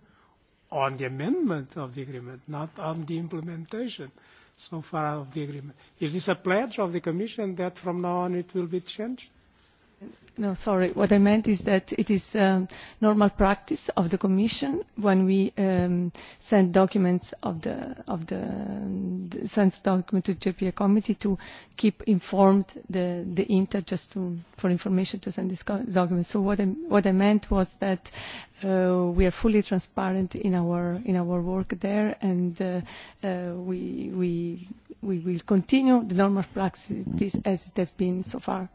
A: on the amendment of the agreement, not on the implementation so far of the agreement. Is this a pledge of the Commission that from now on it will be changed?
M: No, sorry. What I meant is that it is um, normal practice of the Commission when we um, send documents of the of document to the JPA committee to keep informed the inta Inter just to for information to send this document. So what I what I meant was that uh, we are fully transparent in our in our work there, and uh, uh, we we we will continue the normal practice as it has been so far.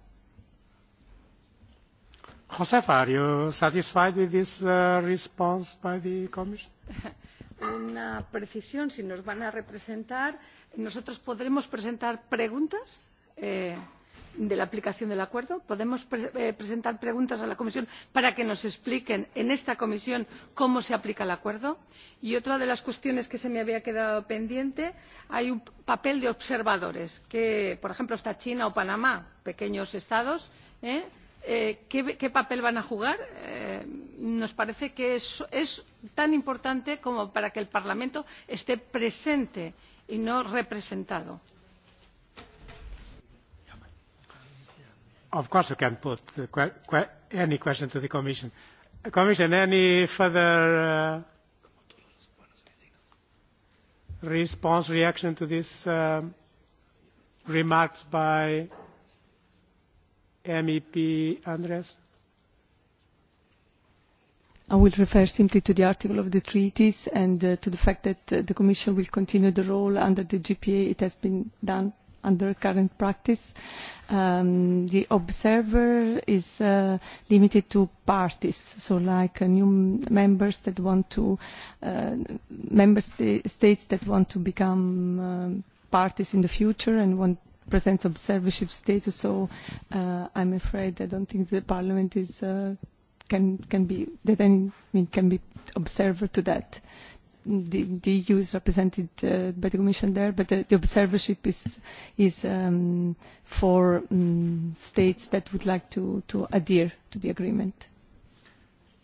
A: Josefa, are you satisfied with this uh, response by the Commission?
L: Una precisión, si nos van a representar, nosotros podremos presentar preguntas. Eh, de la aplicación del acuerdo podemos pre eh, presentar preguntas a la comisión para que nos expliquen en esta comisión cómo se aplica el acuerdo y otra de las cuestiones que se me había quedado pendiente hay un papel de observadores que por ejemplo está china o panamá pequeños estados eh, Eh, ¿qué, papel van a jugar? Eh, nos parece que es, tan importante como para que el parlamento esté presente y no representado.
A: Of course, you can put any question to the Commission. Commission, any further uh, response, reaction to these uh, remarks by MEP Andres.
M: I will refer simply to the article of the treaties and uh, to the fact that uh, the Commission will continue the role under the GPA. It has been done under current practice. Um, the observer is uh, limited to parties, so like uh, new members that want to, uh, member sta states that want to become um, parties in the future and want presents observership status, so uh, I'm afraid I don't think the Parliament is uh, can can be that any can be observer to that. The, the EU is represented uh, by the Commission there, but the, the observership is is um, for um, states that would like to to adhere to the agreement.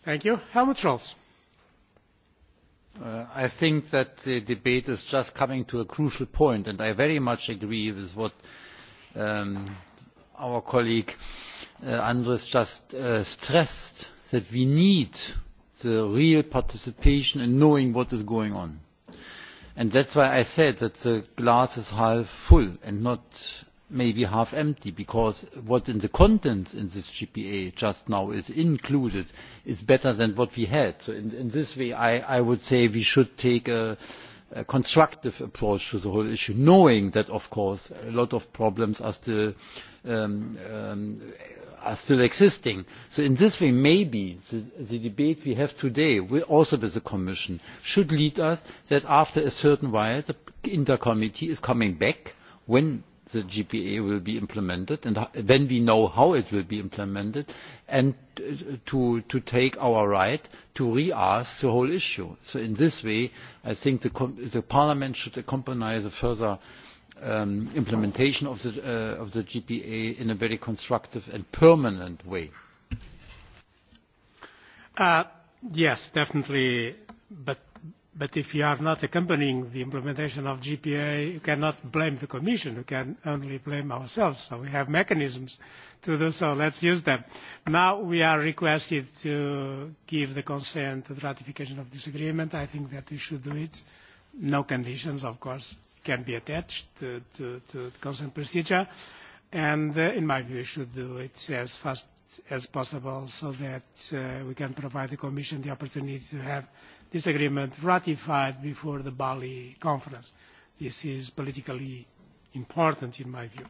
A: Thank you, Helmut Scholz.
E: Uh, i think that the debate is just coming to a crucial point and i very much agree with what um, our colleague uh, andrs just uh, stressed that we need the real participation in knowing what is going on and that is why i said that the glass is half full and not maybe half empty because what in the contents in this gpa just now is included is better than what we had. so in, this way I, would say we should take a, constructive approach to the whole issue knowing that of course a lot of problems are still, um, um, are still existing. so in this way maybe the, debate we have today also with the commission should lead us that after a certain while the inta committee is coming back when the GPA will be implemented and when we know how it will be implemented, and to, to take our right to re-ask the whole issue. So in this way, I think the, the Parliament should accompany the further um, implementation of the, uh, of the GPA in a very constructive and permanent way.
A: Uh, yes, definitely. But But if you are not accompanying the implementation of GPA, you cannot blame the Commission. You can only blame ourselves. So we have mechanisms to do so. Let's use them. Now we are requested to give the consent to the ratification of this agreement. I think that we should do it. No conditions, of course, can be attached to, to, to the consent procedure. And uh, in my view, we should do it as fast as possible so that uh, we can provide the Commission the opportunity to have this agreement ratified before the Bali conference. This is politically important in my view.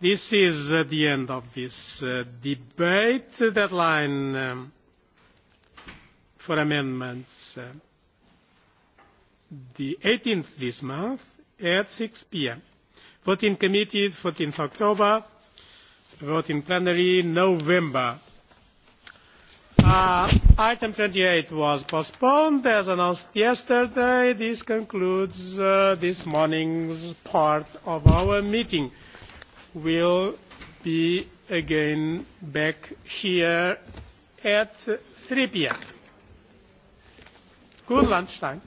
A: This is uh, the end of this uh, debate. The deadline um, for amendments uh, the 18th this month at 6 p.m. Vote in committee 14th October, vote in plenary November Uh, item 28 was postponed as announced yesterday. this concludes uh, this morning's part of our meeting. We'll be again back here at 3 pm. good lunchtime.